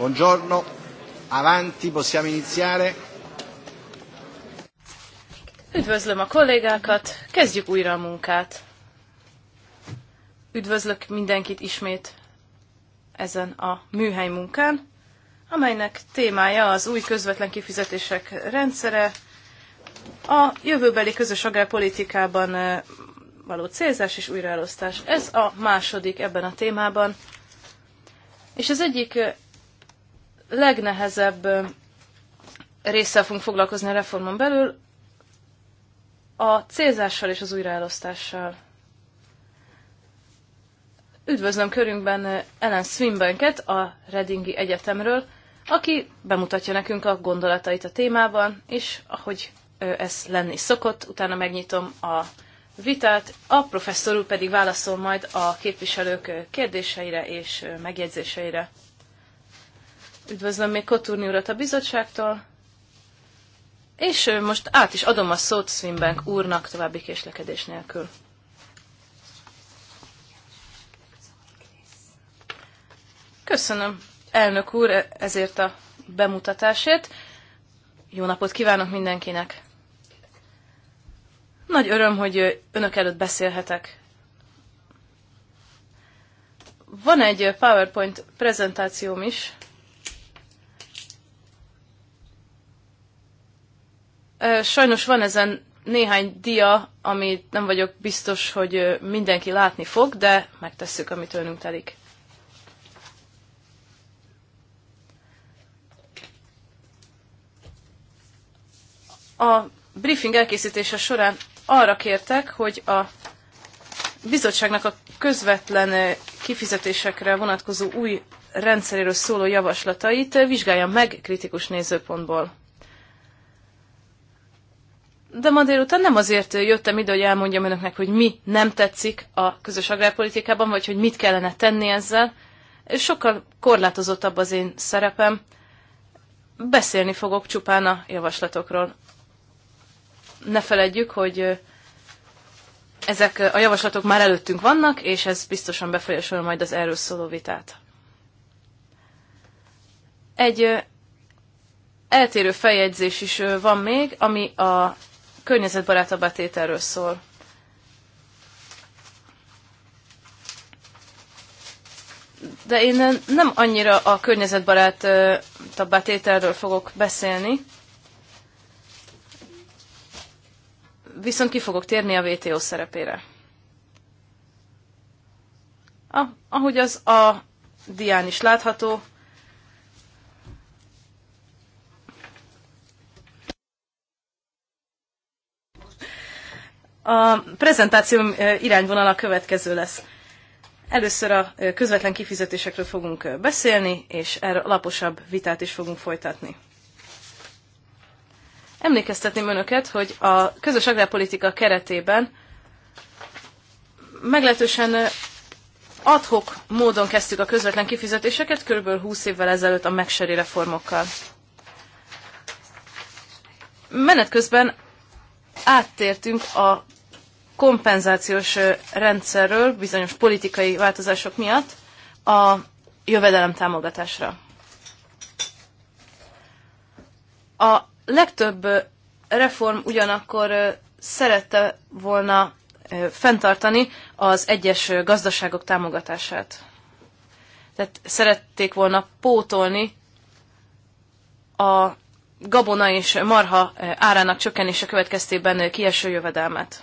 Buongiorno, avanti, possiamo iniziare. Üdvözlöm a kollégákat, kezdjük újra a munkát. Üdvözlök mindenkit ismét ezen a műhely munkán, amelynek témája az új közvetlen kifizetések rendszere, a jövőbeli közös agrárpolitikában eh, való célzás és újraelosztás. Ez a második ebben a témában. És az egyik eh, legnehezebb résszel fogunk foglalkozni a reformon belül, a célzással és az újraelosztással. Üdvözlöm körünkben Ellen Swinbanket a Redingi Egyetemről, aki bemutatja nekünk a gondolatait a témában, és ahogy ez lenni szokott, utána megnyitom a vitát, a professzorul pedig válaszol majd a képviselők kérdéseire és megjegyzéseire. Üdvözlöm még Koturni urat a bizottságtól. És most át is adom a szót Swinbank úrnak további késlekedés nélkül. Köszönöm, elnök úr, ezért a bemutatásért. Jó napot kívánok mindenkinek! Nagy öröm, hogy önök előtt beszélhetek. Van egy PowerPoint prezentációm is, Sajnos van ezen néhány dia, amit nem vagyok biztos, hogy mindenki látni fog, de megtesszük, amit önünk telik. A briefing elkészítése során arra kértek, hogy a bizottságnak a közvetlen kifizetésekre vonatkozó új rendszeréről szóló javaslatait vizsgálja meg kritikus nézőpontból de ma délután nem azért jöttem ide, hogy elmondjam önöknek, hogy mi nem tetszik a közös agrárpolitikában, vagy hogy mit kellene tenni ezzel. Sokkal korlátozottabb az én szerepem. Beszélni fogok csupán a javaslatokról. Ne feledjük, hogy ezek a javaslatok már előttünk vannak, és ez biztosan befolyásolja majd az erről szóló vitát. Egy eltérő feljegyzés is van még, ami a környezetbarátabb tételről szól. De én nem annyira a környezetbarátabb tételről fogok beszélni, viszont ki fogok térni a WTO szerepére. Ah, ahogy az a dián is látható, A prezentációm irányvonala következő lesz. Először a közvetlen kifizetésekről fogunk beszélni, és erről laposabb vitát is fogunk folytatni. Emlékeztetném önöket, hogy a közös agrárpolitika keretében meglehetősen adhok módon kezdtük a közvetlen kifizetéseket, kb. 20 évvel ezelőtt a megseri reformokkal. Menet közben áttértünk a kompenzációs rendszerről bizonyos politikai változások miatt a jövedelem támogatásra. A legtöbb reform ugyanakkor szerette volna fenntartani az egyes gazdaságok támogatását. Tehát szerették volna pótolni a gabona és marha árának csökkenése következtében kieső jövedelmet.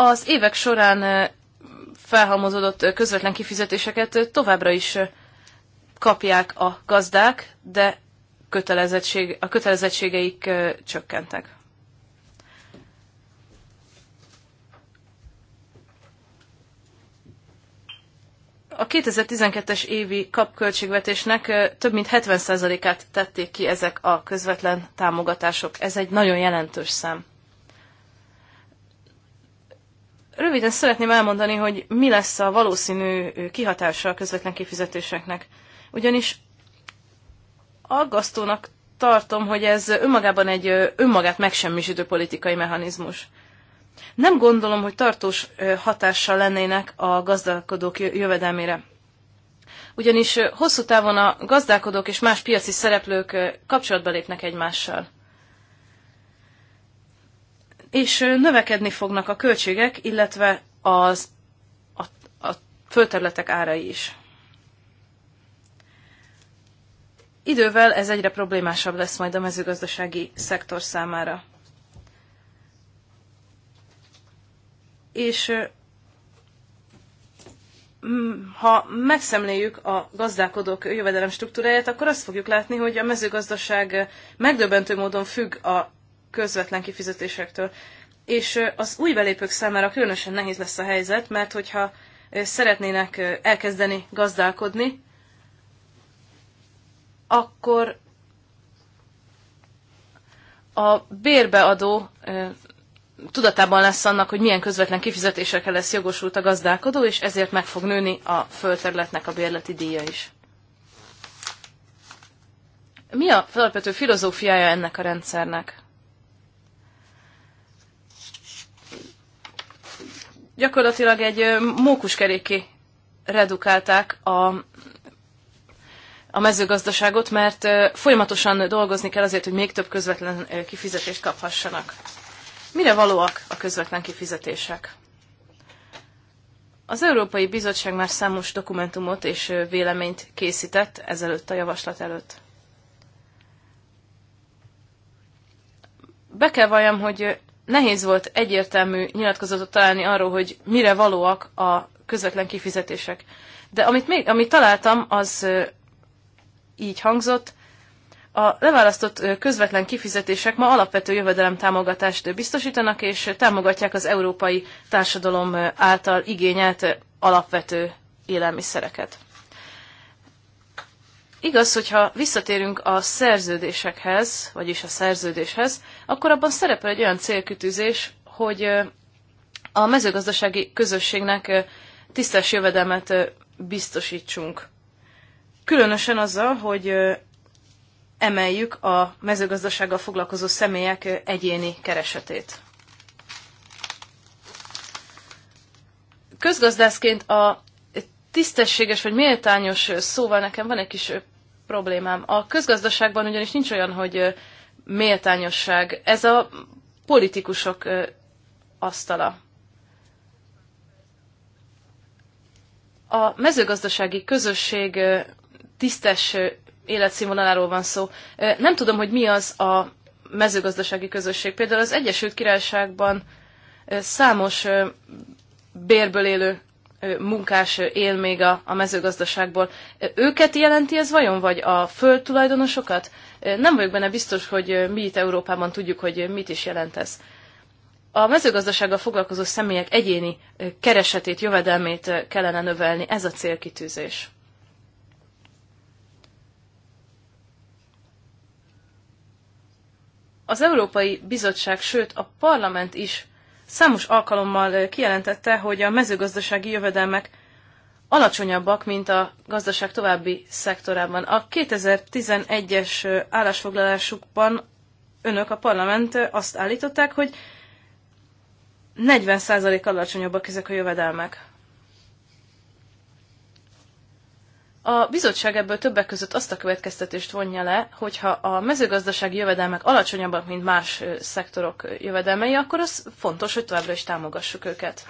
az évek során felhalmozódott közvetlen kifizetéseket továbbra is kapják a gazdák, de kötelezettség, a kötelezettségeik csökkentek. A 2012-es évi kapköltségvetésnek több mint 70%-át tették ki ezek a közvetlen támogatások. Ez egy nagyon jelentős szám. Röviden szeretném elmondani, hogy mi lesz a valószínű kihatása a közvetlen kifizetéseknek. Ugyanis aggasztónak tartom, hogy ez önmagában egy önmagát megsemmisítő politikai mechanizmus. Nem gondolom, hogy tartós hatással lennének a gazdálkodók jövedelmére. Ugyanis hosszú távon a gazdálkodók és más piaci szereplők kapcsolatba lépnek egymással és növekedni fognak a költségek, illetve az, a, a földterületek árai is. Idővel ez egyre problémásabb lesz majd a mezőgazdasági szektor számára. És ha megszemléljük a gazdálkodók jövedelem struktúráját, akkor azt fogjuk látni, hogy a mezőgazdaság megdöbbentő módon függ a közvetlen kifizetésektől. És az új belépők számára különösen nehéz lesz a helyzet, mert hogyha szeretnének elkezdeni gazdálkodni, akkor a bérbeadó tudatában lesz annak, hogy milyen közvetlen kifizetésekkel lesz jogosult a gazdálkodó, és ezért meg fog nőni a földterületnek a bérleti díja is. Mi a alapvető filozófiája ennek a rendszernek? gyakorlatilag egy mókuskeréki redukálták a, a mezőgazdaságot, mert folyamatosan dolgozni kell azért, hogy még több közvetlen kifizetést kaphassanak. Mire valóak a közvetlen kifizetések? Az Európai Bizottság már számos dokumentumot és véleményt készített ezelőtt a javaslat előtt. Be kell valljam, hogy nehéz volt egyértelmű nyilatkozatot találni arról, hogy mire valóak a közvetlen kifizetések. De amit, még, amit találtam, az így hangzott, a leválasztott közvetlen kifizetések ma alapvető jövedelem támogatást biztosítanak, és támogatják az európai társadalom által igényelt alapvető élelmiszereket. Igaz, hogyha visszatérünk a szerződésekhez, vagyis a szerződéshez, akkor abban szerepel egy olyan célkütűzés, hogy a mezőgazdasági közösségnek tisztes jövedelmet biztosítsunk. Különösen azzal, hogy emeljük a mezőgazdasággal foglalkozó személyek egyéni keresetét. Közgazdászként a tisztességes vagy méltányos szóval nekem van egy kis problémám. A közgazdaságban ugyanis nincs olyan, hogy méltányosság. Ez a politikusok asztala. A mezőgazdasági közösség tisztes életszínvonaláról van szó. Nem tudom, hogy mi az a mezőgazdasági közösség. Például az Egyesült Királyságban számos bérből élő munkás él még a, a mezőgazdaságból. Őket jelenti ez vajon, vagy a földtulajdonosokat? Nem vagyok benne biztos, hogy mi itt Európában tudjuk, hogy mit is jelent ez. A mezőgazdasággal foglalkozó személyek egyéni keresetét, jövedelmét kellene növelni, ez a célkitűzés. Az Európai Bizottság, sőt a parlament is számos alkalommal kijelentette, hogy a mezőgazdasági jövedelmek alacsonyabbak, mint a gazdaság további szektorában. A 2011-es állásfoglalásukban önök a parlament azt állították, hogy 40%-kal alacsonyabbak ezek a jövedelmek. A bizottság ebből többek között azt a következtetést vonja le, hogyha a mezőgazdasági jövedelmek alacsonyabbak, mint más szektorok jövedelmei, akkor az fontos, hogy továbbra is támogassuk őket.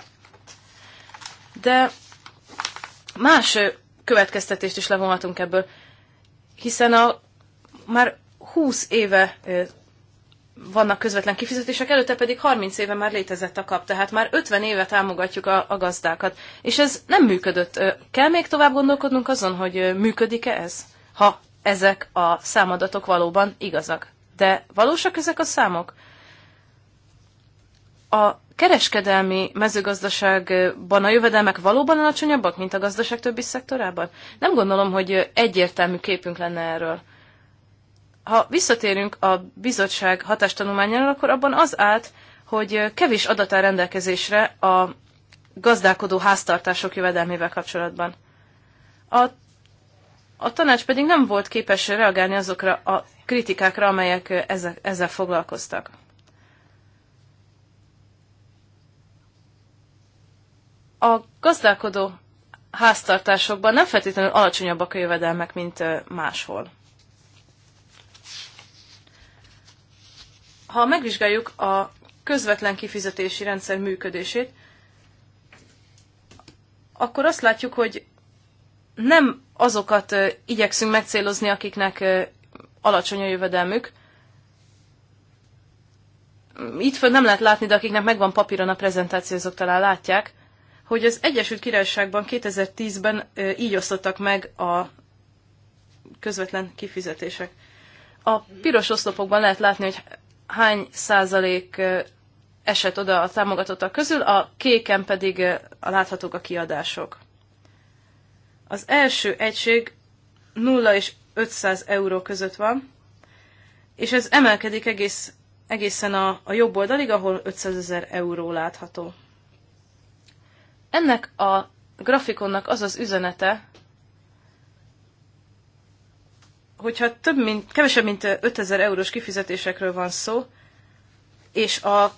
De más következtetést is levonhatunk ebből, hiszen a már 20 éve vannak közvetlen kifizetések, előtte pedig 30 éve már létezett a kap, tehát már 50 éve támogatjuk a, a gazdákat. És ez nem működött. Kell még tovább gondolkodnunk azon, hogy működik-e ez? Ha ezek a számadatok valóban igazak. De valósak ezek a számok? A kereskedelmi mezőgazdaságban a jövedelmek valóban alacsonyabbak, mint a gazdaság többi szektorában? Nem gondolom, hogy egyértelmű képünk lenne erről. Ha visszatérünk a bizottság hatástanulmányára, akkor abban az állt, hogy kevés adat áll rendelkezésre a gazdálkodó háztartások jövedelmével kapcsolatban. A, a tanács pedig nem volt képes reagálni azokra a kritikákra, amelyek ezzel, ezzel foglalkoztak. A gazdálkodó háztartásokban nem feltétlenül alacsonyabbak a jövedelmek, mint máshol. Ha megvizsgáljuk a közvetlen kifizetési rendszer működését, akkor azt látjuk, hogy nem azokat igyekszünk megcélozni, akiknek alacsony a jövedelmük. Itt föl nem lehet látni, de akiknek megvan papíron a prezentáció, azok talán látják, hogy az Egyesült Királyságban 2010-ben így osztottak meg a közvetlen kifizetések. A piros oszlopokban lehet látni, hogy hány százalék esett oda a támogatottak közül, a kéken pedig a láthatók a kiadások. Az első egység 0 és 500 euró között van, és ez emelkedik egész, egészen a, a jobb oldalig, ahol 500 ezer euró látható. Ennek a grafikonnak az az üzenete, hogyha több mint, kevesebb mint 5000 eurós kifizetésekről van szó, és a,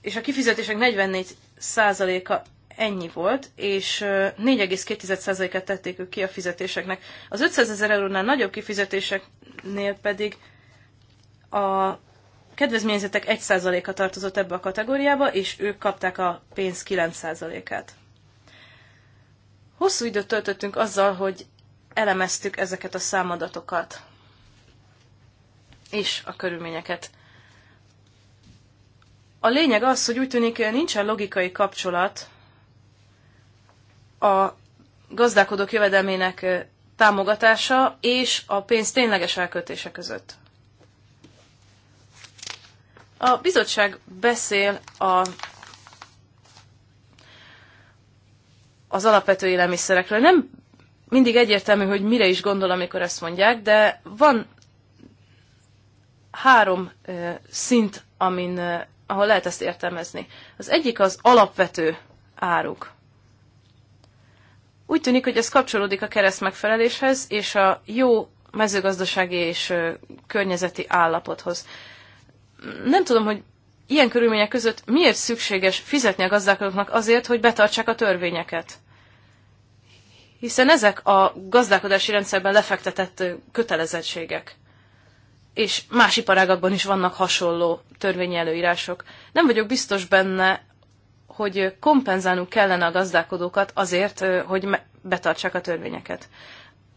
és a kifizetések 44%-a ennyi volt, és 42 et tették ők ki a fizetéseknek. Az 500 ezer eurónál nagyobb kifizetéseknél pedig a kedvezményezetek 1%-a tartozott ebbe a kategóriába, és ők kapták a pénz 9%-át. Hosszú időt töltöttünk azzal, hogy elemeztük ezeket a számadatokat és a körülményeket. A lényeg az, hogy úgy tűnik, nincsen logikai kapcsolat a gazdálkodók jövedelmének támogatása és a pénz tényleges elköltése között. A bizottság beszél a, az alapvető élelmiszerekről. Nem mindig egyértelmű, hogy mire is gondol, amikor ezt mondják, de van három szint, amin, ahol lehet ezt értelmezni. Az egyik az alapvető áruk. Úgy tűnik, hogy ez kapcsolódik a kereszt megfeleléshez és a jó mezőgazdasági és környezeti állapothoz. Nem tudom, hogy ilyen körülmények között miért szükséges fizetni a gazdálkodóknak azért, hogy betartsák a törvényeket hiszen ezek a gazdálkodási rendszerben lefektetett kötelezettségek. És más iparágakban is vannak hasonló törvényi előírások. Nem vagyok biztos benne, hogy kompenzálnunk kellene a gazdálkodókat azért, hogy betartsák a törvényeket.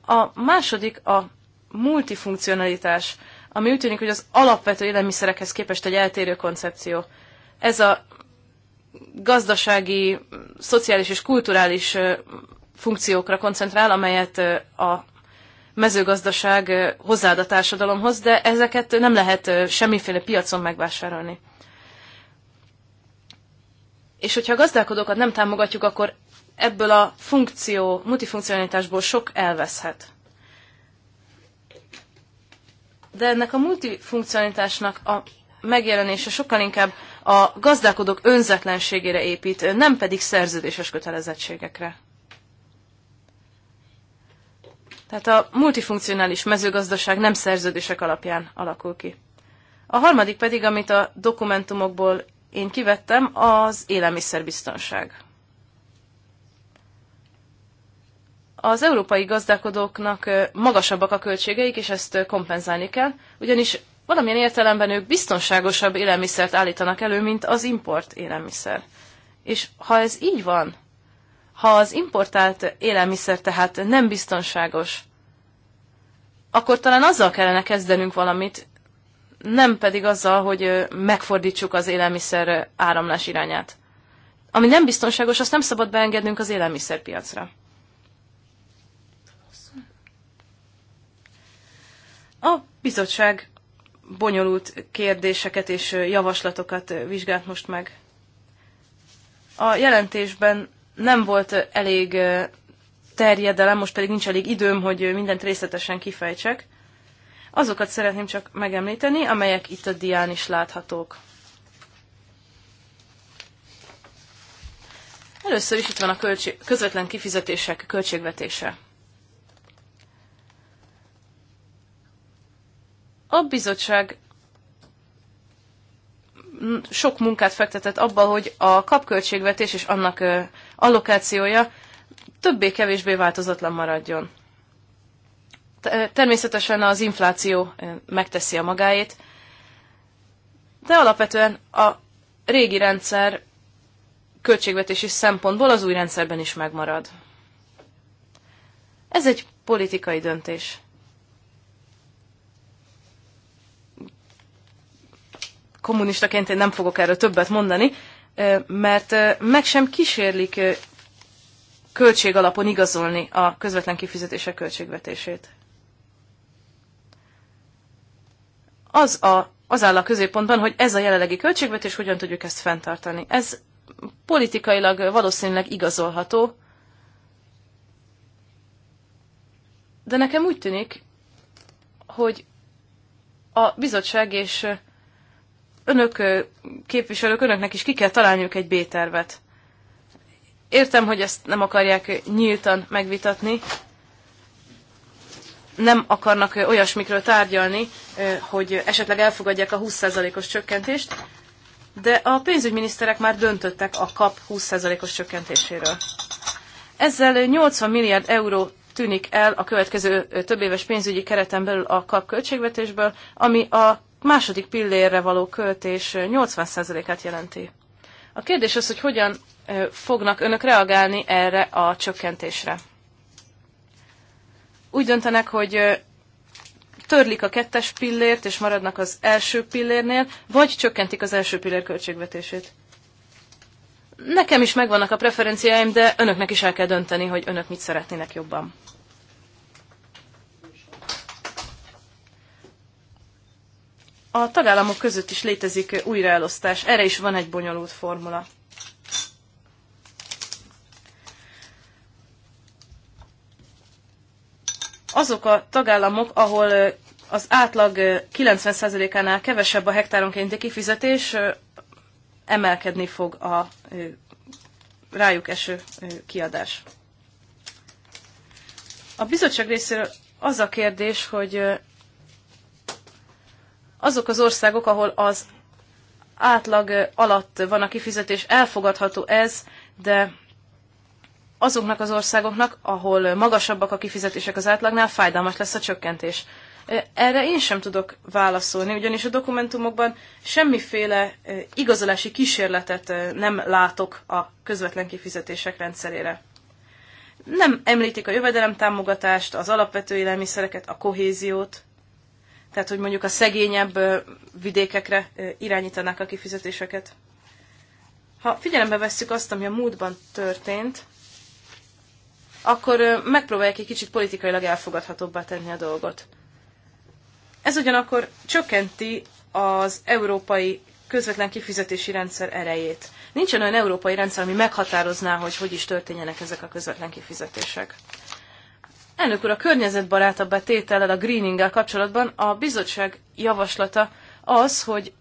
A második a multifunkcionalitás, ami úgy tűnik, hogy az alapvető élelmiszerekhez képest egy eltérő koncepció. Ez a gazdasági, szociális és kulturális funkciókra koncentrál, amelyet a mezőgazdaság hozzáad a társadalomhoz, de ezeket nem lehet semmiféle piacon megvásárolni. És hogyha a gazdálkodókat nem támogatjuk, akkor ebből a funkció, multifunkcionalitásból sok elveszhet. De ennek a multifunkcionalitásnak a megjelenése sokkal inkább a gazdálkodók önzetlenségére épít, nem pedig szerződéses kötelezettségekre. Tehát a multifunkcionális mezőgazdaság nem szerződések alapján alakul ki. A harmadik pedig, amit a dokumentumokból én kivettem, az élelmiszerbiztonság. Az európai gazdálkodóknak magasabbak a költségeik, és ezt kompenzálni kell, ugyanis valamilyen értelemben ők biztonságosabb élelmiszert állítanak elő, mint az import élelmiszer. És ha ez így van, ha az importált élelmiszer tehát nem biztonságos, akkor talán azzal kellene kezdenünk valamit, nem pedig azzal, hogy megfordítsuk az élelmiszer áramlás irányát. Ami nem biztonságos, azt nem szabad beengednünk az élelmiszerpiacra. A bizottság bonyolult kérdéseket és javaslatokat vizsgált most meg. A jelentésben nem volt elég terjedelem, most pedig nincs elég időm, hogy mindent részletesen kifejtsek. Azokat szeretném csak megemlíteni, amelyek itt a dián is láthatók. Először is itt van a költség, közvetlen kifizetések költségvetése. A bizottság sok munkát fektetett abba, hogy a kapköltségvetés és annak allokációja többé-kevésbé változatlan maradjon. Természetesen az infláció megteszi a magáét, de alapvetően a régi rendszer költségvetési szempontból az új rendszerben is megmarad. Ez egy politikai döntés. kommunistaként én nem fogok erről többet mondani, mert meg sem kísérlik alapon igazolni a közvetlen kifizetések költségvetését. Az, a, az áll a középpontban, hogy ez a jelenlegi költségvetés, hogyan tudjuk ezt fenntartani. Ez politikailag valószínűleg igazolható, de nekem úgy tűnik, hogy a bizottság és önök képviselők, önöknek is ki kell találniuk egy B-tervet. Értem, hogy ezt nem akarják nyíltan megvitatni, nem akarnak olyasmikről tárgyalni, hogy esetleg elfogadják a 20%-os csökkentést, de a pénzügyminiszterek már döntöttek a kap 20%-os csökkentéséről. Ezzel 80 milliárd euró tűnik el a következő több éves pénzügyi kereten belül a kap költségvetésből, ami a második pillérre való költés 80%-át jelenti. A kérdés az, hogy hogyan fognak önök reagálni erre a csökkentésre. Úgy döntenek, hogy törlik a kettes pillért, és maradnak az első pillérnél, vagy csökkentik az első pillér költségvetését. Nekem is megvannak a preferenciáim, de önöknek is el kell dönteni, hogy önök mit szeretnének jobban. A tagállamok között is létezik újraelosztás, erre is van egy bonyolult formula. Azok a tagállamok, ahol az átlag 90%-ánál kevesebb a hektáronkénti kifizetés, emelkedni fog a rájuk eső kiadás. A bizottság részéről az a kérdés, hogy azok az országok, ahol az átlag alatt van a kifizetés, elfogadható ez, de azoknak az országoknak, ahol magasabbak a kifizetések az átlagnál, fájdalmas lesz a csökkentés. Erre én sem tudok válaszolni, ugyanis a dokumentumokban semmiféle igazolási kísérletet nem látok a közvetlen kifizetések rendszerére. Nem említik a jövedelemtámogatást, az alapvető élelmiszereket, a kohéziót tehát hogy mondjuk a szegényebb vidékekre irányítanák a kifizetéseket. Ha figyelembe vesszük azt, ami a múltban történt, akkor megpróbálják egy kicsit politikailag elfogadhatóbbá tenni a dolgot. Ez ugyanakkor csökkenti az európai közvetlen kifizetési rendszer erejét. Nincsen olyan európai rendszer, ami meghatározná, hogy hogy is történjenek ezek a közvetlen kifizetések. Elnök úr, a környezetbarátabb betétellel, a greeninggel kapcsolatban a bizottság javaslata az, hogy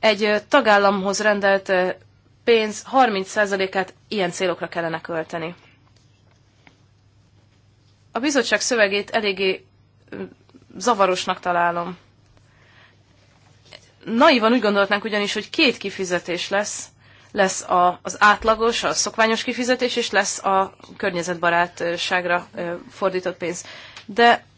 egy tagállamhoz rendelt pénz 30%-át ilyen célokra kellene költeni. A bizottság szövegét eléggé zavarosnak találom. Naivan úgy gondolhatnánk ugyanis, hogy két kifizetés lesz, lesz a, az átlagos, a szokványos kifizetés, és lesz a környezetbarátságra fordított pénz. De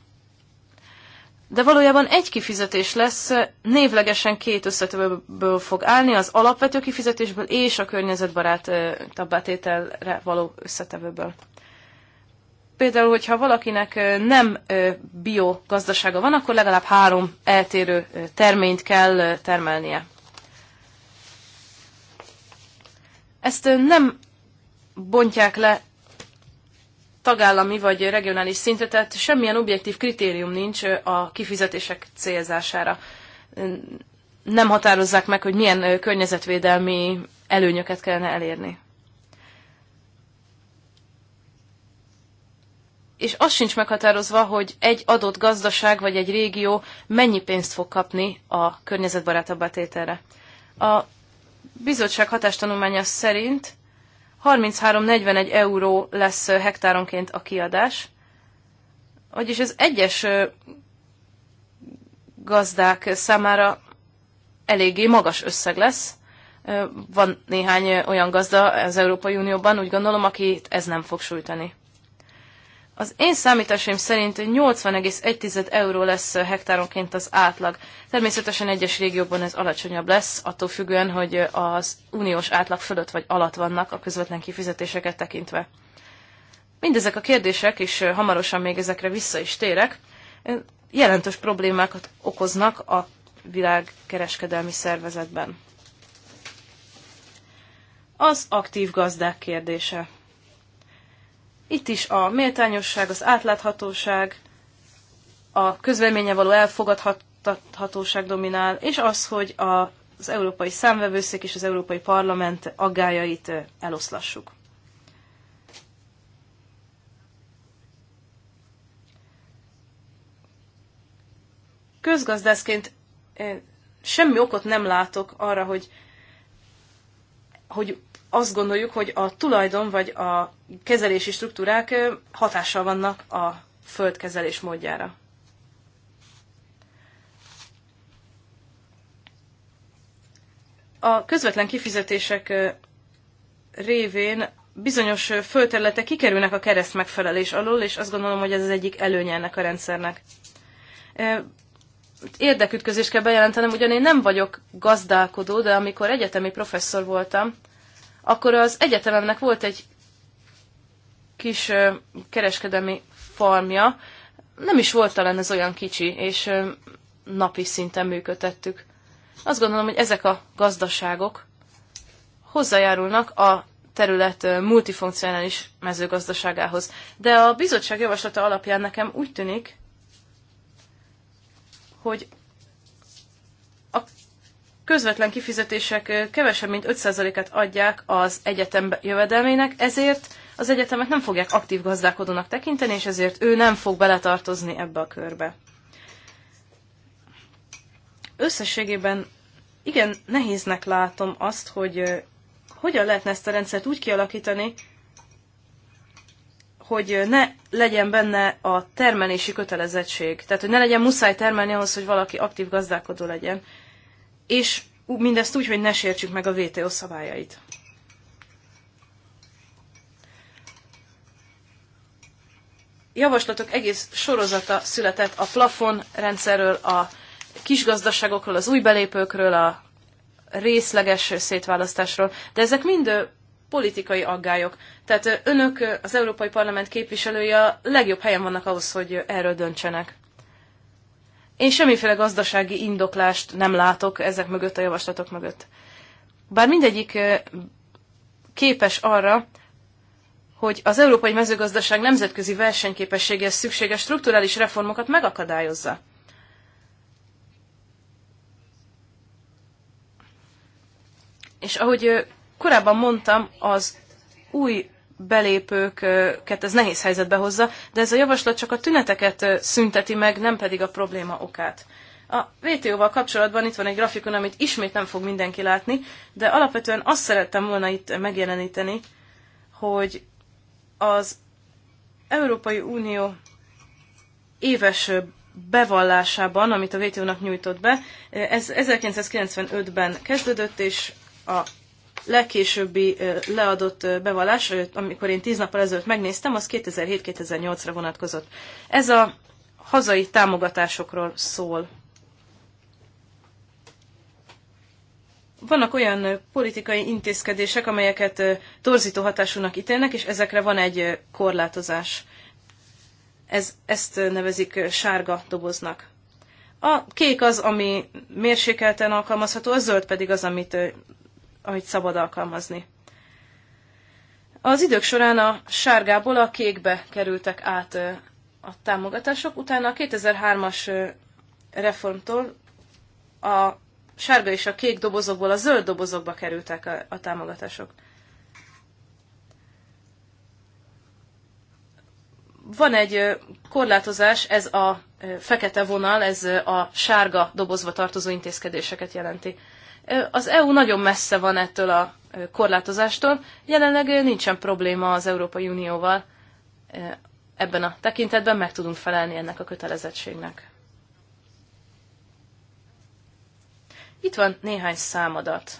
de valójában egy kifizetés lesz, névlegesen két összetevőből fog állni, az alapvető kifizetésből és a környezetbarát tabbátételre való összetevőből. Például, hogyha valakinek nem biogazdasága van, akkor legalább három eltérő terményt kell termelnie. Ezt nem bontják le tagállami vagy regionális szintre, tehát semmilyen objektív kritérium nincs a kifizetések célzására. Nem határozzák meg, hogy milyen környezetvédelmi előnyöket kellene elérni. És az sincs meghatározva, hogy egy adott gazdaság vagy egy régió mennyi pénzt fog kapni a környezetbarátabb tételre. A bizottság hatástanulmánya szerint 33-41 euró lesz hektáronként a kiadás, vagyis ez egyes gazdák számára eléggé magas összeg lesz. Van néhány olyan gazda az Európai Unióban, úgy gondolom, aki ez nem fog sújtani. Az én számításaim szerint 80,1 euró lesz hektáronként az átlag. Természetesen egyes régiókban ez alacsonyabb lesz, attól függően, hogy az uniós átlag fölött vagy alatt vannak a közvetlen kifizetéseket tekintve. Mindezek a kérdések, és hamarosan még ezekre vissza is térek, jelentős problémákat okoznak a világkereskedelmi szervezetben. Az aktív gazdák kérdése. Itt is a méltányosság, az átláthatóság, a közvéleménye való elfogadhatóság dominál, és az, hogy a, az Európai Számvevőszék és az Európai Parlament aggájait eloszlassuk. Közgazdászként semmi okot nem látok arra, hogy, hogy azt gondoljuk, hogy a tulajdon vagy a kezelési struktúrák hatással vannak a földkezelés módjára. A közvetlen kifizetések révén bizonyos földterületek kikerülnek a kereszt megfelelés alól, és azt gondolom, hogy ez az egyik előnye ennek a rendszernek. Érdekütközést kell bejelentenem, ugyan én nem vagyok gazdálkodó, de amikor egyetemi professzor voltam, akkor az egyetememnek volt egy kis kereskedelmi farmja, nem is volt talán ez olyan kicsi, és napi szinten működtettük. Azt gondolom, hogy ezek a gazdaságok hozzájárulnak a terület multifunkcionális mezőgazdaságához. De a bizottság javaslata alapján nekem úgy tűnik, hogy a közvetlen kifizetések kevesebb, mint 5%-át adják az egyetem jövedelmének, ezért az egyetemek nem fogják aktív gazdálkodónak tekinteni, és ezért ő nem fog beletartozni ebbe a körbe. Összességében igen, nehéznek látom azt, hogy hogyan lehetne ezt a rendszert úgy kialakítani, hogy ne legyen benne a termelési kötelezettség. Tehát, hogy ne legyen muszáj termelni ahhoz, hogy valaki aktív gazdálkodó legyen és mindezt úgy, hogy ne sértsük meg a VTO szabályait. Javaslatok egész sorozata született a plafon rendszerről, a kisgazdaságokról, az új belépőkről, a részleges szétválasztásról, de ezek mind politikai aggályok. Tehát önök, az Európai Parlament képviselői a legjobb helyen vannak ahhoz, hogy erről döntsenek. Én semmiféle gazdasági indoklást nem látok ezek mögött, a javaslatok mögött. Bár mindegyik képes arra, hogy az európai mezőgazdaság nemzetközi versenyképessége szükséges strukturális reformokat megakadályozza. És ahogy korábban mondtam, az új belépőket ez nehéz helyzetbe hozza, de ez a javaslat csak a tüneteket szünteti meg, nem pedig a probléma okát. A VTO-val kapcsolatban itt van egy grafikon, amit ismét nem fog mindenki látni, de alapvetően azt szerettem volna itt megjeleníteni, hogy az Európai Unió éves bevallásában, amit a WTO-nak nyújtott be, ez 1995-ben kezdődött, és a legkésőbbi leadott bevallás, amikor én tíz nappal ezelőtt megnéztem, az 2007-2008-ra vonatkozott. Ez a hazai támogatásokról szól. Vannak olyan politikai intézkedések, amelyeket torzító hatásúnak ítélnek, és ezekre van egy korlátozás. Ez, ezt nevezik sárga doboznak. A kék az, ami mérsékelten alkalmazható, a zöld pedig az, amit amit szabad alkalmazni. Az idők során a sárgából a kékbe kerültek át a támogatások, utána a 2003-as reformtól a sárga és a kék dobozokból a zöld dobozokba kerültek a, a támogatások. Van egy korlátozás, ez a fekete vonal, ez a sárga dobozba tartozó intézkedéseket jelenti. Az EU nagyon messze van ettől a korlátozástól. Jelenleg nincsen probléma az Európai Unióval. Ebben a tekintetben meg tudunk felelni ennek a kötelezettségnek. Itt van néhány számadat.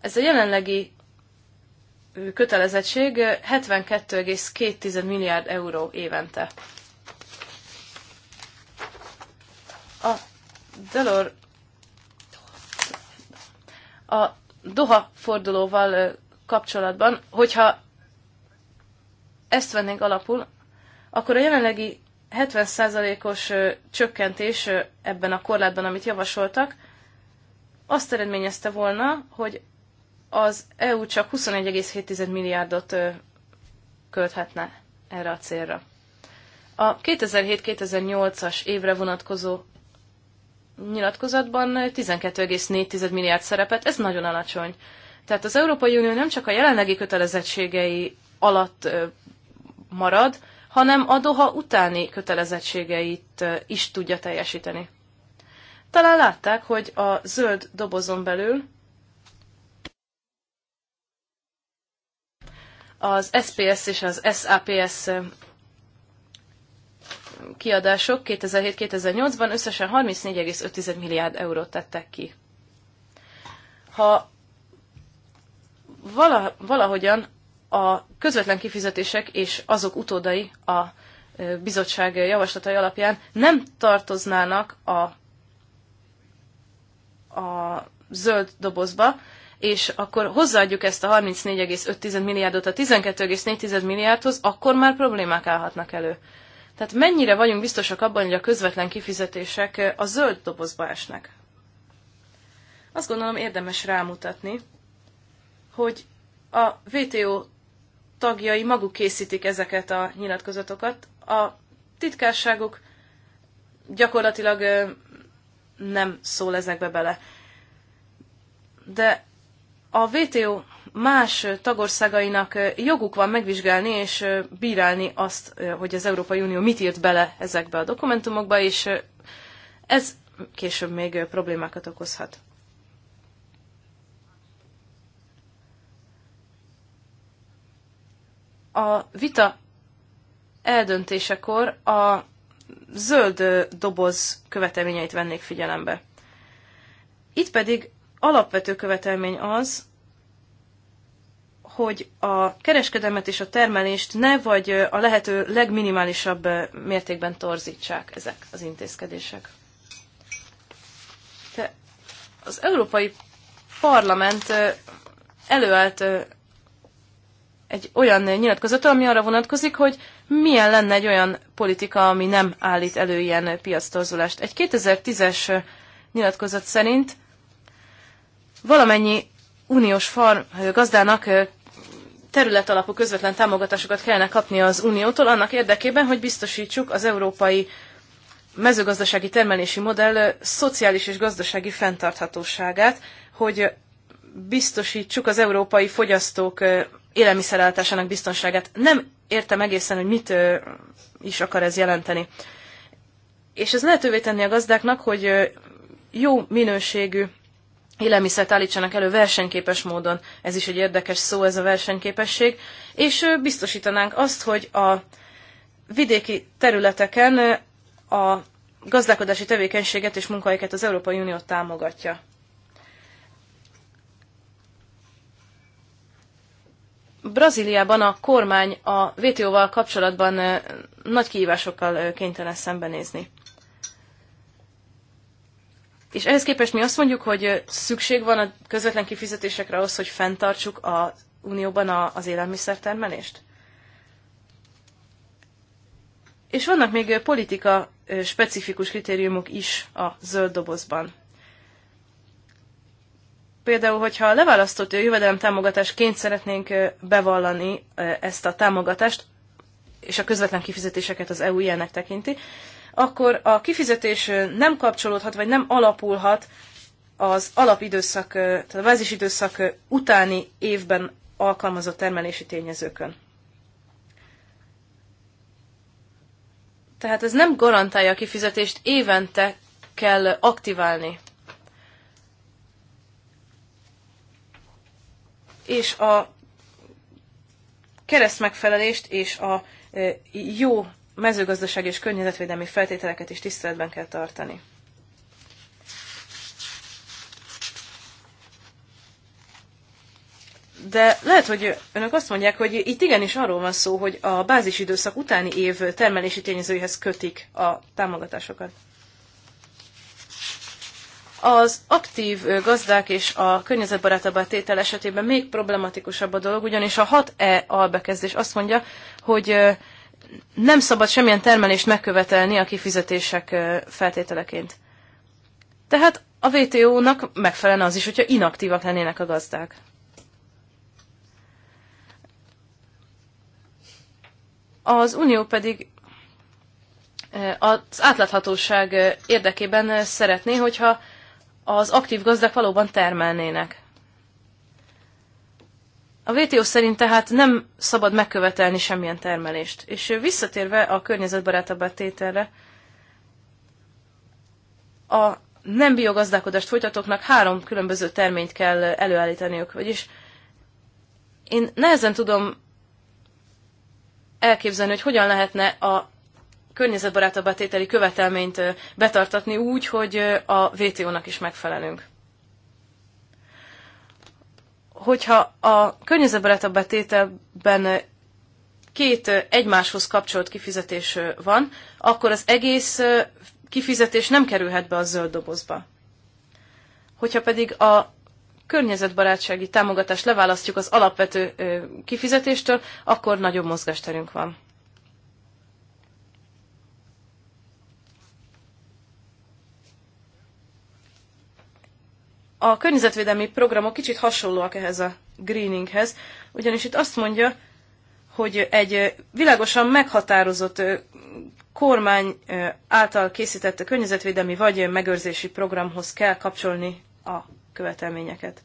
Ez a jelenlegi kötelezettség 72,2 milliárd euró évente. A Delors a Doha fordulóval kapcsolatban, hogyha ezt vennénk alapul, akkor a jelenlegi 70%-os csökkentés ebben a korlátban, amit javasoltak, azt eredményezte volna, hogy az EU csak 21,7 milliárdot költhetne erre a célra. A 2007-2008-as évre vonatkozó nyilatkozatban 12,4 milliárd szerepet, ez nagyon alacsony. Tehát az Európai Unió nem csak a jelenlegi kötelezettségei alatt marad, hanem a Doha utáni kötelezettségeit is tudja teljesíteni. Talán látták, hogy a zöld dobozon belül az SPS és az SAPS kiadások 2007-2008-ban összesen 34,5 milliárd eurót tettek ki. Ha valahogyan a közvetlen kifizetések és azok utódai a bizottság javaslatai alapján nem tartoznának a, a zöld dobozba, és akkor hozzáadjuk ezt a 34,5 milliárdot a 12,4 milliárdhoz, akkor már problémák állhatnak elő. Tehát mennyire vagyunk biztosak abban, hogy a közvetlen kifizetések eh, a zöld dobozba esnek? Azt gondolom érdemes rámutatni, hogy a WTO tagjai maguk készítik ezeket a nyilatkozatokat. A titkárságuk gyakorlatilag eh, nem szól ezekbe bele. De a WTO más tagországainak joguk van megvizsgálni és bírálni azt, hogy az Európai Unió mit írt bele ezekbe a dokumentumokba, és ez később még problémákat okozhat. A vita eldöntésekor a zöld doboz követelményeit vennék figyelembe. Itt pedig alapvető követelmény az, hogy a kereskedelmet és a termelést ne vagy a lehető legminimálisabb mértékben torzítsák ezek az intézkedések. De az Európai Parlament előállt egy olyan nyilatkozata, ami arra vonatkozik, hogy milyen lenne egy olyan politika, ami nem állít elő ilyen piactorzulást. Egy 2010-es nyilatkozat szerint valamennyi uniós farm gazdának területalapú közvetlen támogatásokat kellene kapni az Uniótól annak érdekében, hogy biztosítsuk az európai mezőgazdasági termelési modell szociális és gazdasági fenntarthatóságát, hogy biztosítsuk az európai fogyasztók élelmiszerellátásának biztonságát. Nem értem egészen, hogy mit is akar ez jelenteni. És ez lehetővé tenni a gazdáknak, hogy jó minőségű élelmiszert állítsanak elő versenyképes módon. Ez is egy érdekes szó, ez a versenyképesség. És biztosítanánk azt, hogy a vidéki területeken a gazdálkodási tevékenységet és munkahelyeket az Európai Unió támogatja. Brazíliában a kormány a WTO-val kapcsolatban nagy kihívásokkal kénytelen szembenézni. És ehhez képest mi azt mondjuk, hogy szükség van a közvetlen kifizetésekre ahhoz, hogy fenntartsuk a Unióban a, az élelmiszertermelést? És vannak még politika specifikus kritériumok is a zöld dobozban. Például, hogyha a leválasztott jövedelem támogatásként szeretnénk bevallani ezt a támogatást, és a közvetlen kifizetéseket az EU ilyennek tekinti, akkor a kifizetés nem kapcsolódhat, vagy nem alapulhat az alapidőszak, tehát a bázisidőszak utáni évben alkalmazott termelési tényezőkön. Tehát ez nem garantálja a kifizetést, évente kell aktiválni. És a keresztmegfelelést és a jó mezőgazdasági és környezetvédelmi feltételeket is tiszteletben kell tartani. De lehet, hogy önök azt mondják, hogy itt igenis arról van szó, hogy a bázisidőszak utáni év termelési tényezőihez kötik a támogatásokat. Az aktív gazdák és a környezetbarátabbá tétel esetében még problematikusabb a dolog, ugyanis a 6E albekezdés azt mondja, hogy nem szabad semmilyen termelést megkövetelni a kifizetések feltételeként. Tehát a WTO-nak megfelelne az is, hogyha inaktívak lennének a gazdák. Az Unió pedig az átláthatóság érdekében szeretné, hogyha az aktív gazdák valóban termelnének. A WTO szerint tehát nem szabad megkövetelni semmilyen termelést. És visszatérve a környezetbarátabb tételre, a nem biogazdálkodást folytatóknak három különböző terményt kell előállítaniuk. Vagyis én nehezen tudom elképzelni, hogy hogyan lehetne a környezetbarátabb tételi követelményt betartatni úgy, hogy a WTO-nak is megfelelünk hogyha a környezetbarát a betételben két egymáshoz kapcsolt kifizetés van, akkor az egész kifizetés nem kerülhet be a zöld dobozba. Hogyha pedig a környezetbarátsági támogatást leválasztjuk az alapvető kifizetéstől, akkor nagyobb mozgásterünk van. A környezetvédelmi programok kicsit hasonlóak ehhez a greeninghez, ugyanis itt azt mondja, hogy egy világosan meghatározott kormány által készített környezetvédelmi vagy megőrzési programhoz kell kapcsolni a követelményeket.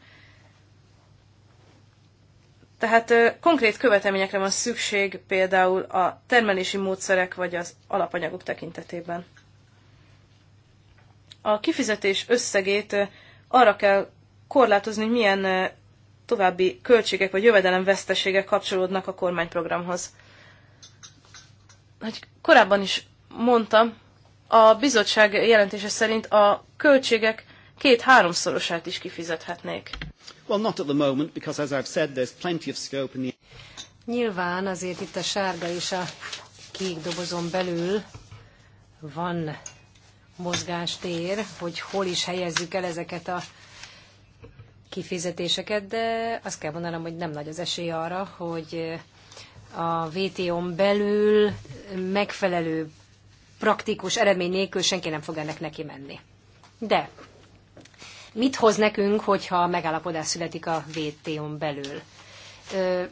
Tehát konkrét követelményekre van szükség például a termelési módszerek vagy az alapanyagok tekintetében. A kifizetés összegét arra kell korlátozni, hogy milyen további költségek vagy jövedelemveszteségek kapcsolódnak a kormányprogramhoz. Hogy korábban is mondtam, a bizottság jelentése szerint a költségek két-háromszorosát is kifizethetnék. Well, not at the moment, because as I've said, there's plenty of scope in the... Nyilván azért itt a sárga és a kék dobozon belül van mozgástér, hogy hol is helyezzük el ezeket a kifizetéseket, de azt kell mondanom, hogy nem nagy az esély arra, hogy a VTO-n belül megfelelő praktikus eredmény nélkül senki nem fog ennek neki menni. De mit hoz nekünk, hogyha megállapodás születik a VTO-n belül?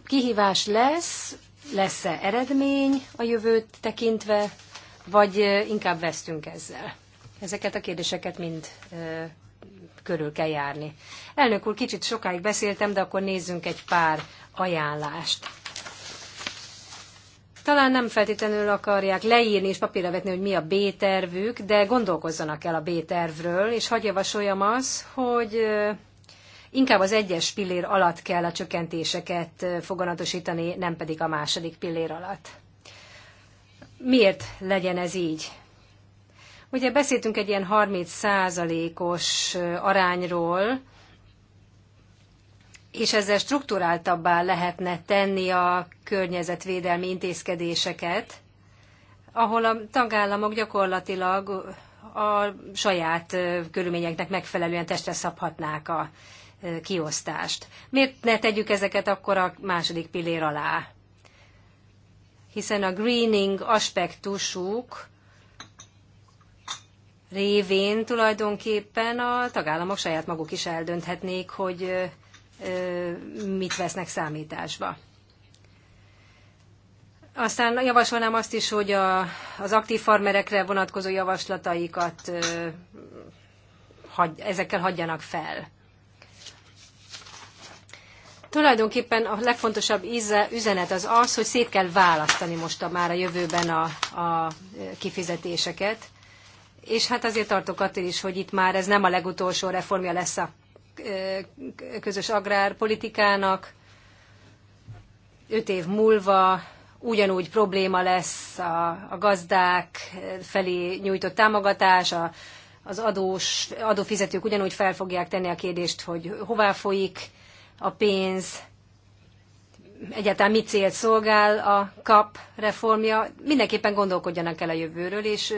Kihívás lesz, lesz-e eredmény a jövőt tekintve, vagy inkább vesztünk ezzel? Ezeket a kérdéseket mind körül kell járni. Elnök úr, kicsit sokáig beszéltem, de akkor nézzünk egy pár ajánlást. Talán nem feltétlenül akarják leírni és papírra vetni, hogy mi a B-tervük, de gondolkozzanak el a B-tervről, és hagyj javasoljam az, hogy inkább az egyes pillér alatt kell a csökkentéseket foganatosítani, nem pedig a második pillér alatt. Miért legyen ez így? Ugye beszéltünk egy ilyen 30 százalékos arányról, és ezzel struktúráltabbá lehetne tenni a környezetvédelmi intézkedéseket, ahol a tagállamok gyakorlatilag a saját körülményeknek megfelelően testre szabhatnák a kiosztást. Miért ne tegyük ezeket akkor a második pillér alá? Hiszen a greening aspektusuk révén tulajdonképpen a tagállamok saját maguk is eldönthetnék, hogy mit vesznek számításba. Aztán javasolnám azt is, hogy a, az aktív farmerekre vonatkozó javaslataikat ö, hagy, ezekkel hagyjanak fel. Tulajdonképpen a legfontosabb üzenet az az, hogy szét kell választani most a, már a jövőben a, a kifizetéseket, és hát azért tartok attól is, hogy itt már ez nem a legutolsó reformja lesz a közös agrárpolitikának. Öt év múlva ugyanúgy probléma lesz a, a gazdák felé nyújtott támogatás, a, az adós, adófizetők ugyanúgy fel fogják tenni a kérdést, hogy hová folyik a pénz, egyáltalán mi célt szolgál a kap reformja. Mindenképpen gondolkodjanak el a jövőről, és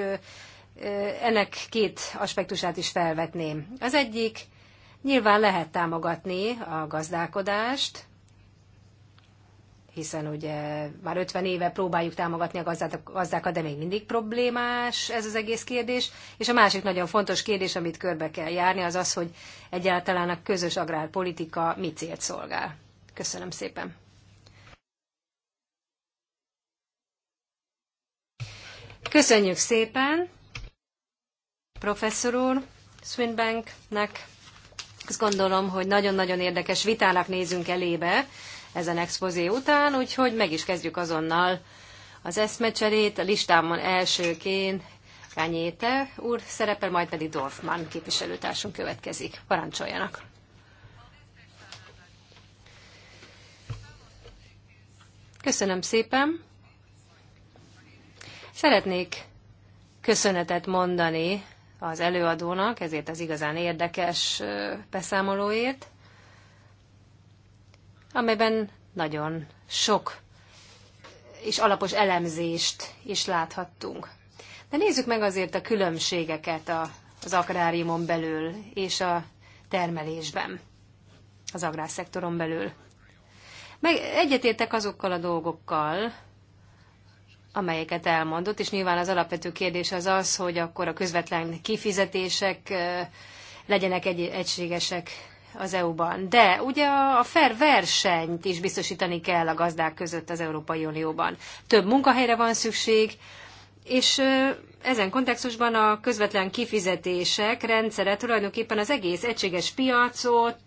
ennek két aspektusát is felvetném. Az egyik, nyilván lehet támogatni a gazdálkodást, hiszen ugye már 50 éve próbáljuk támogatni a gazdákat, de még mindig problémás ez az egész kérdés. És a másik nagyon fontos kérdés, amit körbe kell járni, az az, hogy egyáltalán a közös agrárpolitika mi célt szolgál. Köszönöm szépen. Köszönjük szépen! professzor úr, Swinbanknek. Azt gondolom, hogy nagyon-nagyon érdekes vitának nézünk elébe ezen expozé után, úgyhogy meg is kezdjük azonnal az eszmecserét. A listámon elsőként Kányéte úr szerepel, majd pedig Dorfman képviselőtársunk következik. Parancsoljanak! Köszönöm szépen! Szeretnék köszönetet mondani az előadónak, ezért az igazán érdekes beszámolóért, amelyben nagyon sok és alapos elemzést is láthattunk. De nézzük meg azért a különbségeket az agráriumon belül és a termelésben, az agrárszektoron belül. Meg egyetértek azokkal a dolgokkal, amelyeket elmondott, és nyilván az alapvető kérdés az az, hogy akkor a közvetlen kifizetések legyenek egy- egységesek az EU-ban. De ugye a fair versenyt is biztosítani kell a gazdák között az Európai Unióban. Több munkahelyre van szükség, és ezen kontextusban a közvetlen kifizetések rendszere tulajdonképpen az egész egységes piacot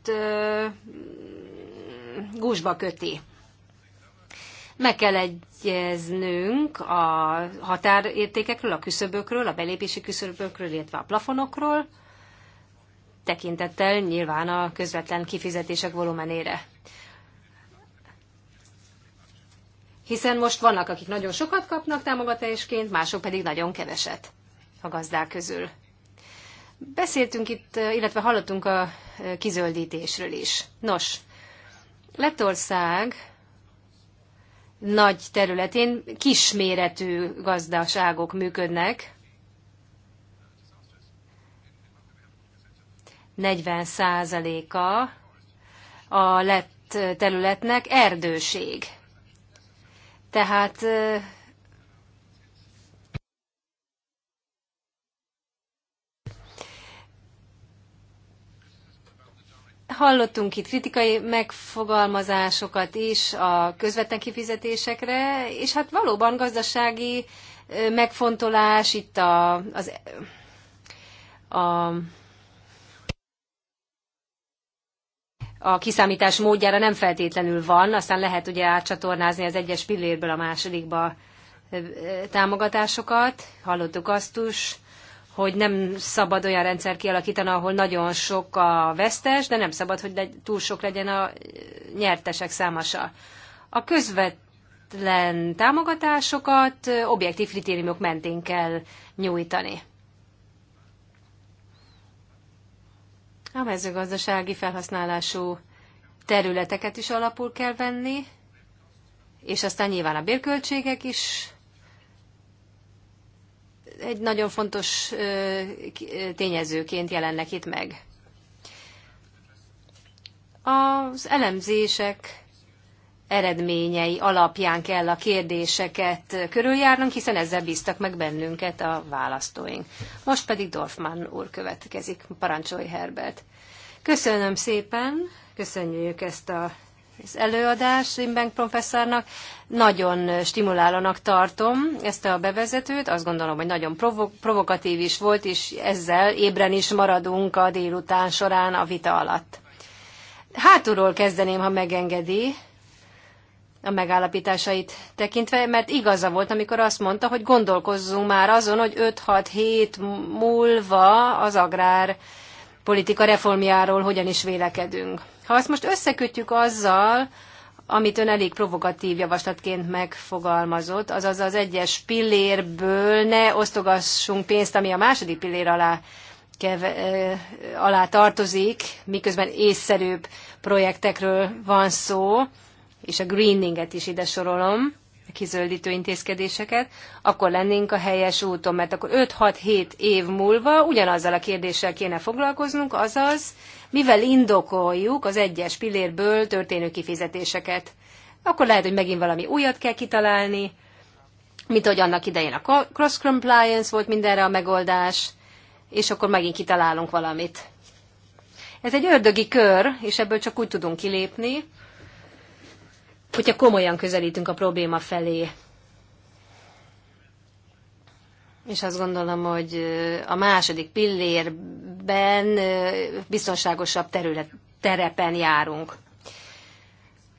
gúzsba köti. Meg kell egyeznünk a határértékekről, a küszöbökről, a belépési küszöbökről, illetve a plafonokról, tekintettel nyilván a közvetlen kifizetések volumenére. Hiszen most vannak, akik nagyon sokat kapnak támogatásként, mások pedig nagyon keveset a gazdák közül. Beszéltünk itt, illetve hallottunk a kizöldítésről is. Nos, Lettország nagy területén kisméretű gazdaságok működnek. 40 százaléka a lett területnek erdőség. Tehát Hallottunk itt kritikai megfogalmazásokat is a közvetlen kifizetésekre, és hát valóban gazdasági megfontolás itt a, az, a a kiszámítás módjára nem feltétlenül van, aztán lehet ugye átcsatornázni az egyes pillérből a másodikba támogatásokat. Hallottuk azt is, hogy nem szabad olyan rendszer kialakítani, ahol nagyon sok a vesztes, de nem szabad, hogy legy, túl sok legyen a nyertesek számasa. A közvetlen támogatásokat objektív kritériumok mentén kell nyújtani. A mezőgazdasági felhasználású területeket is alapul kell venni, és aztán nyilván a bérköltségek is egy nagyon fontos tényezőként jelennek itt meg. Az elemzések eredményei alapján kell a kérdéseket körüljárnunk, hiszen ezzel bíztak meg bennünket a választóink. Most pedig Dorfman úr következik, parancsolj Herbert. Köszönöm szépen, köszönjük ezt a az előadás Rimbank professzornak. Nagyon stimulálónak tartom ezt a bevezetőt, azt gondolom, hogy nagyon provo- provokatív is volt, és ezzel ébren is maradunk a délután során a vita alatt. Hátulról kezdeném, ha megengedi a megállapításait tekintve, mert igaza volt, amikor azt mondta, hogy gondolkozzunk már azon, hogy 5-6 hét múlva az agrár politika reformjáról hogyan is vélekedünk. Ha azt most összekötjük azzal, amit ön elég provokatív javaslatként megfogalmazott, azaz az egyes pillérből ne osztogassunk pénzt, ami a második pillér alá, keve, alá tartozik, miközben észszerűbb projektekről van szó, és a greeninget is ide sorolom kizöldítő intézkedéseket, akkor lennénk a helyes úton, mert akkor 5-6-7 év múlva ugyanazzal a kérdéssel kéne foglalkoznunk, azaz, mivel indokoljuk az egyes pillérből történő kifizetéseket. Akkor lehet, hogy megint valami újat kell kitalálni, mint hogy annak idején a cross compliance volt mindenre a megoldás, és akkor megint kitalálunk valamit. Ez egy ördögi kör, és ebből csak úgy tudunk kilépni, hogyha komolyan közelítünk a probléma felé. És azt gondolom, hogy a második pillérben biztonságosabb terület, terepen járunk.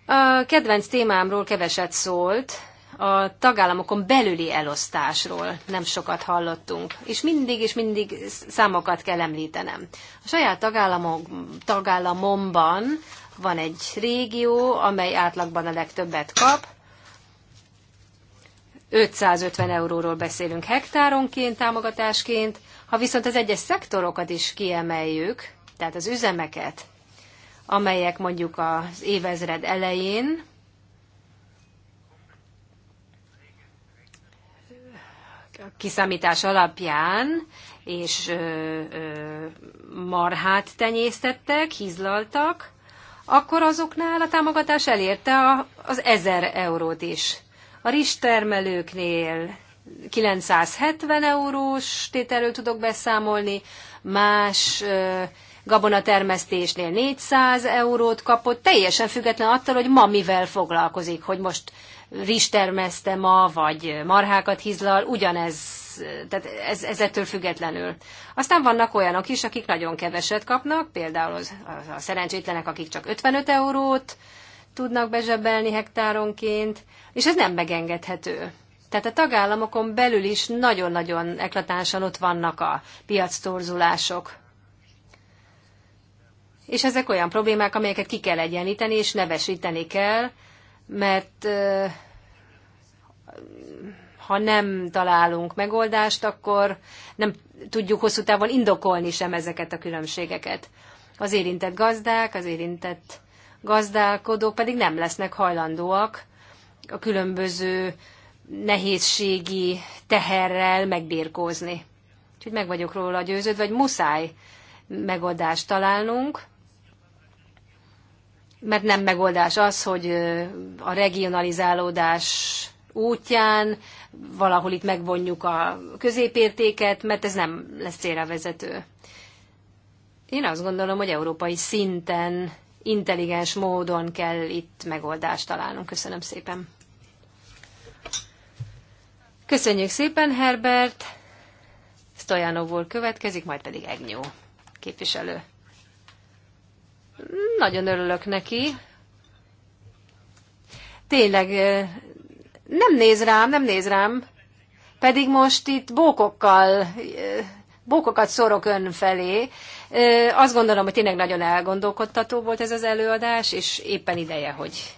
A kedvenc témámról keveset szólt, a tagállamokon belüli elosztásról nem sokat hallottunk, és mindig és mindig számokat kell említenem. A saját tagállamok, tagállamomban van egy régió, amely átlagban a legtöbbet kap. 550 euróról beszélünk hektáronként, támogatásként. Ha viszont az egyes szektorokat is kiemeljük, tehát az üzemeket, amelyek mondjuk az évezred elején kiszámítás alapján és ö, ö, marhát tenyésztettek, hizlaltak, akkor azoknál a támogatás elérte a, az 1000 eurót is. A termelőknél 970 eurós tételről tudok beszámolni, más gabonatermesztésnél 400 eurót kapott, teljesen független attól, hogy ma mivel foglalkozik, hogy most termeszte ma, vagy marhákat hizlal. ugyanez tehát ez, ez ettől függetlenül. Aztán vannak olyanok is, akik nagyon keveset kapnak, például az, az a szerencsétlenek, akik csak 55 eurót tudnak bezsebelni hektáronként, és ez nem megengedhető. Tehát a tagállamokon belül is nagyon-nagyon eklatánsan ott vannak a piac torzulások. És ezek olyan problémák, amelyeket ki kell egyenlíteni, és nevesíteni kell, mert ha nem találunk megoldást, akkor nem tudjuk hosszú távon indokolni sem ezeket a különbségeket. Az érintett gazdák, az érintett gazdálkodók pedig nem lesznek hajlandóak a különböző nehézségi teherrel megbírkózni. Úgyhogy meg vagyok róla győződve, vagy muszáj megoldást találnunk, mert nem megoldás az, hogy a regionalizálódás útján, valahol itt megvonjuk a középértéket, mert ez nem lesz célra vezető. Én azt gondolom, hogy európai szinten intelligens módon kell itt megoldást találnunk. Köszönöm szépen. Köszönjük szépen, Herbert. Stojanov következik, majd pedig Egnyó képviselő. Nagyon örülök neki. Tényleg nem néz rám, nem néz rám. Pedig most itt bókokkal, bókokat szorok ön felé. Azt gondolom, hogy tényleg nagyon elgondolkodtató volt ez az előadás, és éppen ideje, hogy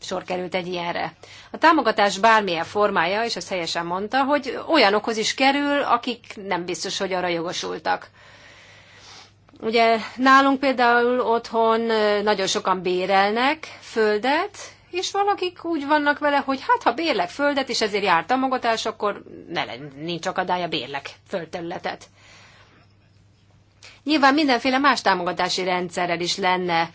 sor került egy ilyenre. A támogatás bármilyen formája, és ezt helyesen mondta, hogy olyanokhoz is kerül, akik nem biztos, hogy arra jogosultak. Ugye nálunk például otthon nagyon sokan bérelnek földet, és valakik úgy vannak vele, hogy hát ha bérlek földet, és ezért jár támogatás, akkor ne, nincs akadálya bérlek földterületet. Nyilván mindenféle más támogatási rendszerrel is lenne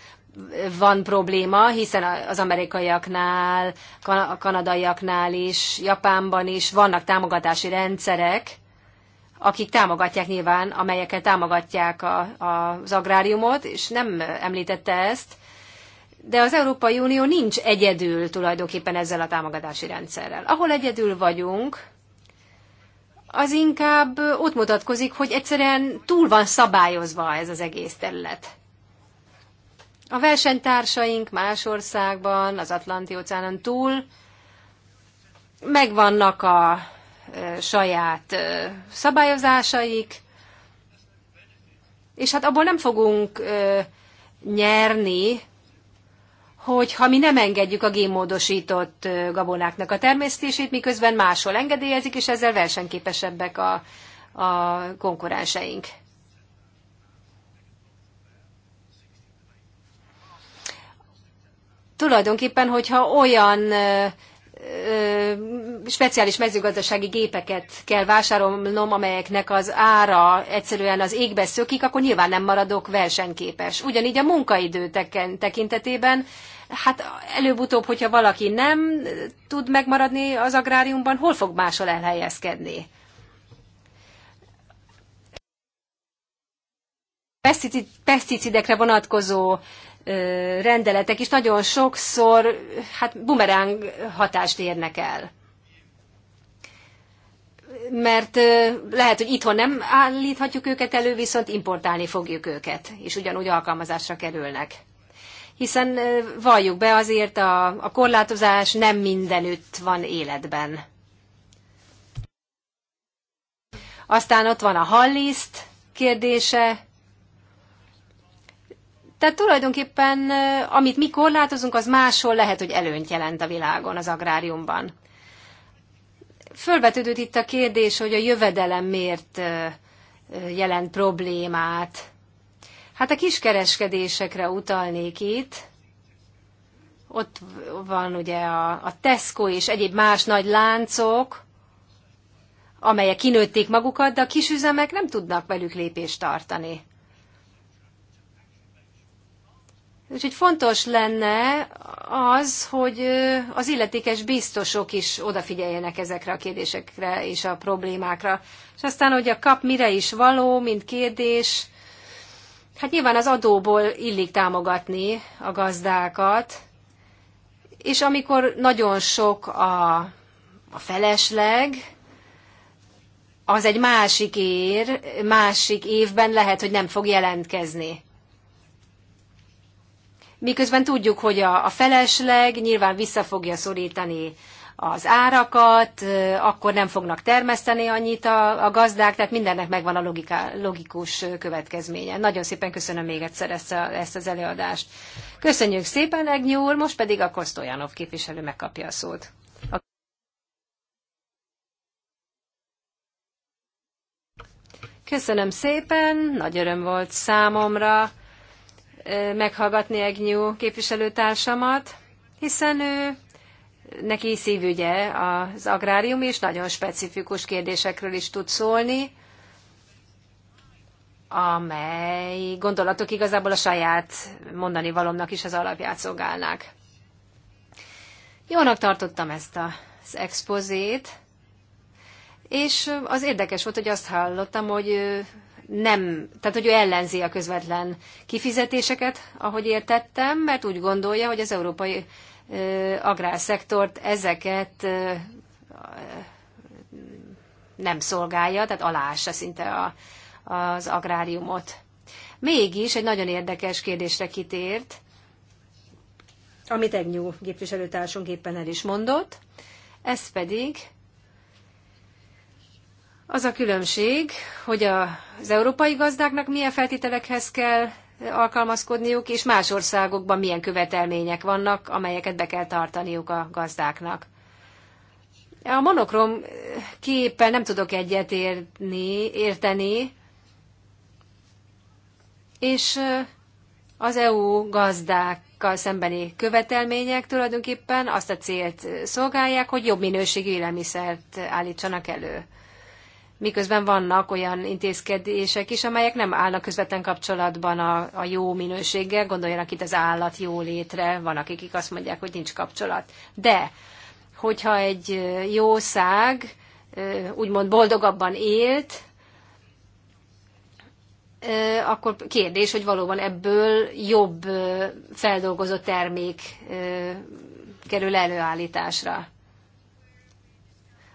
van probléma, hiszen az amerikaiaknál, a kanadaiaknál is, Japánban is vannak támogatási rendszerek, akik támogatják nyilván, amelyekkel támogatják a, a, az agráriumot, és nem említette ezt, de az Európai Unió nincs egyedül tulajdonképpen ezzel a támogatási rendszerrel. Ahol egyedül vagyunk, az inkább ott mutatkozik, hogy egyszerűen túl van szabályozva ez az egész terület. A versenytársaink más országban, az Atlanti-óceánon túl megvannak a saját szabályozásaik, és hát abból nem fogunk nyerni, hogy ha mi nem engedjük a génmódosított gabonáknak a termesztését, miközben máshol engedélyezik, és ezzel versenyképesebbek a, a konkurenseink. Tulajdonképpen, hogyha olyan speciális mezőgazdasági gépeket kell vásárolnom, amelyeknek az ára egyszerűen az égbe szökik, akkor nyilván nem maradok versenyképes. Ugyanígy a munkaidő tekintetében, hát előbb-utóbb, hogyha valaki nem tud megmaradni az agráriumban, hol fog máshol elhelyezkedni? peszticidekre vonatkozó rendeletek is nagyon sokszor hát bumeráng hatást érnek el. Mert lehet, hogy itthon nem állíthatjuk őket elő, viszont importálni fogjuk őket, és ugyanúgy alkalmazásra kerülnek. Hiszen valljuk be azért a, a korlátozás nem mindenütt van életben. Aztán ott van a halliszt kérdése, tehát tulajdonképpen, amit mi korlátozunk, az máshol lehet, hogy előnyt jelent a világon, az agráriumban. Fölvetődött itt a kérdés, hogy a jövedelem miért jelent problémát. Hát a kiskereskedésekre utalnék itt. Ott van ugye a, a Tesco és egyéb más nagy láncok, amelyek kinőtték magukat, de a kisüzemek nem tudnak velük lépést tartani. Úgyhogy fontos lenne az, hogy az illetékes biztosok is odafigyeljenek ezekre a kérdésekre és a problémákra. És aztán, hogy a kap mire is való, mint kérdés, hát nyilván az adóból illik támogatni a gazdákat, és amikor nagyon sok a, a felesleg, az egy másik ér, másik évben lehet, hogy nem fog jelentkezni miközben tudjuk, hogy a, a felesleg nyilván vissza fogja szorítani az árakat, akkor nem fognak termeszteni annyit a, a gazdák, tehát mindennek megvan a logika logikus következménye. Nagyon szépen köszönöm még egyszer ezt, a, ezt az előadást. Köszönjük szépen, Egnyúl, most pedig a Kosztolyanov képviselő megkapja a szót. A... Köszönöm szépen, nagy öröm volt számomra meghallgatni Egnyú képviselőtársamat, hiszen ő neki szívügye az agrárium, és nagyon specifikus kérdésekről is tud szólni, amely gondolatok igazából a saját mondani valomnak is az alapját szolgálnák. Jónak tartottam ezt az expozét, és az érdekes volt, hogy azt hallottam, hogy nem, tehát hogy ő ellenzi a közvetlen kifizetéseket, ahogy értettem, mert úgy gondolja, hogy az európai ö, agrárszektort ezeket ö, nem szolgálja, tehát alássa szinte a, az agráriumot. Mégis egy nagyon érdekes kérdésre kitért, amit Egnyú képviselőtársunk éppen el is mondott, ez pedig az a különbség, hogy az európai gazdáknak milyen feltételekhez kell alkalmazkodniuk, és más országokban milyen követelmények vannak, amelyeket be kell tartaniuk a gazdáknak. A monokrom képpel nem tudok egyet érni, érteni, és az EU gazdákkal szembeni követelmények tulajdonképpen azt a célt szolgálják, hogy jobb minőségű élelmiszert állítsanak elő miközben vannak olyan intézkedések is, amelyek nem állnak közvetlen kapcsolatban a, a jó minőséggel, gondoljanak itt az állat jó létre, van akik azt mondják, hogy nincs kapcsolat. De, hogyha egy jószág úgymond boldogabban élt, akkor kérdés, hogy valóban ebből jobb feldolgozott termék kerül előállításra.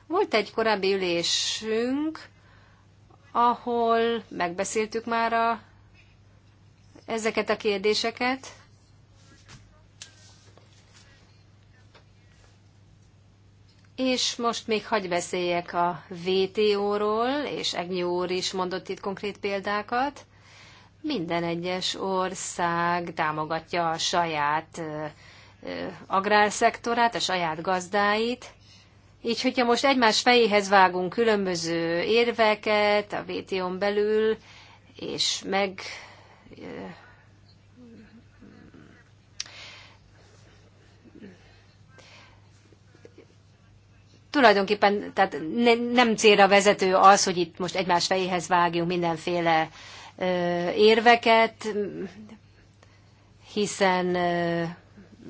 Volt egy korábbi ülésünk, ahol megbeszéltük már a, ezeket a kérdéseket, És most még hagy beszéljek a VTO-ról, és Egnyi úr is mondott itt konkrét példákat. Minden egyes ország támogatja a saját agrárszektorát, a saját gazdáit, így, hogyha most egymás fejéhez vágunk különböző érveket a VTO-n belül, és meg tulajdonképpen tehát ne, nem célra vezető az, hogy itt most egymás fejéhez vágjunk mindenféle ö, érveket, hiszen ö,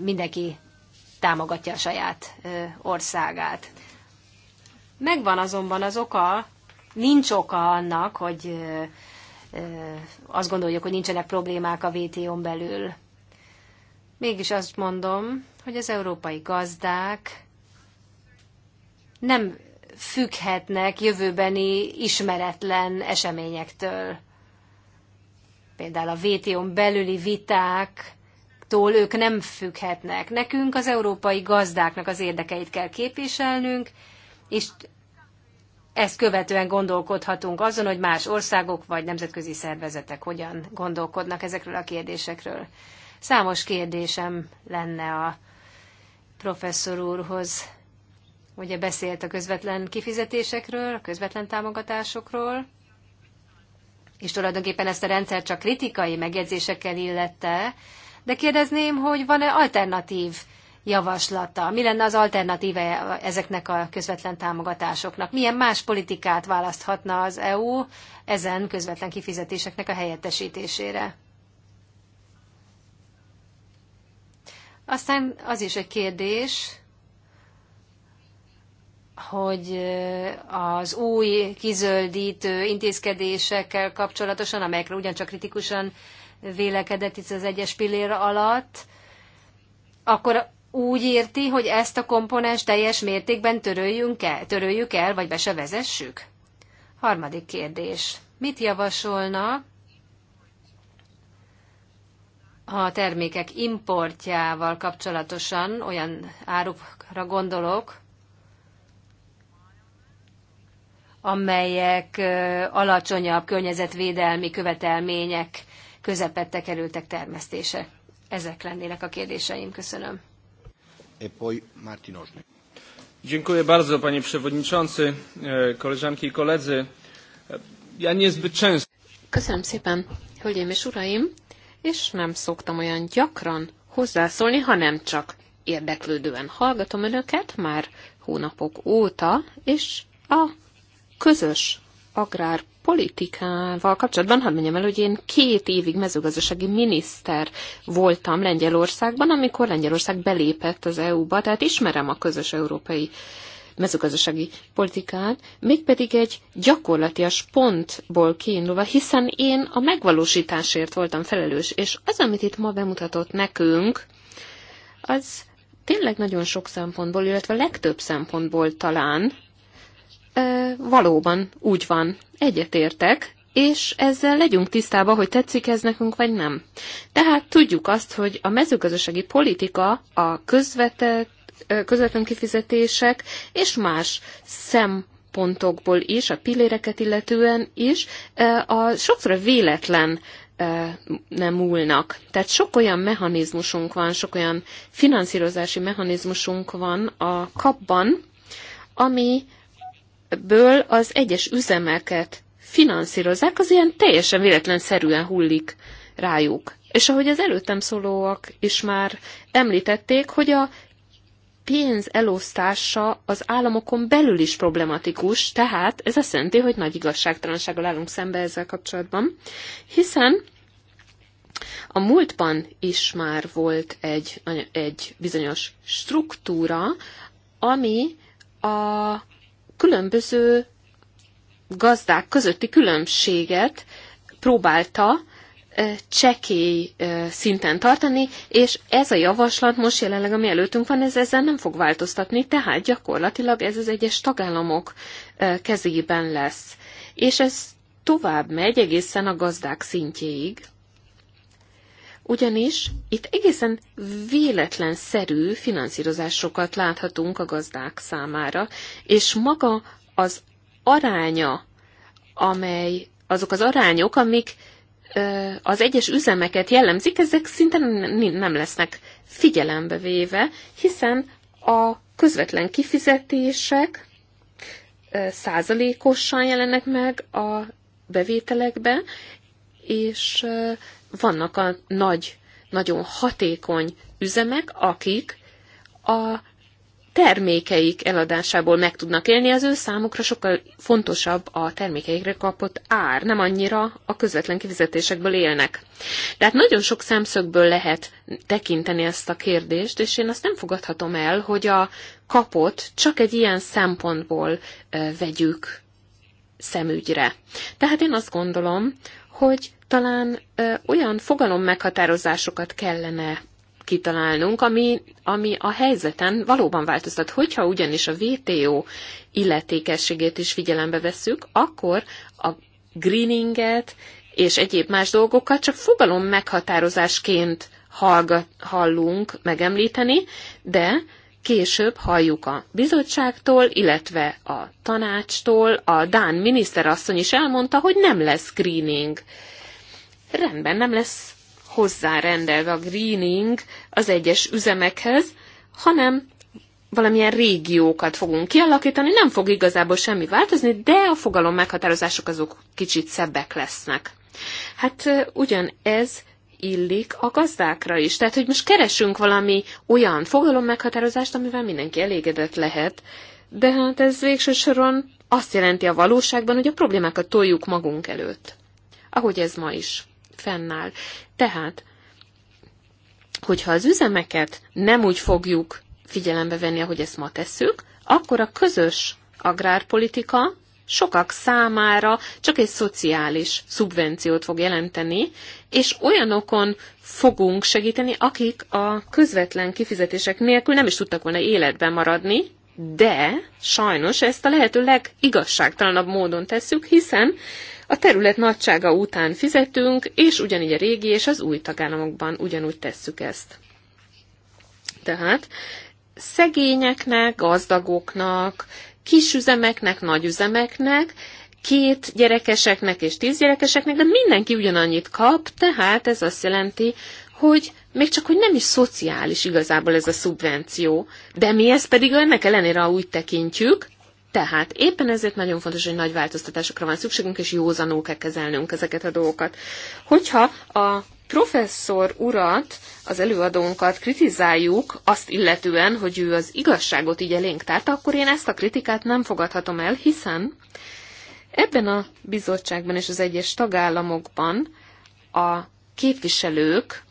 mindenki támogatja a saját országát. Megvan azonban az oka, nincs oka annak, hogy azt gondoljuk, hogy nincsenek problémák a WTO-n belül. Mégis azt mondom, hogy az európai gazdák nem függhetnek jövőbeni ismeretlen eseményektől. Például a WTO-n belüli viták tól ők nem függhetnek. Nekünk az európai gazdáknak az érdekeit kell képviselnünk, és ezt követően gondolkodhatunk azon, hogy más országok vagy nemzetközi szervezetek hogyan gondolkodnak ezekről a kérdésekről. Számos kérdésem lenne a professzor úrhoz. Ugye beszélt a közvetlen kifizetésekről, a közvetlen támogatásokról, és tulajdonképpen ezt a rendszer csak kritikai megjegyzésekkel illette, de kérdezném, hogy van-e alternatív javaslata? Mi lenne az alternatíve ezeknek a közvetlen támogatásoknak? Milyen más politikát választhatna az EU ezen közvetlen kifizetéseknek a helyettesítésére? Aztán az is egy kérdés, hogy az új kizöldítő intézkedésekkel kapcsolatosan, amelyekre ugyancsak kritikusan vélekedett itt az egyes pillér alatt, akkor úgy érti, hogy ezt a komponens teljes mértékben töröljünk el, töröljük el, vagy be se vezessük? Harmadik kérdés. Mit javasolna a termékek importjával kapcsolatosan, olyan árukra gondolok, amelyek alacsonyabb környezetvédelmi követelmények közepette kerültek termesztése. Ezek lennének a kérdéseim. Köszönöm. E poi Martin Dziękuję bardzo, panie przewodniczący, e, koleżanki i koledzy. Ja niezbyt często... Köszönöm szépen, hölgyeim és uraim, és nem szoktam olyan gyakran hozzászólni, hanem csak érdeklődően hallgatom önöket már hónapok óta, és a közös agrár politikával kapcsolatban, hadd mondjam el, hogy én két évig mezőgazdasági miniszter voltam Lengyelországban, amikor Lengyelország belépett az EU-ba, tehát ismerem a közös európai mezőgazdasági politikán, mégpedig egy gyakorlatias pontból kiindulva, hiszen én a megvalósításért voltam felelős, és az, amit itt ma bemutatott nekünk, az tényleg nagyon sok szempontból, illetve legtöbb szempontból talán valóban úgy van, egyetértek, és ezzel legyünk tisztában, hogy tetszik ez nekünk, vagy nem. Tehát tudjuk azt, hogy a mezőgazdasági politika a közvetett, közvetlen kifizetések és más szempontokból is, a pilléreket illetően is, a sokszor véletlen nem múlnak. Tehát sok olyan mechanizmusunk van, sok olyan finanszírozási mechanizmusunk van a kapban, ami ből az egyes üzemeket finanszírozzák, az ilyen teljesen véletlenszerűen hullik rájuk. És ahogy az előttem szólóak is már említették, hogy a pénz elosztása az államokon belül is problematikus, tehát ez azt jelenti, hogy nagy igazságtalansággal állunk szembe ezzel kapcsolatban, hiszen a múltban is már volt egy, egy bizonyos struktúra, ami a különböző gazdák közötti különbséget próbálta csekély szinten tartani, és ez a javaslat most jelenleg, ami előttünk van, ez ezzel nem fog változtatni, tehát gyakorlatilag ez az egyes tagállamok kezében lesz. És ez tovább megy egészen a gazdák szintjéig, ugyanis itt egészen véletlenszerű finanszírozásokat láthatunk a gazdák számára, és maga az aránya, amely azok az arányok, amik az egyes üzemeket jellemzik, ezek szinte nem lesznek figyelembe véve, hiszen a közvetlen kifizetések százalékosan jelennek meg a bevételekben és vannak a nagy, nagyon hatékony üzemek, akik a termékeik eladásából meg tudnak élni, az ő számukra sokkal fontosabb a termékeikre kapott ár, nem annyira a közvetlen kifizetésekből élnek. Tehát nagyon sok szemszögből lehet tekinteni ezt a kérdést, és én azt nem fogadhatom el, hogy a kapot csak egy ilyen szempontból vegyük szemügyre. Tehát én azt gondolom, hogy talán ö, olyan fogalom meghatározásokat kellene kitalálnunk, ami, ami a helyzeten valóban változtat. Hogyha ugyanis a VTO illetékességét is figyelembe veszük, akkor a greeninget és egyéb más dolgokat csak fogalom meghatározásként hallunk megemlíteni, de később halljuk a bizottságtól, illetve a tanácstól, a Dán miniszterasszony is elmondta, hogy nem lesz screening. Rendben, nem lesz hozzárendelve a greening az egyes üzemekhez, hanem valamilyen régiókat fogunk kialakítani, nem fog igazából semmi változni, de a fogalom meghatározások azok kicsit szebbek lesznek. Hát ugyan ez illik a gazdákra is. Tehát, hogy most keresünk valami olyan fogalom meghatározást, amivel mindenki elégedett lehet, de hát ez végső soron azt jelenti a valóságban, hogy a problémákat toljuk magunk előtt. Ahogy ez ma is fennáll. Tehát, hogyha az üzemeket nem úgy fogjuk figyelembe venni, ahogy ezt ma tesszük, akkor a közös agrárpolitika sokak számára csak egy szociális szubvenciót fog jelenteni, és olyanokon fogunk segíteni, akik a közvetlen kifizetések nélkül nem is tudtak volna életben maradni, de sajnos ezt a lehető legigazságtalanabb módon tesszük, hiszen a terület nagysága után fizetünk, és ugyanígy a régi és az új tagállamokban ugyanúgy tesszük ezt. Tehát szegényeknek, gazdagoknak, kisüzemeknek, nagyüzemeknek, két gyerekeseknek és tíz gyerekeseknek, de mindenki ugyanannyit kap, tehát ez azt jelenti, hogy még csak, hogy nem is szociális igazából ez a szubvenció, de mi ezt pedig ennek ellenére úgy tekintjük, tehát éppen ezért nagyon fontos, hogy nagy változtatásokra van szükségünk, és józanul kell kezelnünk ezeket a dolgokat. Hogyha a professzor urat, az előadónkat kritizáljuk azt illetően, hogy ő az igazságot így elénk tárta, akkor én ezt a kritikát nem fogadhatom el, hiszen ebben a bizottságban és az egyes tagállamokban a képviselők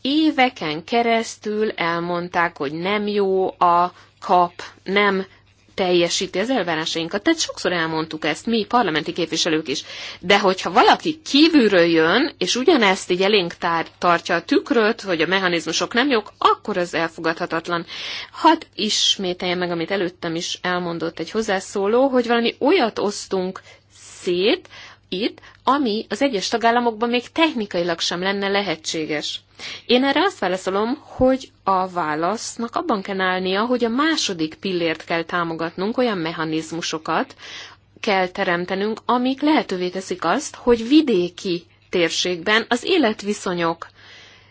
éveken keresztül elmondták, hogy nem jó a kap, nem teljesíti az elvárásainkat. Tehát sokszor elmondtuk ezt, mi parlamenti képviselők is. De hogyha valaki kívülről jön, és ugyanezt így elénk tár, tartja a tükröt, hogy a mechanizmusok nem jók, akkor az elfogadhatatlan. Hadd ismételjem meg, amit előttem is elmondott egy hozzászóló, hogy valami olyat osztunk szét, itt, ami az egyes tagállamokban még technikailag sem lenne lehetséges. Én erre azt válaszolom, hogy a válasznak abban kell állnia, hogy a második pillért kell támogatnunk, olyan mechanizmusokat kell teremtenünk, amik lehetővé teszik azt, hogy vidéki térségben az életviszonyok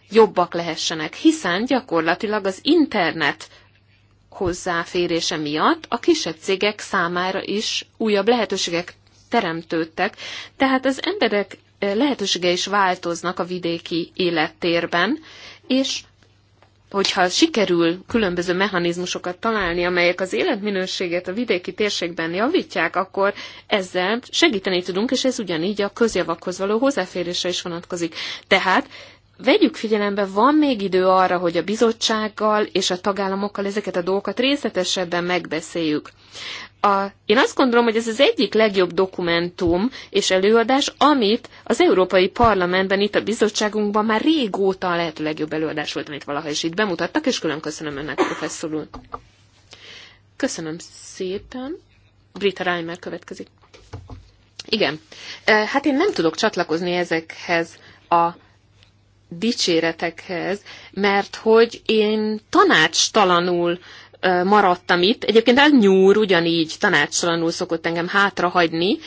jobbak lehessenek, hiszen gyakorlatilag az internet hozzáférése miatt a kisebb cégek számára is újabb lehetőségek teremtődtek, tehát az emberek eh, lehetősége is változnak a vidéki élettérben, és hogyha sikerül különböző mechanizmusokat találni, amelyek az életminőséget a vidéki térségben javítják, akkor ezzel segíteni tudunk, és ez ugyanígy a közjavakhoz való hozzáférésre is vonatkozik. Tehát vegyük figyelembe, van még idő arra, hogy a bizottsággal és a tagállamokkal ezeket a dolgokat részletesebben megbeszéljük a, én azt gondolom, hogy ez az egyik legjobb dokumentum és előadás, amit az Európai Parlamentben, itt a bizottságunkban már régóta a lehető legjobb előadás volt, amit valaha is itt bemutattak, és külön köszönöm önnek, professzor úr. Köszönöm szépen. Brita Reimer következik. Igen. E, hát én nem tudok csatlakozni ezekhez a dicséretekhez, mert hogy én tanácstalanul maradtam itt. Egyébként elnyúr ugyanígy tanácsalanul szokott engem hátrahagyni,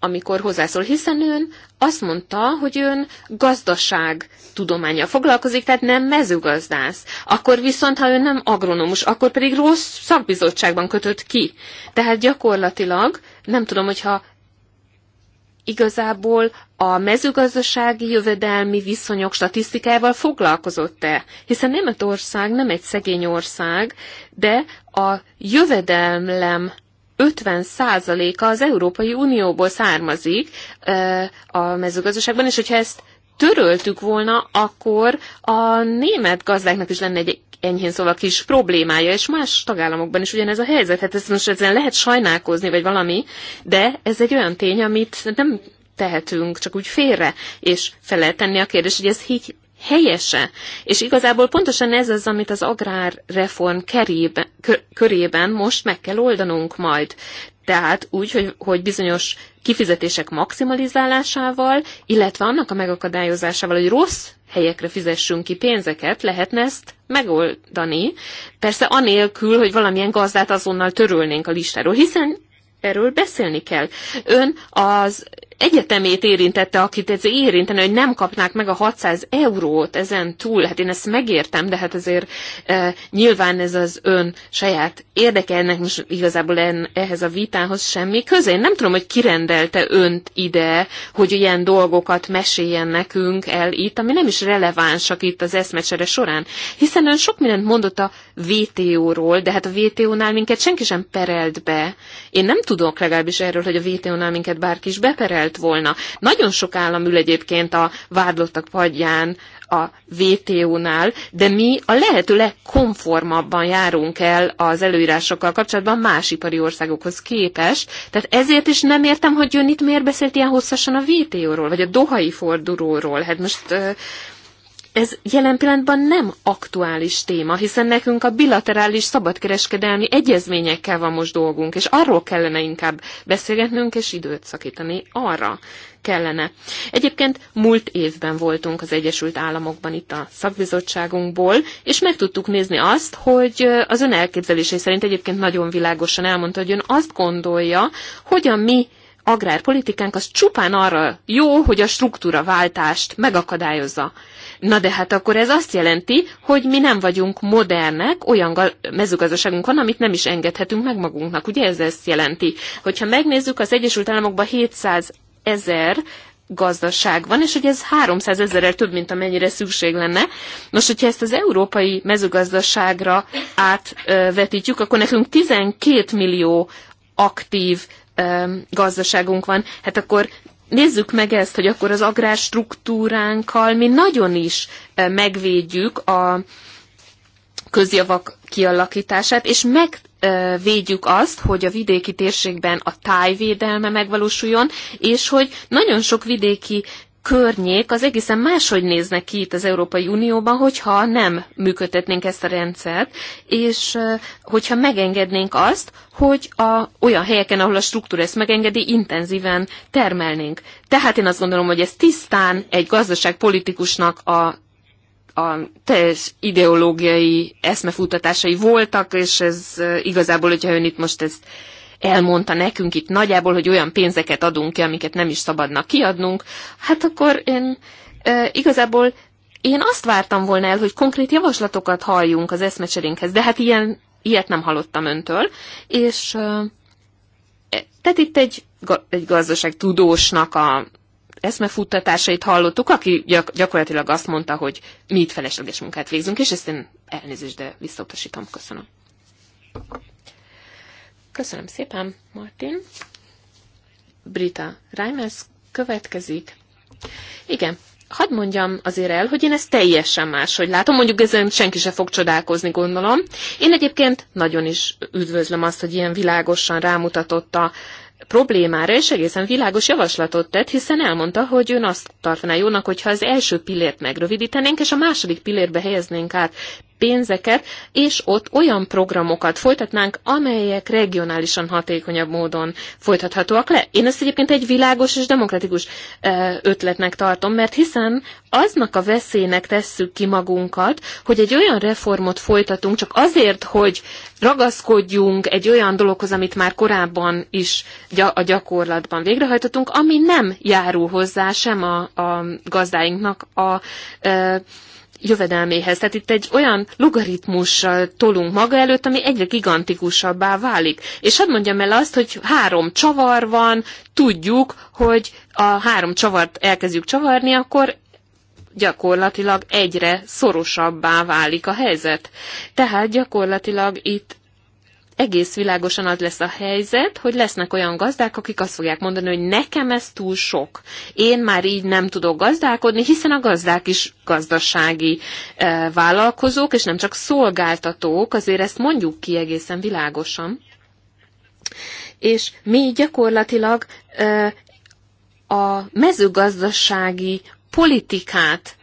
amikor hozzászól, hiszen ön azt mondta, hogy ön gazdaság tudománya foglalkozik, tehát nem mezőgazdász. Akkor viszont, ha ön nem agronomus, akkor pedig rossz szakbizottságban kötött ki. Tehát gyakorlatilag nem tudom, hogyha igazából a mezőgazdasági jövedelmi viszonyok statisztikával foglalkozott-e? Hiszen Németország nem egy szegény ország, de a jövedelmem 50%-a az Európai Unióból származik a mezőgazdaságban, és hogyha ezt töröltük volna, akkor a német gazdáknak is lenne egy enyhén szóval kis problémája, és más tagállamokban is ugyanez a helyzet. Hát ezt most ezen lehet sajnálkozni, vagy valami, de ez egy olyan tény, amit nem tehetünk csak úgy félre, és fel lehet tenni a kérdést, hogy ez így helyese. És igazából pontosan ez az, amit az agrárreform kerében, körében most meg kell oldanunk majd. Tehát úgy, hogy, hogy bizonyos kifizetések maximalizálásával, illetve annak a megakadályozásával, hogy rossz helyekre fizessünk ki pénzeket, lehetne ezt megoldani, persze anélkül, hogy valamilyen gazdát azonnal törölnénk a listáról, hiszen erről beszélni kell. Ön az egyetemét érintette, akit ez érintene, hogy nem kapnák meg a 600 eurót ezen túl. Hát én ezt megértem, de hát azért e, nyilván ez az ön saját érdeke, ennek most igazából en, ehhez a vitához semmi köze. Én nem tudom, hogy kirendelte önt ide, hogy ilyen dolgokat meséljen nekünk el itt, ami nem is relevánsak itt az eszmecsere során. Hiszen ön sok mindent mondott a VTO-ról, de hát a VTO-nál minket senki sem perelt be. Én nem tudok legalábbis erről, hogy a VTO-nál minket bárki is beperelt volna. Nagyon sok állam ül egyébként a vádlottak padján a VTO-nál, de mi a lehető legkonformabban járunk el az előírásokkal kapcsolatban más ipari országokhoz képest, tehát ezért is nem értem, hogy jön itt miért beszélt ilyen hosszasan a VTO-ról, vagy a Dohai fordulóról. Hát most ez jelen pillanatban nem aktuális téma, hiszen nekünk a bilaterális szabadkereskedelmi egyezményekkel van most dolgunk, és arról kellene inkább beszélgetnünk, és időt szakítani arra kellene. Egyébként múlt évben voltunk az Egyesült Államokban itt a szakbizottságunkból, és meg tudtuk nézni azt, hogy az ön elképzelései szerint egyébként nagyon világosan elmondta, hogy ön azt gondolja, hogy a mi agrárpolitikánk az csupán arra jó, hogy a struktúra váltást megakadályozza. Na de hát akkor ez azt jelenti, hogy mi nem vagyunk modernek, olyan mezőgazdaságunk van, amit nem is engedhetünk meg magunknak. Ugye ez ezt jelenti. Hogyha megnézzük, az Egyesült Államokban 700 ezer gazdaság van, és hogy ez 300 ezerrel több, mint amennyire szükség lenne. Nos, hogyha ezt az európai mezőgazdaságra átvetítjük, akkor nekünk 12 millió aktív gazdaságunk van, hát akkor nézzük meg ezt, hogy akkor az agrárstruktúránkkal mi nagyon is e, megvédjük a közjavak kialakítását, és meg e, védjük azt, hogy a vidéki térségben a tájvédelme megvalósuljon, és hogy nagyon sok vidéki környék az egészen máshogy néznek ki itt az Európai Unióban, hogyha nem működtetnénk ezt a rendszert, és hogyha megengednénk azt, hogy a, olyan helyeken, ahol a struktúra ezt megengedi, intenzíven termelnénk. Tehát én azt gondolom, hogy ez tisztán egy gazdaságpolitikusnak a a teljes ideológiai eszmefutatásai voltak, és ez igazából, hogyha ön itt most ezt elmondta nekünk itt nagyjából, hogy olyan pénzeket adunk ki, amiket nem is szabadna kiadnunk, hát akkor én e, igazából én azt vártam volna el, hogy konkrét javaslatokat halljunk az eszmecserénkhez, de hát ilyen, ilyet nem hallottam öntől, és e, tehát itt egy, egy gazdaságtudósnak a eszmefuttatásait hallottuk, aki gyak, gyakorlatilag azt mondta, hogy mi itt felesleges munkát végzünk, és ezt én elnézést, de visszautasítom. Köszönöm. Köszönöm szépen, Martin. Brita Reimers következik. Igen, hadd mondjam azért el, hogy én ezt teljesen máshogy látom, mondjuk ezen senki se fog csodálkozni, gondolom. Én egyébként nagyon is üdvözlöm azt, hogy ilyen világosan rámutatott a problémára, és egészen világos javaslatot tett, hiszen elmondta, hogy ön azt tartaná jónak, hogyha az első pillért megrövidítenénk, és a második pillérbe helyeznénk át pénzeket, és ott olyan programokat folytatnánk, amelyek regionálisan hatékonyabb módon folytathatóak le. Én ezt egyébként egy világos és demokratikus ötletnek tartom, mert hiszen aznak a veszélynek tesszük ki magunkat, hogy egy olyan reformot folytatunk csak azért, hogy ragaszkodjunk egy olyan dologhoz, amit már korábban is a gyakorlatban végrehajtottunk, ami nem járul hozzá sem a, a gazdáinknak a, a jövedelméhez. Tehát itt egy olyan logaritmussal tolunk maga előtt, ami egyre gigantikusabbá válik. És hadd mondjam el azt, hogy három csavar van, tudjuk, hogy a három csavart elkezdjük csavarni, akkor gyakorlatilag egyre szorosabbá válik a helyzet. Tehát gyakorlatilag itt egész világosan az lesz a helyzet, hogy lesznek olyan gazdák, akik azt fogják mondani, hogy nekem ez túl sok. Én már így nem tudok gazdálkodni, hiszen a gazdák is gazdasági e, vállalkozók, és nem csak szolgáltatók, azért ezt mondjuk ki egészen világosan. És mi gyakorlatilag e, a mezőgazdasági politikát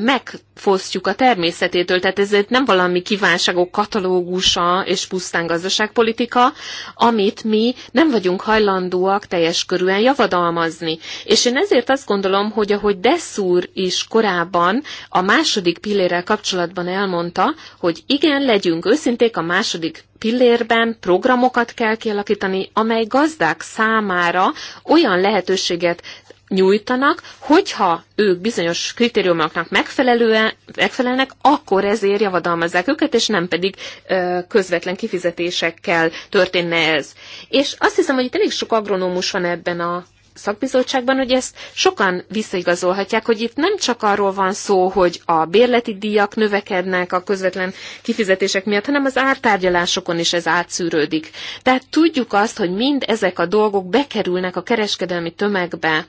megfosztjuk a természetétől, tehát ez nem valami kívánságok katalógusa és pusztán gazdaságpolitika, amit mi nem vagyunk hajlandóak teljes körűen javadalmazni. És én ezért azt gondolom, hogy ahogy Dessur is korábban a második pillérrel kapcsolatban elmondta, hogy igen, legyünk őszinték, a második pillérben programokat kell kialakítani, amely gazdák számára olyan lehetőséget nyújtanak, hogyha ők bizonyos kritériumoknak megfelelően, megfelelnek, akkor ezért javadalmazzák őket, és nem pedig ö, közvetlen kifizetésekkel történne ez. És azt hiszem, hogy itt elég sok agronómus van ebben a szakbizottságban, hogy ezt sokan visszaigazolhatják, hogy itt nem csak arról van szó, hogy a bérleti díjak növekednek a közvetlen kifizetések miatt, hanem az ártárgyalásokon is ez átszűrődik. Tehát tudjuk azt, hogy mind ezek a dolgok bekerülnek a kereskedelmi tömegbe,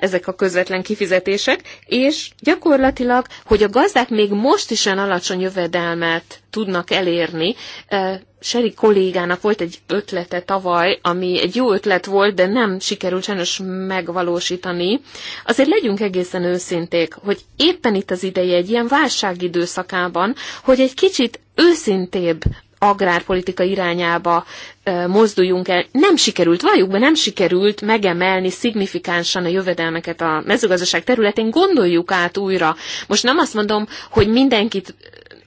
ezek a közvetlen kifizetések, és gyakorlatilag, hogy a gazdák még most is olyan alacsony jövedelmet tudnak elérni. Seri kollégának volt egy ötlete tavaly, ami egy jó ötlet volt, de nem sikerült sajnos megvalósítani. Azért legyünk egészen őszinték, hogy éppen itt az ideje egy ilyen válságidőszakában, hogy egy kicsit őszintébb agrárpolitika irányába mozduljunk el. Nem sikerült, valljuk be, nem sikerült megemelni szignifikánsan a jövedelmeket a mezőgazdaság területén. Gondoljuk át újra. Most nem azt mondom, hogy mindenkit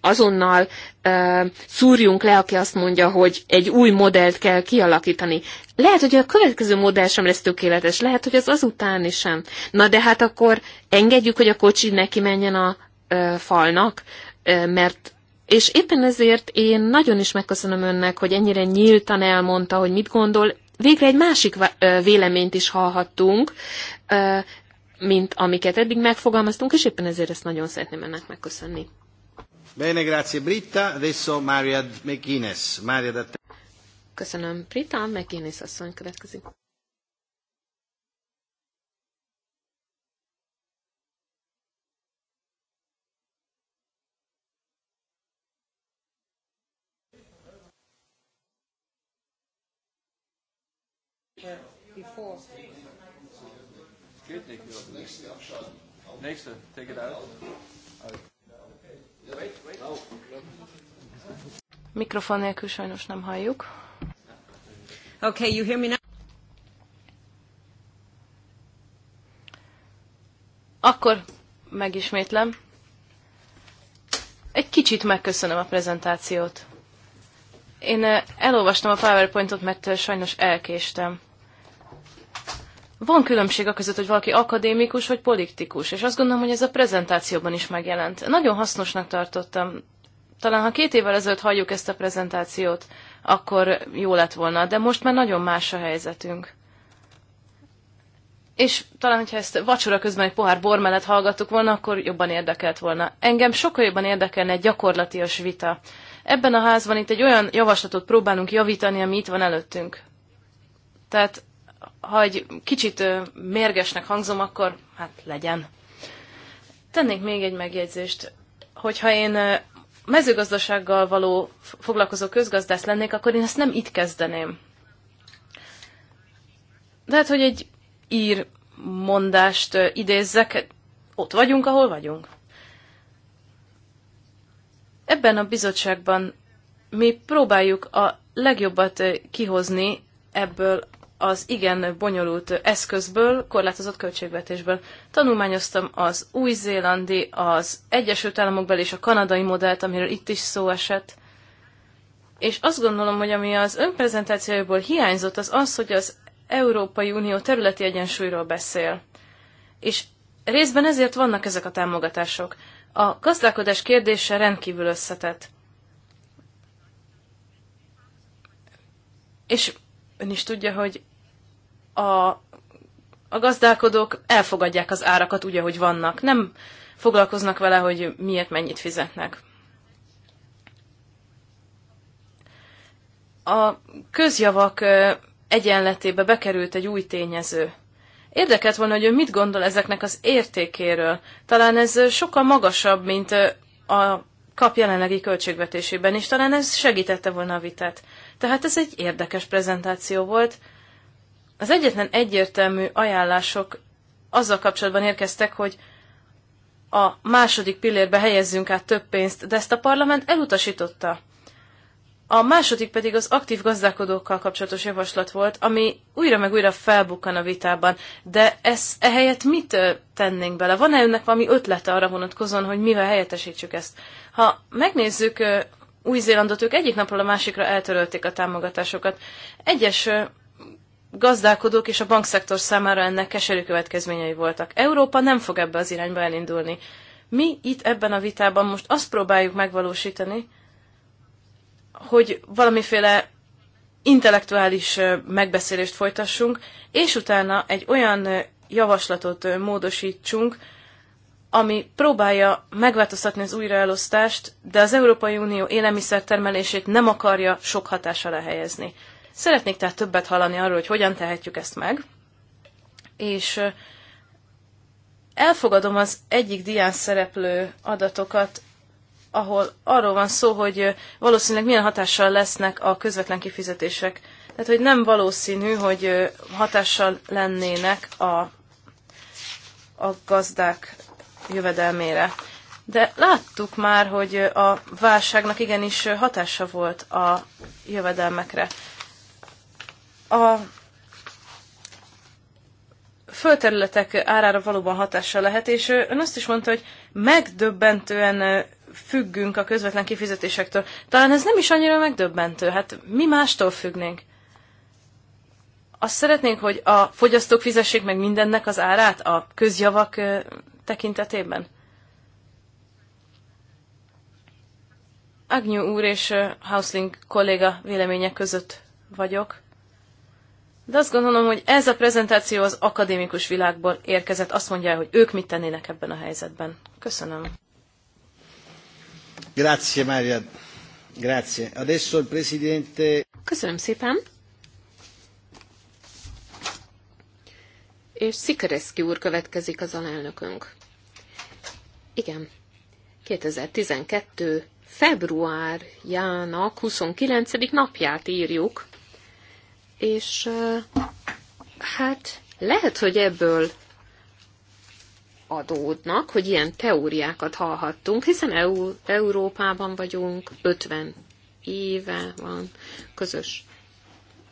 azonnal uh, szúrjunk le, aki azt mondja, hogy egy új modellt kell kialakítani. Lehet, hogy a következő modell sem lesz tökéletes, lehet, hogy az azután is sem. Na de hát akkor engedjük, hogy a kocsi neki menjen a uh, falnak, uh, mert és éppen ezért én nagyon is megköszönöm önnek, hogy ennyire nyíltan elmondta, hogy mit gondol. Végre egy másik véleményt is hallhattunk, mint amiket eddig megfogalmaztunk, és éppen ezért ezt nagyon szeretném önnek megköszönni. Bene, grazie Britta. Adesso Maria McGuinness. Maria Köszönöm, Britta. McGuinness asszony következik. were before. Good, you. Next, uh, take it out. Mikrofon nélkül sajnos nem halljuk. Okay, you hear me now? Akkor megismétlem. Egy kicsit megköszönöm a prezentációt. Én uh, elolvastam a PowerPointot, mert uh, sajnos elkéstem. Van különbség a között, hogy valaki akadémikus vagy politikus, és azt gondolom, hogy ez a prezentációban is megjelent. Nagyon hasznosnak tartottam. Talán ha két évvel ezelőtt halljuk ezt a prezentációt, akkor jó lett volna, de most már nagyon más a helyzetünk. És talán, hogyha ezt vacsora közben egy pohár bor mellett hallgattuk volna, akkor jobban érdekelt volna. Engem sokkal jobban érdekelne egy gyakorlatias vita. Ebben a házban itt egy olyan javaslatot próbálunk javítani, ami itt van előttünk. Tehát ha egy kicsit mérgesnek hangzom, akkor hát legyen. Tennék még egy megjegyzést. Hogyha én mezőgazdasággal való foglalkozó közgazdász lennék, akkor én ezt nem itt kezdeném. De hát, hogy egy ír mondást idézzek, ott vagyunk, ahol vagyunk. Ebben a bizottságban mi próbáljuk a legjobbat kihozni ebből az igen bonyolult eszközből, korlátozott költségvetésből. Tanulmányoztam az új-zélandi, az Egyesült Államokbeli és a kanadai modellt, amiről itt is szó esett. És azt gondolom, hogy ami az önprezentációjából hiányzott, az az, hogy az Európai Unió területi egyensúlyról beszél. És részben ezért vannak ezek a támogatások. A gazdálkodás kérdése rendkívül összetett. És ön is tudja, hogy a, a gazdálkodók elfogadják az árakat úgy, ahogy vannak. Nem foglalkoznak vele, hogy miért mennyit fizetnek. A közjavak egyenletébe bekerült egy új tényező. Érdekelt volna, hogy ő mit gondol ezeknek az értékéről. Talán ez sokkal magasabb, mint a kap jelenlegi költségvetésében, és talán ez segítette volna a vitát. Tehát ez egy érdekes prezentáció volt, az egyetlen egyértelmű ajánlások azzal kapcsolatban érkeztek, hogy a második pillérbe helyezzünk át több pénzt, de ezt a parlament elutasította. A második pedig az aktív gazdálkodókkal kapcsolatos javaslat volt, ami újra meg újra felbukkan a vitában. De ez ehelyett mit tennénk bele? Van-e önnek valami ötlete arra vonatkozóan, hogy mivel helyettesítsük ezt? Ha megnézzük új-Zélandot ők egyik napról a másikra eltörölték a támogatásokat. Egyes gazdálkodók és a bankszektor számára ennek keserű következményei voltak. Európa nem fog ebbe az irányba elindulni. Mi itt ebben a vitában most azt próbáljuk megvalósítani, hogy valamiféle intellektuális megbeszélést folytassunk, és utána egy olyan javaslatot módosítsunk, ami próbálja megváltoztatni az újraelosztást, de az Európai Unió élelmiszertermelését nem akarja sok hatás alá helyezni. Szeretnék tehát többet hallani arról, hogy hogyan tehetjük ezt meg, és elfogadom az egyik dián szereplő adatokat, ahol arról van szó, hogy valószínűleg milyen hatással lesznek a közvetlen kifizetések. Tehát, hogy nem valószínű, hogy hatással lennének a, a gazdák jövedelmére. De láttuk már, hogy a válságnak igenis hatása volt a jövedelmekre a földterületek árára valóban hatással lehet, és ön azt is mondta, hogy megdöbbentően függünk a közvetlen kifizetésektől. Talán ez nem is annyira megdöbbentő, hát mi mástól függnénk? Azt szeretnénk, hogy a fogyasztók fizessék meg mindennek az árát a közjavak tekintetében? Agnew úr és Hausling kolléga vélemények között vagyok. De azt gondolom, hogy ez a prezentáció az akadémikus világból érkezett. Azt mondja, hogy ők mit tennének ebben a helyzetben. Köszönöm. Grazie, Maria. Grazie. Adesso il presidente... Köszönöm szépen. És Szikereszki úr következik az alelnökünk. Igen. 2012 februárjának 29. napját írjuk, és hát lehet, hogy ebből adódnak, hogy ilyen teóriákat hallhattunk, hiszen EU, Európában vagyunk, 50 éve van közös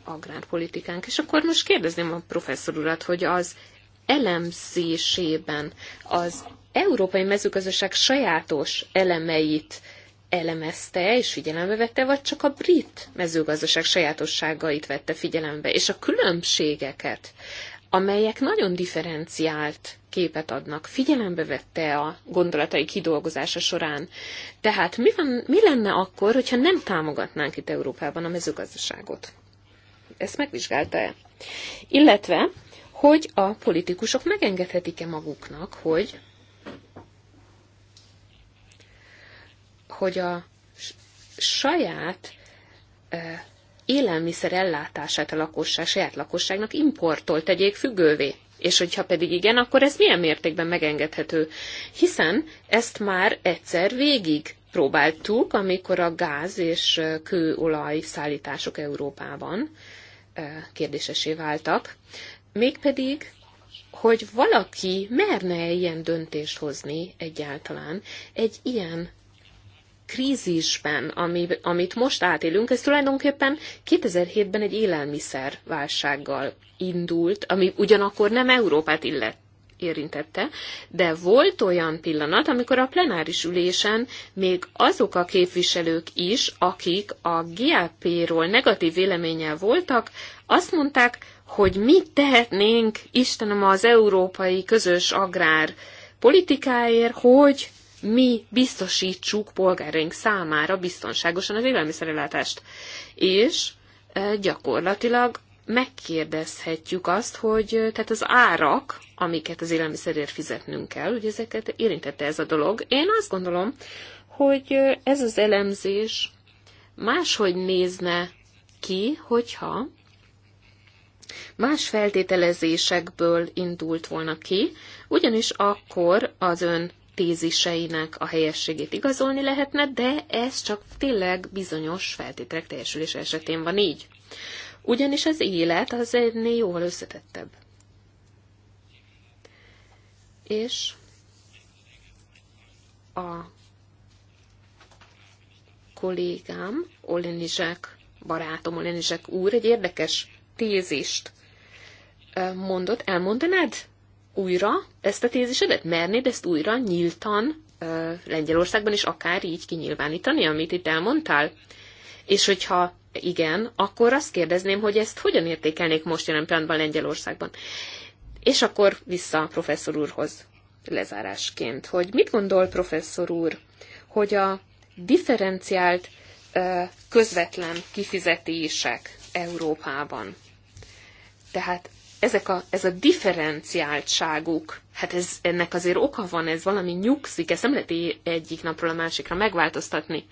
agrárpolitikánk. És akkor most kérdezném a professzor urat, hogy az elemzésében az európai mezőgazdaság sajátos elemeit elemezte és figyelembe vette, vagy csak a brit mezőgazdaság sajátosságait vette figyelembe, és a különbségeket, amelyek nagyon differenciált képet adnak, figyelembe vette a gondolatai kidolgozása során. Tehát mi, van, mi lenne akkor, hogyha nem támogatnánk itt Európában a mezőgazdaságot? Ezt megvizsgálta-e? Illetve, hogy a politikusok megengedhetik-e maguknak, hogy hogy a saját élelmiszer ellátását a lakosság, saját lakosságnak importolt tegyék függővé. És hogyha pedig igen, akkor ez milyen mértékben megengedhető? Hiszen ezt már egyszer végig próbáltuk, amikor a gáz és kőolaj szállítások Európában kérdésesé váltak. Mégpedig, hogy valaki merne -e ilyen döntést hozni egyáltalán egy ilyen krízisben, ami, amit most átélünk, ez tulajdonképpen 2007-ben egy élelmiszerválsággal indult, ami ugyanakkor nem Európát illet, érintette, de volt olyan pillanat, amikor a plenáris ülésen még azok a képviselők is, akik a GLP-ról negatív véleménnyel voltak, azt mondták, hogy mit tehetnénk, Istenem, az európai közös agrár politikáért, hogy mi biztosítsuk polgáraink számára biztonságosan az élelmiszerellátást. És e, gyakorlatilag megkérdezhetjük azt, hogy e, tehát az árak, amiket az élelmiszerért fizetnünk kell, ugye ezeket érintette ez a dolog. Én azt gondolom, hogy e, ez az elemzés máshogy nézne ki, hogyha más feltételezésekből indult volna ki, ugyanis akkor az ön téziseinek a helyességét igazolni lehetne, de ez csak tényleg bizonyos feltételek teljesülése esetén van így. Ugyanis az élet az ennél jóval összetettebb. És a kollégám, Olenizsek barátom, Olenizsek úr egy érdekes tézist mondott. Elmondanád újra ezt a tézisedet? Mernéd ezt újra nyíltan uh, Lengyelországban is akár így kinyilvánítani, amit itt elmondtál? És hogyha igen, akkor azt kérdezném, hogy ezt hogyan értékelnék most jelen pillanatban Lengyelországban? És akkor vissza a professzor úrhoz lezárásként, hogy mit gondol professzor úr, hogy a differenciált közvetlen kifizetések Európában. Tehát ezek a, ez a differenciáltságuk, hát ez, ennek azért oka van, ez valami nyugszik, ezt nem lehet egyik napról a másikra megváltoztatni.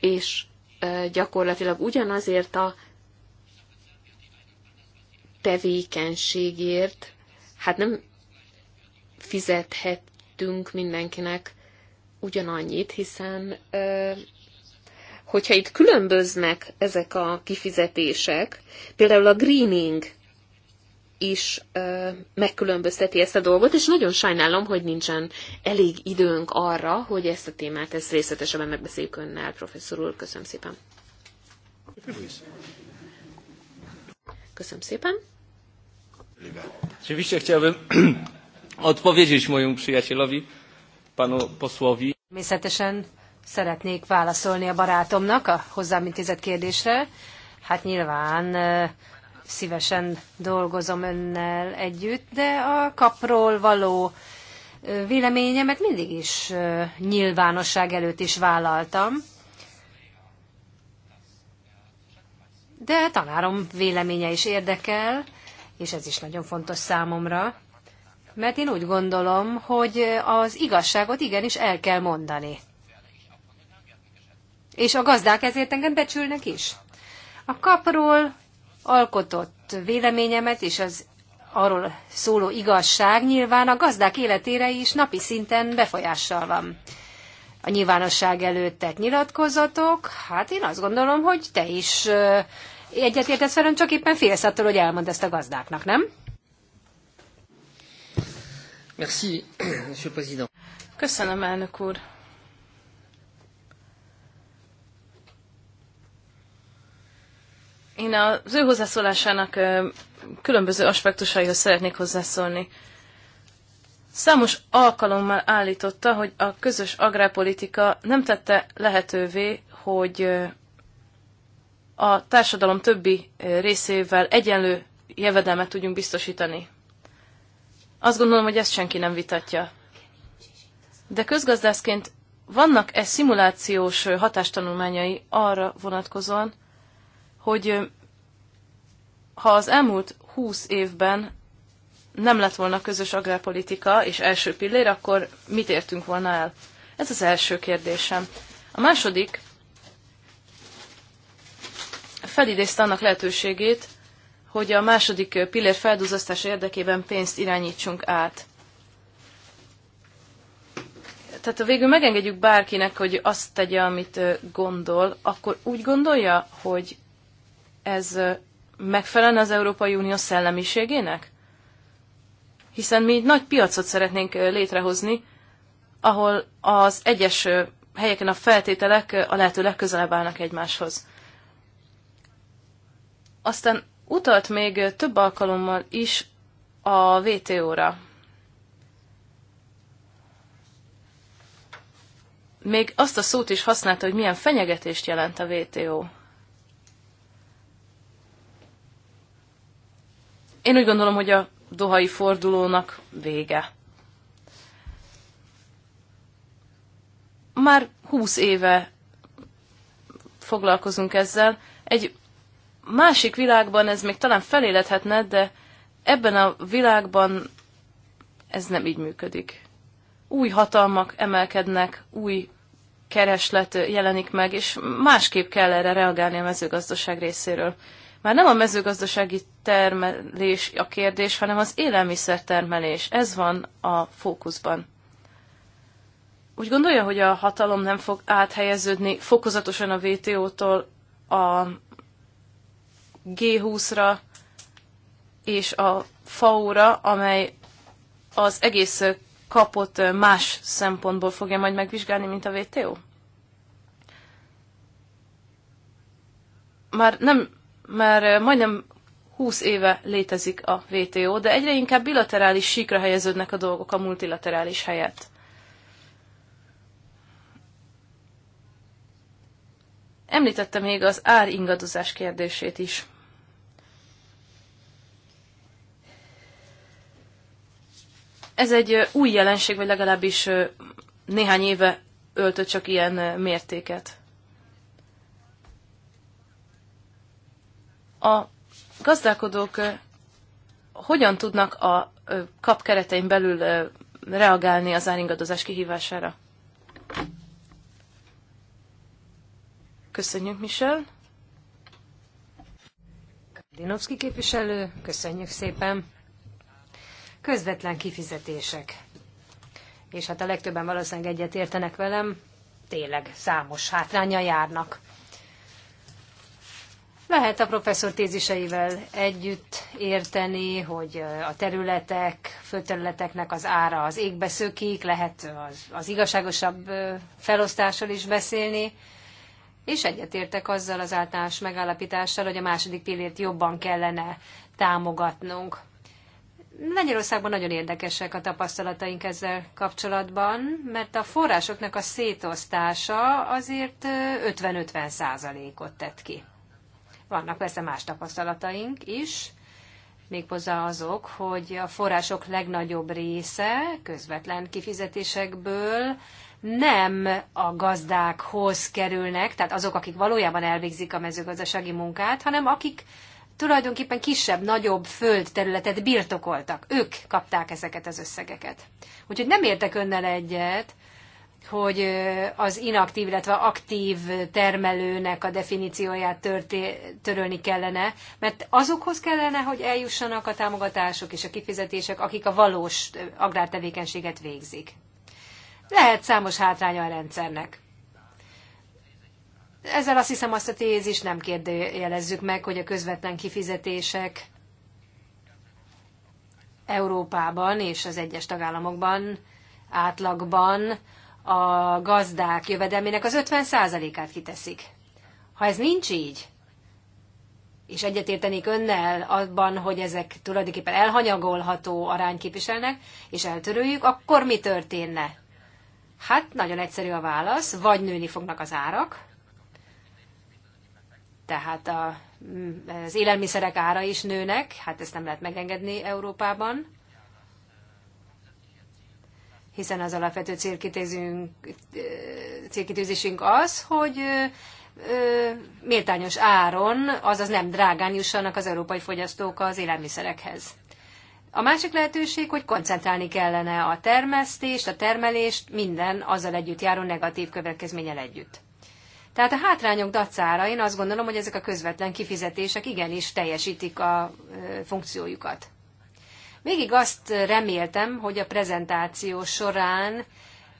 És e, gyakorlatilag ugyanazért a tevékenységért, hát nem fizethettünk mindenkinek ugyanannyit, hiszen e, hogyha itt különböznek ezek a kifizetések, például a greening is ö, megkülönbözteti ezt a dolgot, és nagyon sajnálom, hogy nincsen elég időnk arra, hogy ezt a témát ezt részletesebben megbeszéljük önnel, professzor úr. Köszönöm szépen. Köszönöm szépen. Oczywiście chciałbym odpowiedzieć mojemu przyjacielowi, panu posłowi. Természetesen szeretnék válaszolni a barátomnak a hozzám intézett kérdésre. Hát nyilván szívesen dolgozom önnel együtt, de a kapról való véleményemet mindig is nyilvánosság előtt is vállaltam. De tanárom véleménye is érdekel, és ez is nagyon fontos számomra, mert én úgy gondolom, hogy az igazságot igenis el kell mondani. És a gazdák ezért engem becsülnek is. A kapról alkotott véleményemet és az arról szóló igazság nyilván a gazdák életére is napi szinten befolyással van. A nyilvánosság előtt tett nyilatkozatok, hát én azt gondolom, hogy te is egyetértesz velem, csak éppen félsz attól, hogy elmond ezt a gazdáknak, nem? Merci, Köszönöm, elnök úr. Én az ő hozzászólásának különböző aspektusaihoz szeretnék hozzászólni. Számos alkalommal állította, hogy a közös agrárpolitika nem tette lehetővé, hogy a társadalom többi részével egyenlő jövedelmet tudjunk biztosítani. Azt gondolom, hogy ezt senki nem vitatja. De közgazdászként vannak-e szimulációs hatástanulmányai arra vonatkozóan, hogy ha az elmúlt húsz évben nem lett volna közös agrárpolitika és első pillér, akkor mit értünk volna el? Ez az első kérdésem. A második felidézte annak lehetőségét, hogy a második pillér felduzasztása érdekében pénzt irányítsunk át. Tehát ha végül megengedjük bárkinek, hogy azt tegye, amit gondol, akkor úgy gondolja, hogy ez megfelelne az Európai Unió szellemiségének? Hiszen mi nagy piacot szeretnénk létrehozni, ahol az egyes helyeken a feltételek a lehető legközelebb állnak egymáshoz. Aztán utalt még több alkalommal is a VTO-ra. Még azt a szót is használta, hogy milyen fenyegetést jelent a VTO. Én úgy gondolom, hogy a dohai fordulónak vége. Már húsz éve foglalkozunk ezzel. Egy másik világban ez még talán felélethetne, de ebben a világban ez nem így működik. Új hatalmak emelkednek, új kereslet jelenik meg, és másképp kell erre reagálni a mezőgazdaság részéről. Már nem a mezőgazdasági termelés a kérdés, hanem az élelmiszertermelés. Ez van a fókuszban. Úgy gondolja, hogy a hatalom nem fog áthelyeződni fokozatosan a WTO-tól a G20-ra és a FAO-ra, amely az egész kapott más szempontból fogja majd megvizsgálni, mint a WTO? Már nem már majdnem 20 éve létezik a WTO, de egyre inkább bilaterális síkra helyeződnek a dolgok a multilaterális helyett. Említette még az áringadozás kérdését is. Ez egy új jelenség, vagy legalábbis néhány éve öltött csak ilyen mértéket. a gazdálkodók hogyan tudnak a kap keretein belül reagálni az áringadozás kihívására? Köszönjük, Michel. Dinovszki képviselő, köszönjük szépen. Közvetlen kifizetések. És hát a legtöbben valószínűleg egyet értenek velem, tényleg számos hátránya járnak. Lehet a professzor téziseivel együtt érteni, hogy a területek, földterületeknek az ára az égbe szökik, lehet az, az igazságosabb felosztással is beszélni, és egyetértek azzal az általános megállapítással, hogy a második pillért jobban kellene támogatnunk. Lengyelországban nagyon érdekesek a tapasztalataink ezzel kapcsolatban, mert a forrásoknak a szétosztása azért 50-50 százalékot -50 tett ki. Vannak persze más tapasztalataink is, méghozzá azok, hogy a források legnagyobb része közvetlen kifizetésekből nem a gazdákhoz kerülnek, tehát azok, akik valójában elvégzik a mezőgazdasági munkát, hanem akik tulajdonképpen kisebb, nagyobb földterületet birtokoltak. Ők kapták ezeket az összegeket. Úgyhogy nem értek önnel egyet, hogy az inaktív, illetve aktív termelőnek a definícióját törté, törölni kellene, mert azokhoz kellene, hogy eljussanak a támogatások és a kifizetések, akik a valós agrártevékenységet végzik. Lehet számos hátránya a rendszernek. Ezzel azt hiszem azt a tézis nem kérdőjelezzük meg, hogy a közvetlen kifizetések Európában és az egyes tagállamokban átlagban a gazdák jövedelmének az 50%-át kiteszik. Ha ez nincs így, és egyetértenék önnel abban, hogy ezek tulajdonképpen elhanyagolható arány képviselnek, és eltörőjük, akkor mi történne? Hát nagyon egyszerű a válasz, vagy nőni fognak az árak, tehát a, mm, az élelmiszerek ára is nőnek, hát ezt nem lehet megengedni Európában, hiszen az alapvető célkitűzésünk az, hogy méltányos áron, azaz nem drágán jussanak az európai fogyasztók az élelmiszerekhez. A másik lehetőség, hogy koncentrálni kellene a termesztést, a termelést, minden azzal együtt járó negatív következménnyel együtt. Tehát a hátrányok dacára én azt gondolom, hogy ezek a közvetlen kifizetések igenis teljesítik a funkciójukat. Végig azt reméltem, hogy a prezentáció során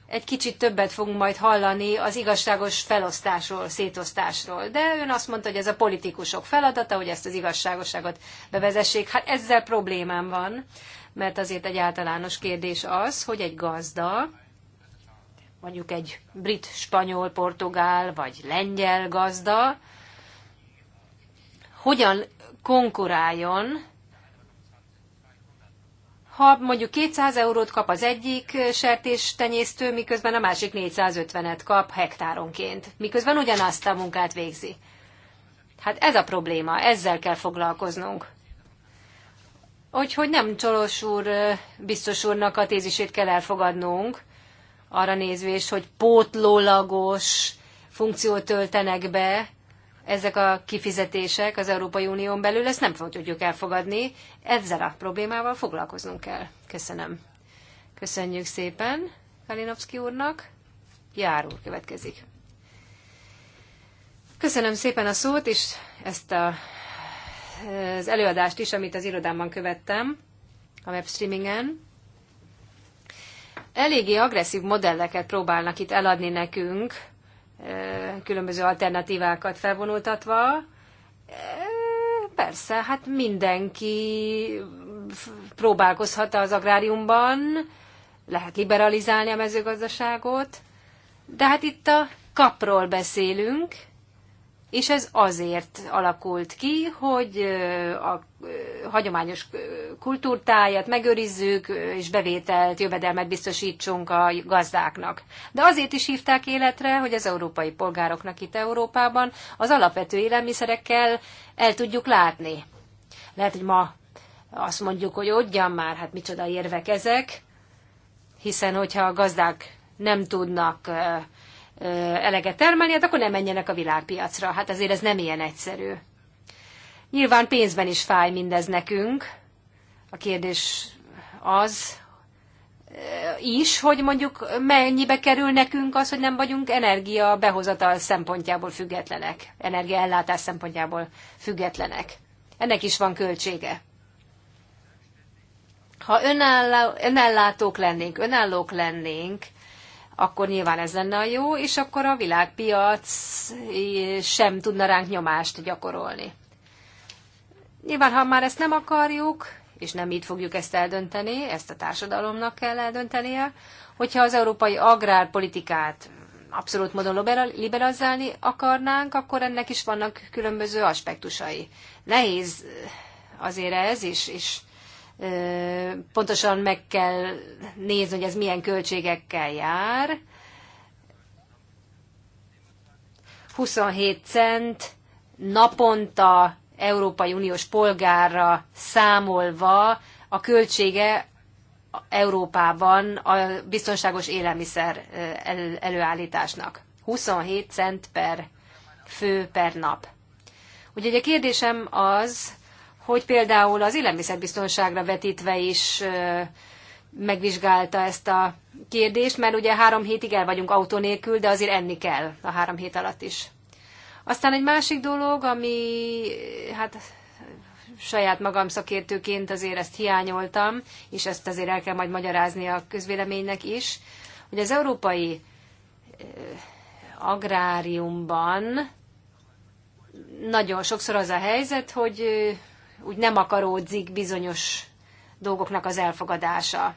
egy kicsit többet fogunk majd hallani az igazságos felosztásról, szétosztásról. De ön azt mondta, hogy ez a politikusok feladata, hogy ezt az igazságosságot bevezessék. Hát ezzel problémám van, mert azért egy általános kérdés az, hogy egy gazda, mondjuk egy brit, spanyol, portugál vagy lengyel gazda, hogyan konkuráljon ha mondjuk 200 eurót kap az egyik sertés tenyésztő, miközben a másik 450-et kap hektáronként, miközben ugyanazt a munkát végzi. Hát ez a probléma, ezzel kell foglalkoznunk. Úgyhogy nem Csolos úr biztos úrnak a tézisét kell elfogadnunk, arra nézvés, hogy pótlólagos funkciót töltenek be, ezek a kifizetések az Európai Unión belül, ezt nem tudjuk elfogadni, ezzel a problémával foglalkoznunk kell. Köszönöm. Köszönjük szépen Kalinowski úrnak. Jár úr következik. Köszönöm szépen a szót, és ezt a, az előadást is, amit az irodámban követtem, a webstreamingen. Eléggé agresszív modelleket próbálnak itt eladni nekünk, különböző alternatívákat felvonultatva, persze, hát mindenki próbálkozhat az agráriumban, lehet liberalizálni a mezőgazdaságot, de hát itt a kapról beszélünk, és ez azért alakult ki, hogy a hagyományos kultúrtájat megőrizzük, és bevételt, jövedelmet biztosítsunk a gazdáknak. De azért is hívták életre, hogy az európai polgároknak itt Európában az alapvető élelmiszerekkel el tudjuk látni. Lehet, hogy ma azt mondjuk, hogy odjan már, hát micsoda érvek ezek, hiszen hogyha a gazdák nem tudnak eleget termelni, hát akkor nem menjenek a világpiacra. Hát azért ez nem ilyen egyszerű. Nyilván pénzben is fáj mindez nekünk. A kérdés az is, hogy mondjuk mennyibe kerül nekünk az, hogy nem vagyunk energia behozatal szempontjából függetlenek, energiaellátás szempontjából függetlenek. Ennek is van költsége. Ha önálló, önellátók lennénk, önállók lennénk, akkor nyilván ez lenne a jó, és akkor a világpiac sem tudna ránk nyomást gyakorolni. Nyilván, ha már ezt nem akarjuk, és nem így fogjuk ezt eldönteni, ezt a társadalomnak kell eldöntenie, hogyha az európai agrárpolitikát abszolút módon liberalizálni akarnánk, akkor ennek is vannak különböző aspektusai. Nehéz azért ez és és pontosan meg kell nézni, hogy ez milyen költségekkel jár. 27 cent naponta Európai Uniós polgárra számolva a költsége Európában a biztonságos élelmiszer előállításnak. 27 cent per fő per nap. Ugye a kérdésem az, hogy például az élelmiszerbiztonságra vetítve is megvizsgálta ezt a kérdést, mert ugye három hétig el vagyunk autó nélkül, de azért enni kell a három hét alatt is. Aztán egy másik dolog, ami hát saját magam szakértőként azért ezt hiányoltam, és ezt azért el kell majd magyarázni a közvéleménynek is, hogy az európai agráriumban nagyon sokszor az a helyzet, hogy úgy nem akaródzik bizonyos dolgoknak az elfogadása,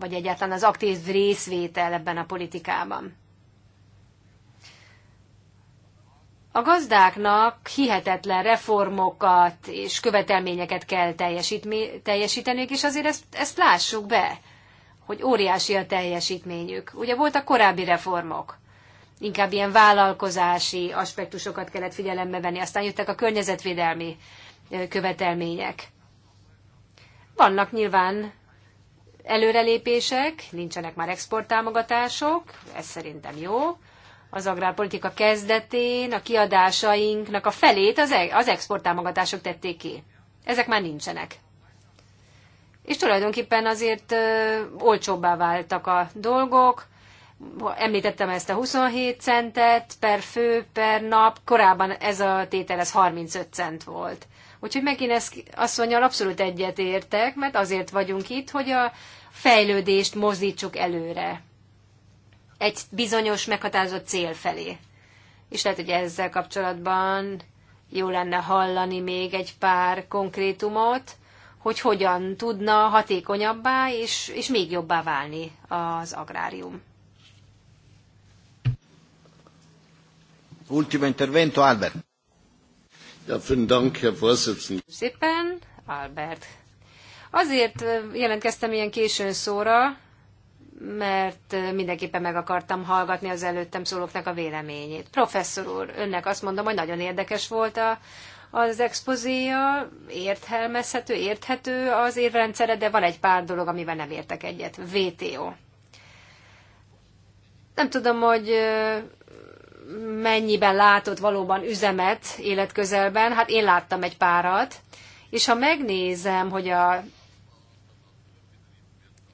vagy egyáltalán az aktív részvétel ebben a politikában. A gazdáknak hihetetlen reformokat és követelményeket kell teljesíteniük, és azért ezt, ezt lássuk be, hogy óriási a teljesítményük. Ugye voltak korábbi reformok, inkább ilyen vállalkozási aspektusokat kellett figyelembe venni, aztán jöttek a környezetvédelmi követelmények. Vannak nyilván előrelépések, nincsenek már exporttámogatások, ez szerintem jó. Az agrárpolitika kezdetén a kiadásainknak a felét az, e-, az exporttámogatások tették ki. Ezek már nincsenek. És tulajdonképpen azért ö, olcsóbbá váltak a dolgok. Említettem ezt a 27 centet per fő per nap, korábban ez a tétel ez 35 cent volt. Úgyhogy megint ezt asszonyal abszolút egyet értek, mert azért vagyunk itt, hogy a fejlődést mozdítsuk előre. Egy bizonyos, meghatározott cél felé. És lehet, hogy ezzel kapcsolatban jó lenne hallani még egy pár konkrétumot, hogy hogyan tudna hatékonyabbá és, és még jobbá válni az agrárium. Ultimo intervento, Albert. Ja, Szépen, Albert. Azért jelentkeztem ilyen későn szóra, mert mindenképpen meg akartam hallgatni az előttem szólóknak a véleményét. Professzor úr, önnek azt mondom, hogy nagyon érdekes volt a, az expozéja, érthelmezhető, érthető az érvrendszere, de van egy pár dolog, amivel nem értek egyet. VTO. Nem tudom, hogy mennyiben látott valóban üzemet életközelben, hát én láttam egy párat, és ha megnézem, hogy a,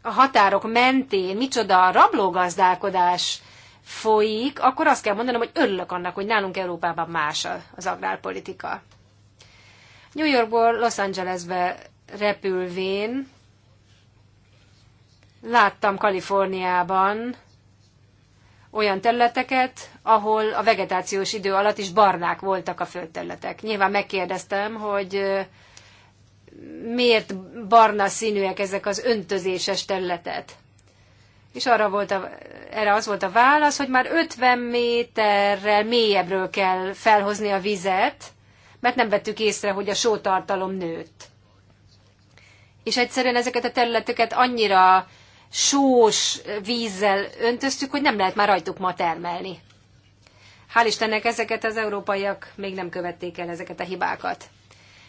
a határok mentén micsoda rablógazdálkodás folyik, akkor azt kell mondanom, hogy örülök annak, hogy nálunk Európában más az agrárpolitika. New Yorkból Los Angelesbe repülvén láttam Kaliforniában olyan területeket, ahol a vegetációs idő alatt is barnák voltak a földterületek. Nyilván megkérdeztem, hogy miért barna színűek ezek az öntözéses területet. És arra volt a, erre az volt a válasz, hogy már 50 méterrel mélyebbről kell felhozni a vizet, mert nem vettük észre, hogy a sótartalom nőtt. És egyszerűen ezeket a területeket annyira sós vízzel öntöztük, hogy nem lehet már rajtuk ma termelni. Hál' Istennek ezeket az európaiak még nem követték el ezeket a hibákat.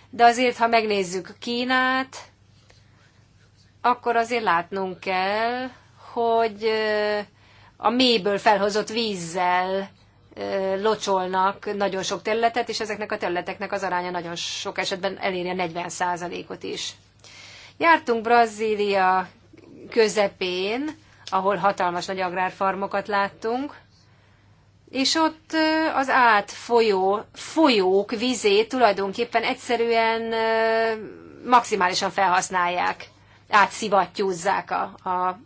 De azért, ha megnézzük Kínát, akkor azért látnunk kell, hogy a mélyből felhozott vízzel locsolnak nagyon sok területet, és ezeknek a területeknek az aránya nagyon sok esetben eléri a 40%-ot is. Jártunk Brazília, közepén, ahol hatalmas nagy agrárfarmokat láttunk, és ott az átfolyó folyók vizét tulajdonképpen egyszerűen maximálisan felhasználják, átszivattyúzzák a, a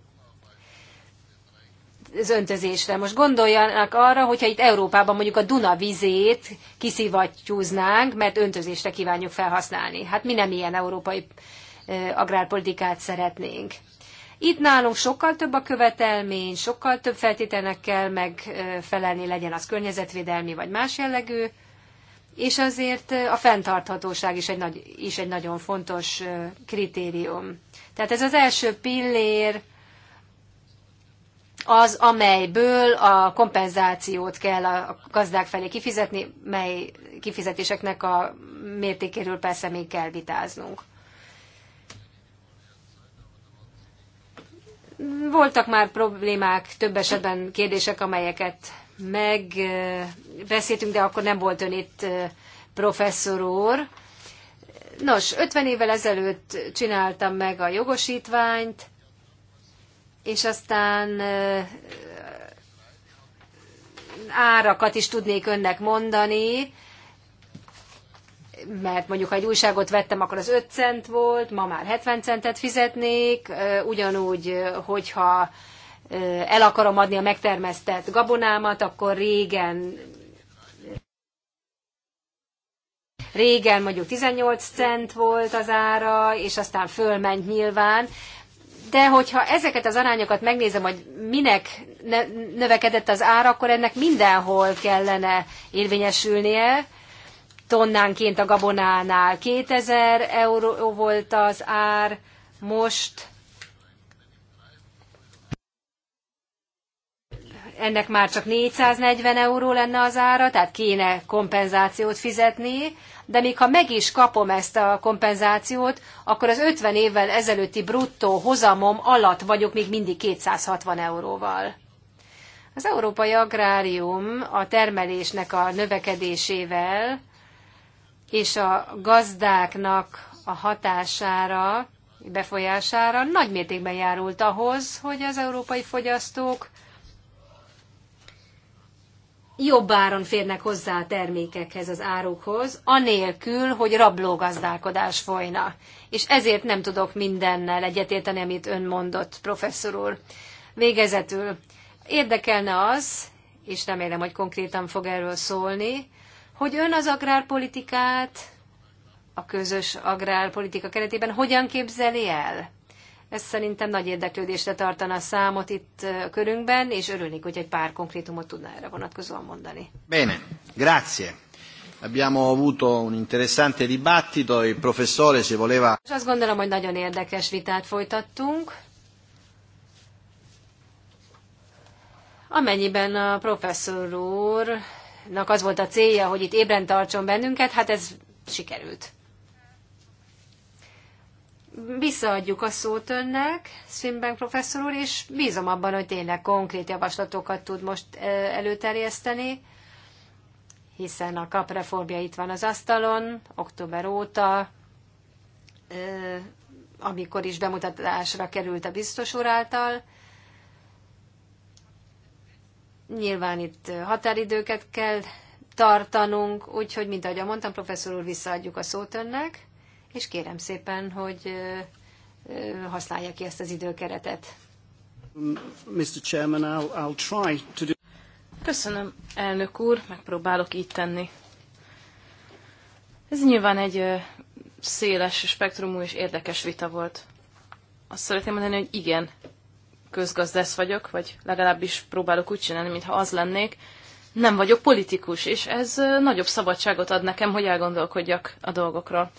az öntözésre. Most gondoljanak arra, hogyha itt Európában mondjuk a Duna vizét kiszivattyúznánk, mert öntözésre kívánjuk felhasználni. Hát mi nem ilyen európai agrárpolitikát szeretnénk. Itt nálunk sokkal több a követelmény, sokkal több feltételnek kell megfelelni, legyen az környezetvédelmi vagy más jellegű, és azért a fenntarthatóság is egy, nagy, is egy nagyon fontos kritérium. Tehát ez az első pillér, az, amelyből a kompenzációt kell a gazdák felé kifizetni, mely kifizetéseknek a mértékéről persze még kell vitáznunk. Voltak már problémák, több esetben kérdések, amelyeket megbeszéltünk, de akkor nem volt ön itt professzor úr. Nos, 50 évvel ezelőtt csináltam meg a jogosítványt, és aztán árakat is tudnék önnek mondani, mert mondjuk ha egy újságot vettem, akkor az 5 cent volt, ma már 70 centet fizetnék, ugyanúgy, hogyha el akarom adni a megtermesztett gabonámat, akkor régen régen mondjuk 18 cent volt az ára, és aztán fölment nyilván, de hogyha ezeket az arányokat megnézem, hogy minek növekedett az ára, akkor ennek mindenhol kellene érvényesülnie, tonnánként a gabonánál 2000 euró volt az ár, most ennek már csak 440 euró lenne az ára, tehát kéne kompenzációt fizetni, de még ha meg is kapom ezt a kompenzációt, akkor az 50 évvel ezelőtti bruttó hozamom alatt vagyok még mindig 260 euróval. Az európai agrárium a termelésnek a növekedésével és a gazdáknak a hatására, befolyására nagy mértékben járult ahhoz, hogy az európai fogyasztók jobb áron férnek hozzá a termékekhez, az árukhoz, anélkül, hogy rablógazdálkodás folyna. És ezért nem tudok mindennel egyetérteni, amit ön mondott, professzor úr. Végezetül érdekelne az, és remélem, hogy konkrétan fog erről szólni, hogy ön az agrárpolitikát a közös agrárpolitika keretében hogyan képzeli el? Ez szerintem nagy érdeklődésre tartana a számot itt körünkben, és örülnék, hogy egy pár konkrétumot tudná erre vonatkozóan mondani. Bene, grazie. Abbiamo avuto un interessante dibattito, il professore se voleva... És azt gondolom, hogy nagyon érdekes vitát folytattunk. Amennyiben a professzor úr nak az volt a célja, hogy itt ébren tartson bennünket, hát ez sikerült. Visszaadjuk a szót önnek, Swinburne professzor úr, és bízom abban, hogy tényleg konkrét javaslatokat tud most előterjeszteni, hiszen a kapreformja itt van az asztalon, október óta, amikor is bemutatásra került a biztos úr által, Nyilván itt határidőket kell tartanunk, úgyhogy, mint ahogy mondtam, professzor úr, visszaadjuk a szót önnek, és kérem szépen, hogy használja ki ezt az időkeretet. Mr. Chairman, I'll, I'll try to do... Köszönöm, elnök úr, megpróbálok így tenni. Ez nyilván egy széles spektrumú és érdekes vita volt. Azt szeretném mondani, hogy igen, közgazdász vagyok, vagy legalábbis próbálok úgy csinálni, mintha az lennék, nem vagyok politikus, és ez nagyobb szabadságot ad nekem, hogy elgondolkodjak a dolgokról.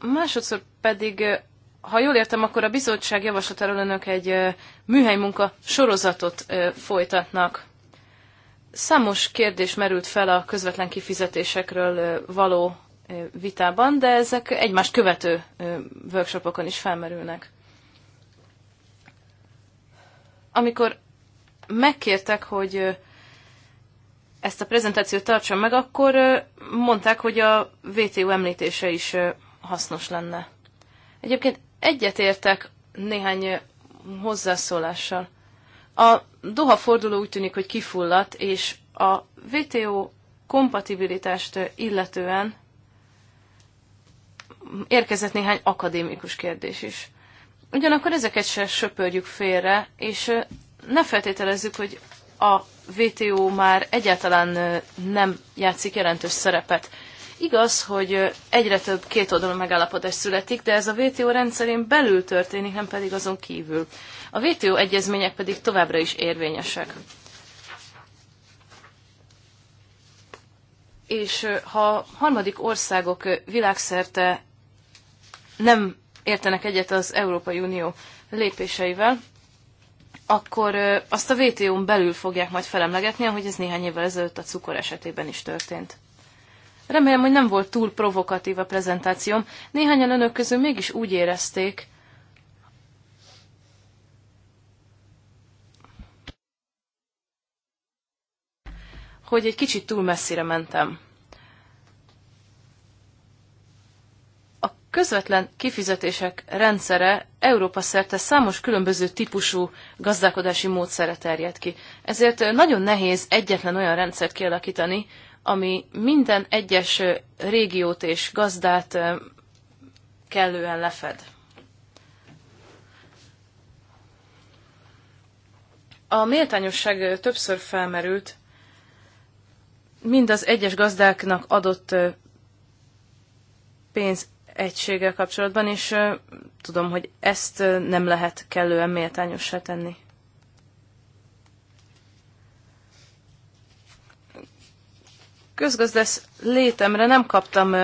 Másodszor pedig, ha jól értem, akkor a bizottság javaslatáról önök egy műhelymunka sorozatot folytatnak. Számos kérdés merült fel a közvetlen kifizetésekről való vitában, de ezek egymást követő workshopokon is felmerülnek amikor megkértek, hogy ezt a prezentációt tartsam meg, akkor mondták, hogy a VTU említése is hasznos lenne. Egyébként egyetértek néhány hozzászólással. A Doha forduló úgy tűnik, hogy kifulladt, és a VTO kompatibilitást illetően érkezett néhány akadémikus kérdés is. Ugyanakkor ezeket se söpörjük félre, és ne feltételezzük, hogy a VTO már egyáltalán nem játszik jelentős szerepet. Igaz, hogy egyre több kétoldalú megállapodás születik, de ez a VTO rendszerén belül történik, nem pedig azon kívül. A VTO egyezmények pedig továbbra is érvényesek. És ha harmadik országok világszerte nem értenek egyet az Európai Unió lépéseivel, akkor azt a WTO-n belül fogják majd felemlegetni, ahogy ez néhány évvel ezelőtt a cukor esetében is történt. Remélem, hogy nem volt túl provokatív a prezentációm. Néhányan önök közül mégis úgy érezték, hogy egy kicsit túl messzire mentem. közvetlen kifizetések rendszere Európa szerte számos különböző típusú gazdálkodási módszere terjed ki. Ezért nagyon nehéz egyetlen olyan rendszert kialakítani, ami minden egyes régiót és gazdát kellően lefed. A méltányosság többször felmerült, mind az egyes gazdáknak adott pénz egységgel kapcsolatban, és tudom, hogy ezt nem lehet kellően méltányossá tenni. Közgazdász létemre nem kaptam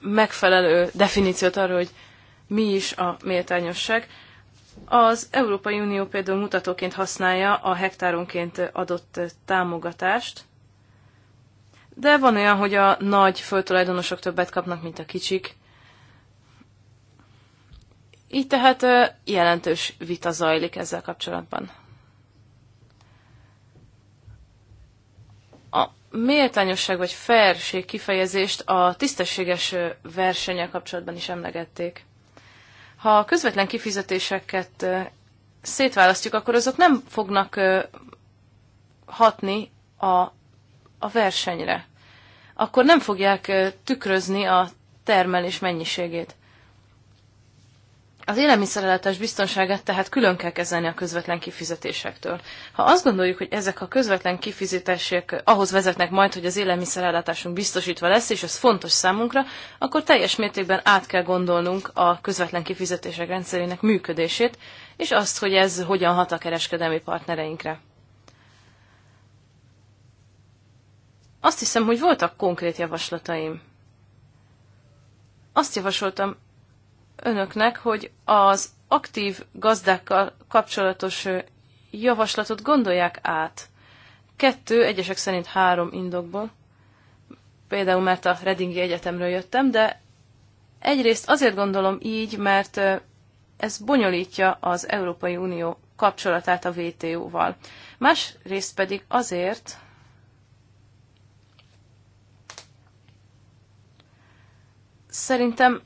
megfelelő definíciót arról, hogy mi is a méltányosság. Az Európai Unió például mutatóként használja a hektáronként adott támogatást, de van olyan, hogy a nagy földtulajdonosok többet kapnak, mint a kicsik, így tehát jelentős vita zajlik ezzel kapcsolatban. A méltányosság vagy fairség kifejezést a tisztességes versenyel kapcsolatban is emlegették. Ha a közvetlen kifizetéseket szétválasztjuk, akkor azok nem fognak hatni a, a versenyre. Akkor nem fogják tükrözni a termelés mennyiségét. Az élelmiszerellátás biztonságát tehát külön kell kezelni a közvetlen kifizetésektől. Ha azt gondoljuk, hogy ezek a közvetlen kifizetések ahhoz vezetnek majd, hogy az élelmiszerellátásunk biztosítva lesz, és ez fontos számunkra, akkor teljes mértékben át kell gondolnunk a közvetlen kifizetések rendszerének működését, és azt, hogy ez hogyan hat a kereskedelmi partnereinkre. Azt hiszem, hogy voltak konkrét javaslataim. Azt javasoltam önöknek, hogy az aktív gazdákkal kapcsolatos javaslatot gondolják át. Kettő, egyesek szerint három indokból. Például, mert a Redingi Egyetemről jöttem, de egyrészt azért gondolom így, mert ez bonyolítja az Európai Unió kapcsolatát a vto val Másrészt pedig azért, szerintem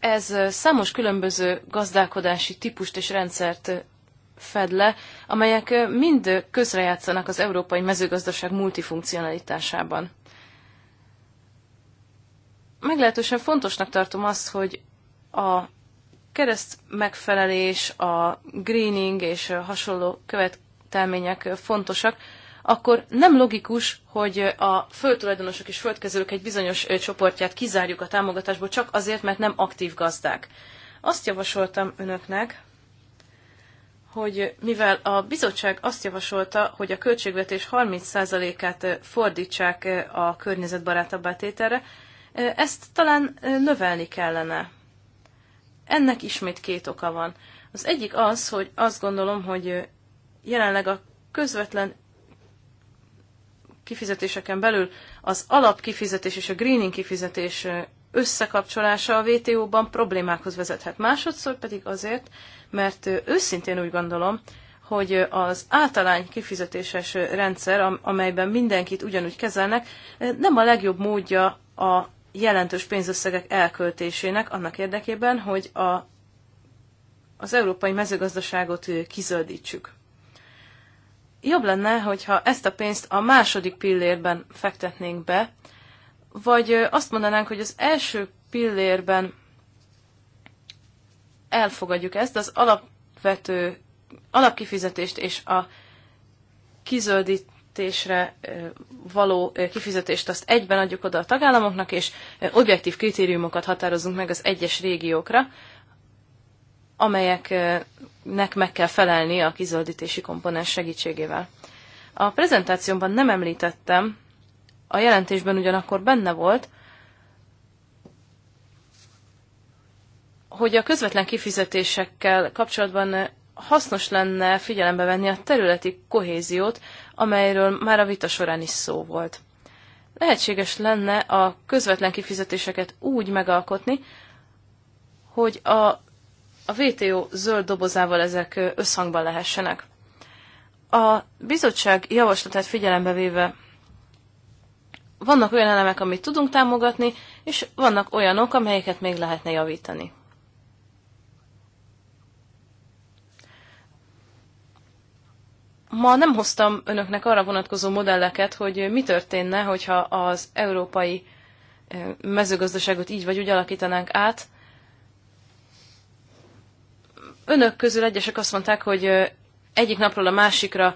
ez számos különböző gazdálkodási típust és rendszert fed le, amelyek mind közrejátszanak az európai mezőgazdaság multifunkcionalitásában. Meglehetősen fontosnak tartom azt, hogy a kereszt megfelelés, a greening és hasonló követelmények fontosak, akkor nem logikus, hogy a földtulajdonosok és földkezelők egy bizonyos csoportját kizárjuk a támogatásból csak azért, mert nem aktív gazdák. Azt javasoltam önöknek, hogy mivel a bizottság azt javasolta, hogy a költségvetés 30%-át fordítsák a környezetbarátabb tételre, ezt talán növelni kellene. Ennek ismét két oka van. Az egyik az, hogy azt gondolom, hogy jelenleg a közvetlen kifizetéseken belül az alapkifizetés és a greening kifizetés összekapcsolása a WTO-ban problémákhoz vezethet. Másodszor pedig azért, mert őszintén úgy gondolom, hogy az általány kifizetéses rendszer, amelyben mindenkit ugyanúgy kezelnek, nem a legjobb módja a jelentős pénzösszegek elköltésének annak érdekében, hogy a, az európai mezőgazdaságot kizöldítsük jobb lenne, hogyha ezt a pénzt a második pillérben fektetnénk be, vagy azt mondanánk, hogy az első pillérben elfogadjuk ezt, az alapvető alapkifizetést és a kizöldítésre való kifizetést azt egyben adjuk oda a tagállamoknak, és objektív kritériumokat határozunk meg az egyes régiókra, amelyeknek meg kell felelni a kizöldítési komponens segítségével. A prezentációmban nem említettem, a jelentésben ugyanakkor benne volt, hogy a közvetlen kifizetésekkel kapcsolatban hasznos lenne figyelembe venni a területi kohéziót, amelyről már a vita során is szó volt. Lehetséges lenne a közvetlen kifizetéseket úgy megalkotni, hogy a a WTO zöld dobozával ezek összhangban lehessenek. A bizottság javaslatát figyelembe véve vannak olyan elemek, amit tudunk támogatni, és vannak olyanok, amelyeket még lehetne javítani. Ma nem hoztam önöknek arra vonatkozó modelleket, hogy mi történne, hogyha az európai mezőgazdaságot így vagy úgy alakítanánk át, Önök közül egyesek azt mondták, hogy egyik napról a másikra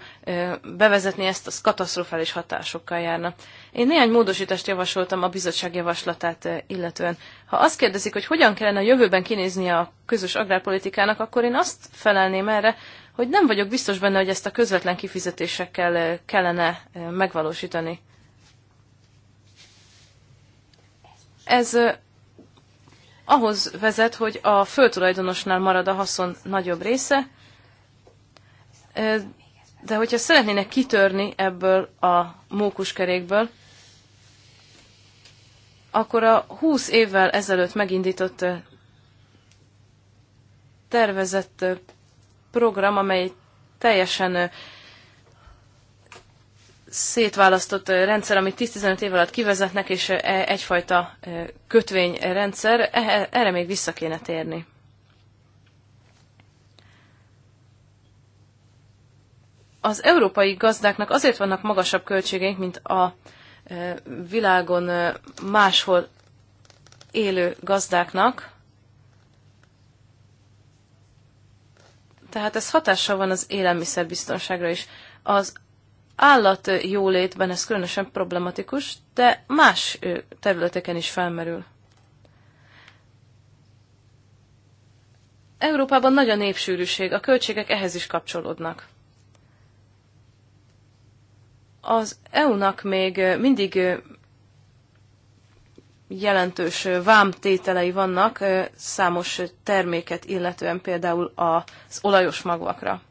bevezetni ezt, az katasztrofális hatásokkal járna. Én néhány módosítást javasoltam a bizottság javaslatát illetően. Ha azt kérdezik, hogy hogyan kellene a jövőben kinézni a közös agrárpolitikának, akkor én azt felelném erre, hogy nem vagyok biztos benne, hogy ezt a közvetlen kifizetésekkel kellene megvalósítani. Ez ahhoz vezet, hogy a földtulajdonosnál marad a haszon nagyobb része, de hogyha szeretnének kitörni ebből a mókuskerékből, akkor a 20 évvel ezelőtt megindított tervezett program, amely teljesen szétválasztott rendszer, amit 10-15 év alatt kivezetnek, és e, egyfajta kötvényrendszer, e-, e, erre még vissza kéne térni. Az európai gazdáknak azért vannak magasabb költségeink, mint a világon máshol élő gazdáknak, tehát ez hatással van az élelmiszerbiztonságra is. Az állat jólétben ez különösen problematikus, de más területeken is felmerül. Európában nagy a népsűrűség, a költségek ehhez is kapcsolódnak. Az EU-nak még mindig jelentős vámtételei vannak számos terméket, illetően például az olajos magvakra.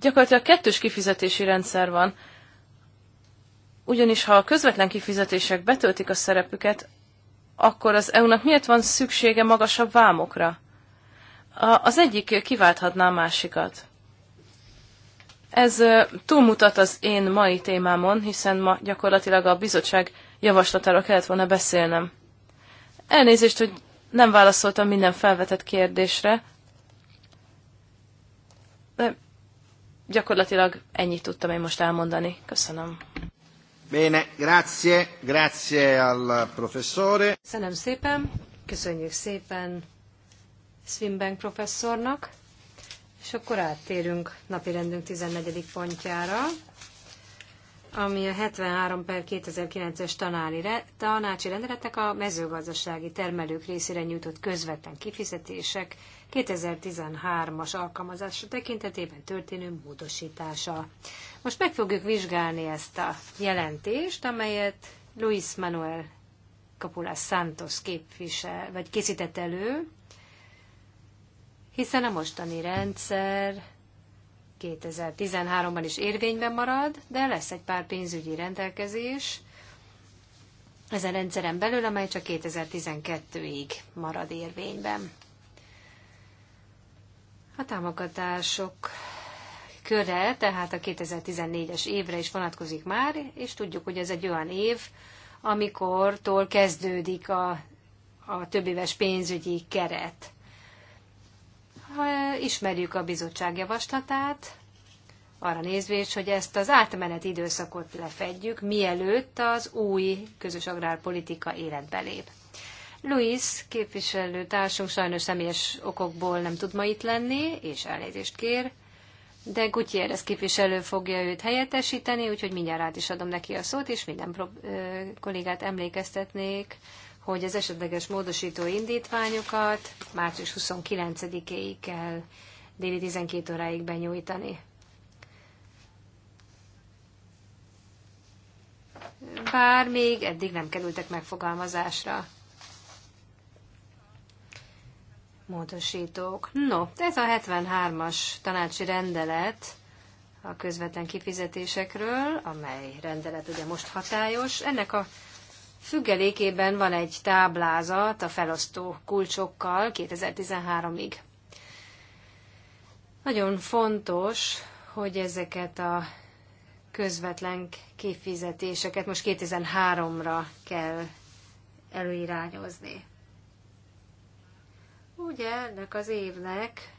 gyakorlatilag kettős kifizetési rendszer van. Ugyanis ha a közvetlen kifizetések betöltik a szerepüket, akkor az EU-nak miért van szüksége magasabb vámokra? A, az egyik kiválthatná a másikat. Ez túlmutat az én mai témámon, hiszen ma gyakorlatilag a bizottság javaslatára kellett volna beszélnem. Elnézést, hogy nem válaszoltam minden felvetett kérdésre, de Gyakorlatilag ennyit tudtam én most elmondani. Köszönöm. Bene, grazie, grazie al professore. Köszönöm szépen, köszönjük szépen Swinbank professzornak, és akkor áttérünk napirendünk 14. pontjára ami a 73 per 2009-es tanári, tanácsi rendeletek a mezőgazdasági termelők részére nyújtott közvetlen kifizetések 2013-as alkalmazása tekintetében történő módosítása. Most meg fogjuk vizsgálni ezt a jelentést, amelyet Luis Manuel Capula Santos képvisel, vagy készített elő, hiszen a mostani rendszer 2013-ban is érvényben marad, de lesz egy pár pénzügyi rendelkezés ezen rendszeren belül, amely csak 2012-ig marad érvényben. A támogatások köre, tehát a 2014-es évre is vonatkozik már, és tudjuk, hogy ez egy olyan év, amikortól kezdődik a, a többéves pénzügyi keret ismerjük a bizottság javaslatát, arra nézvés, hogy ezt az átmeneti időszakot lefedjük, mielőtt az új közös agrárpolitika életbe lép. Luis társunk sajnos személyes okokból nem tud ma itt lenni, és elnézést kér, de Gutierrez képviselő fogja őt helyettesíteni, úgyhogy mindjárt át is adom neki a szót, és minden kollégát emlékeztetnék hogy az esetleges módosító indítványokat március 29-éig kell déli 12 óráig benyújtani. Bár még eddig nem kerültek megfogalmazásra. Módosítók. No, ez a 73-as tanácsi rendelet a közvetlen kifizetésekről, amely rendelet ugye most hatályos. Ennek a függelékében van egy táblázat a felosztó kulcsokkal 2013-ig. Nagyon fontos, hogy ezeket a közvetlen kifizetéseket most 2003-ra kell előirányozni. Ugye ennek az évnek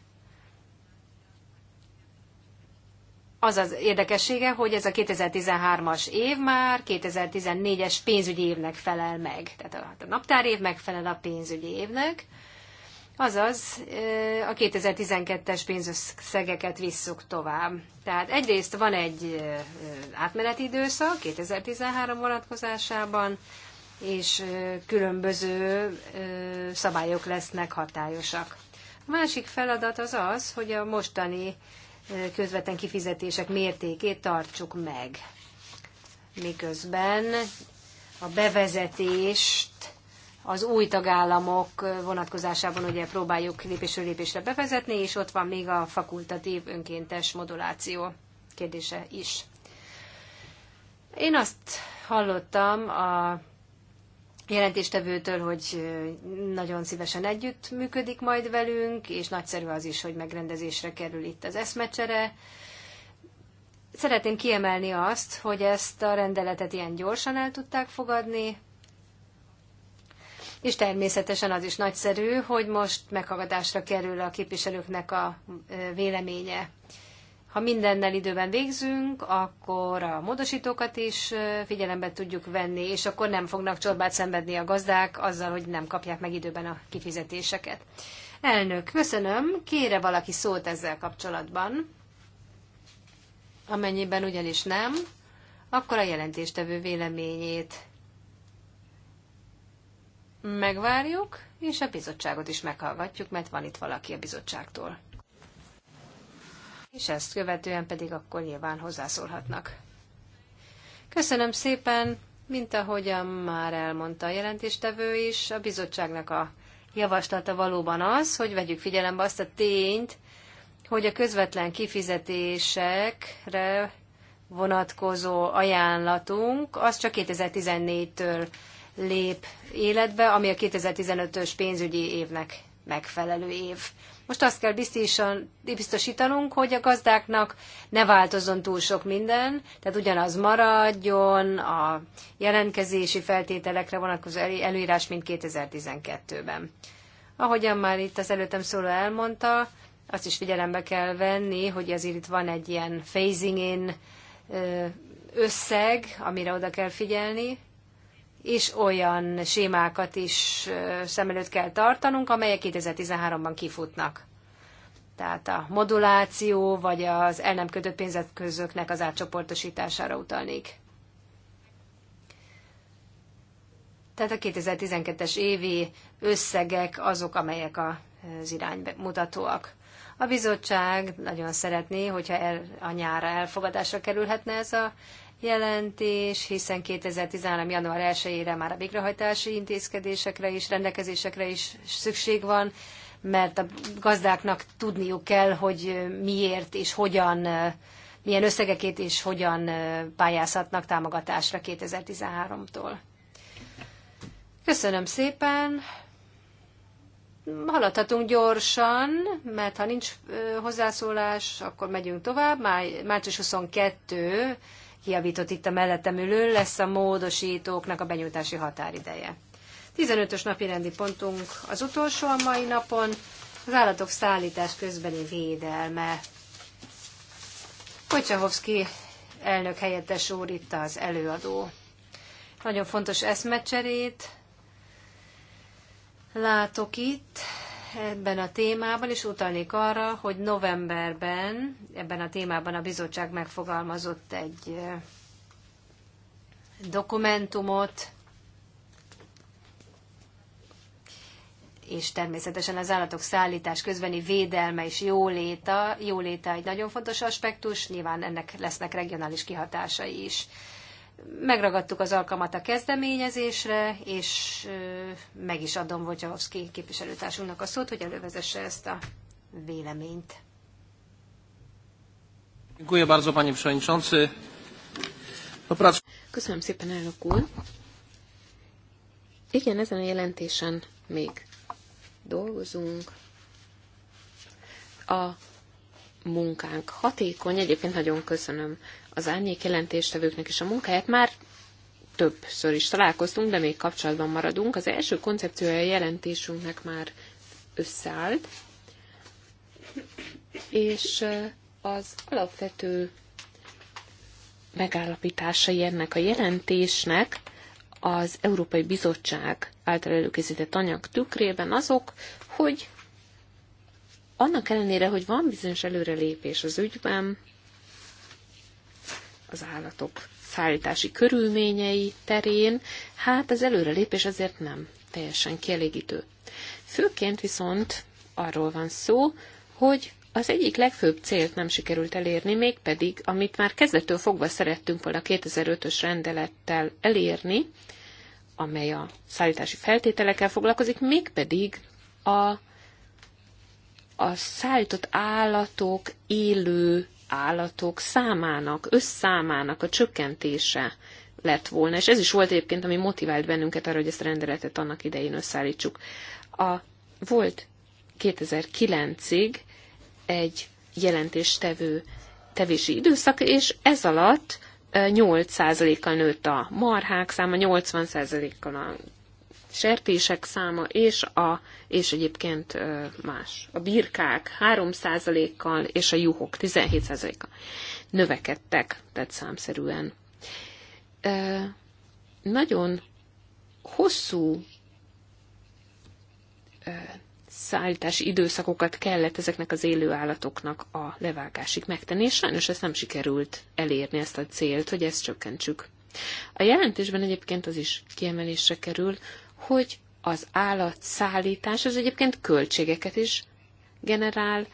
az az érdekessége, hogy ez a 2013-as év már 2014-es pénzügyi évnek felel meg. Tehát a, hát a év megfelel a pénzügyi évnek, azaz a 2012-es pénzösszegeket visszük tovább. Tehát egyrészt van egy átmeneti időszak 2013 vonatkozásában, és különböző szabályok lesznek hatályosak. A másik feladat az az, hogy a mostani közvetlen kifizetések mértékét tartsuk meg. Miközben a bevezetést az új tagállamok vonatkozásában ugye próbáljuk lépésről lépésre bevezetni, és ott van még a fakultatív önkéntes moduláció kérdése is. Én azt hallottam a jelentéstevőtől, hogy nagyon szívesen együtt működik majd velünk, és nagyszerű az is, hogy megrendezésre kerül itt az eszmecsere. Szeretném kiemelni azt, hogy ezt a rendeletet ilyen gyorsan el tudták fogadni, és természetesen az is nagyszerű, hogy most meghallgatásra kerül a képviselőknek a véleménye. Ha mindennel időben végzünk, akkor a módosítókat is figyelembe tudjuk venni, és akkor nem fognak csorbát szenvedni a gazdák azzal, hogy nem kapják meg időben a kifizetéseket. Elnök, köszönöm. Kére valaki szót ezzel kapcsolatban? Amennyiben ugyanis nem, akkor a jelentéstevő véleményét megvárjuk, és a bizottságot is meghallgatjuk, mert van itt valaki a bizottságtól és ezt követően pedig akkor nyilván hozzászólhatnak. Köszönöm szépen, mint ahogyan már elmondta a jelentéstevő is, a bizottságnak a javaslata valóban az, hogy vegyük figyelembe azt a tényt, hogy a közvetlen kifizetésekre vonatkozó ajánlatunk az csak 2014-től lép életbe, ami a 2015-ös pénzügyi évnek megfelelő év. Most azt kell biztosítanunk, hogy a gazdáknak ne változzon túl sok minden, tehát ugyanaz maradjon a jelentkezési feltételekre vonatkozó előírás, mint 2012-ben. Ahogyan már itt az előttem szóló elmondta, azt is figyelembe kell venni, hogy azért itt van egy ilyen phasing in összeg, amire oda kell figyelni, és olyan sémákat is szem előtt kell tartanunk, amelyek 2013-ban kifutnak. Tehát a moduláció, vagy az el nem kötött pénzetközöknek az átcsoportosítására utalnék. Tehát a 2012-es évi összegek azok, amelyek az iránymutatóak. A bizottság nagyon szeretné, hogyha el, a nyára elfogadásra kerülhetne ez a jelentés, hiszen 2013. január 1-ére már a végrehajtási intézkedésekre és rendelkezésekre is szükség van, mert a gazdáknak tudniuk kell, hogy miért és hogyan, milyen összegekét és hogyan pályázhatnak támogatásra 2013-tól. Köszönöm szépen! haladhatunk gyorsan, mert ha nincs hozzászólás, akkor megyünk tovább. Máj, március 22 kiavított itt a mellettem ülő, lesz a módosítóknak a benyújtási határideje. 15-ös napi rendi pontunk az utolsó a mai napon, az állatok szállítás közbeni védelme. Kocsahovszki elnök helyettes úr itt az előadó. Nagyon fontos eszmecserét látok itt ebben a témában, és utalnék arra, hogy novemberben ebben a témában a bizottság megfogalmazott egy dokumentumot, és természetesen az állatok szállítás közbeni védelme és jóléta, jóléta egy nagyon fontos aspektus, nyilván ennek lesznek regionális kihatásai is. Megragadtuk az alkalmat a kezdeményezésre, és meg is adom Wojciechowski képviselőtársunknak a szót, hogy elővezesse ezt a véleményt. Köszönöm szépen, elnök úr. Igen, ezen a jelentésen még dolgozunk. A munkánk hatékony. Egyébként nagyon köszönöm az árnyék jelentéstevőknek is a munkáját. Már többször is találkoztunk, de még kapcsolatban maradunk. Az első koncepciója a jelentésünknek már összeállt, és az alapvető megállapításai ennek a jelentésnek az Európai Bizottság által előkészített anyag tükrében azok, hogy annak ellenére, hogy van bizonyos előrelépés az ügyben, az állatok szállítási körülményei terén, hát az előrelépés azért nem teljesen kielégítő. Főként viszont arról van szó, hogy az egyik legfőbb célt nem sikerült elérni, mégpedig, amit már kezdettől fogva szerettünk volna 2005-ös rendelettel elérni, amely a szállítási feltételekkel foglalkozik, mégpedig a a szállított állatok élő állatok számának, összszámának a csökkentése lett volna, és ez is volt egyébként, ami motivált bennünket arra, hogy ezt a rendeletet annak idején összeállítsuk. A, volt 2009-ig egy jelentéstevő tevési időszak, és ez alatt 8%-kal nőtt a marhák száma, 80%-kal a sertések száma és, a, és egyébként más. A birkák 3%-kal és a juhok 17%-kal növekedtek, tehát számszerűen. Nagyon hosszú szállítási időszakokat kellett ezeknek az élő állatoknak a levágásig megtenni, és sajnos ezt nem sikerült elérni ezt a célt, hogy ezt csökkentsük. A jelentésben egyébként az is kiemelésre kerül, hogy az állatszállítás az egyébként költségeket is generál,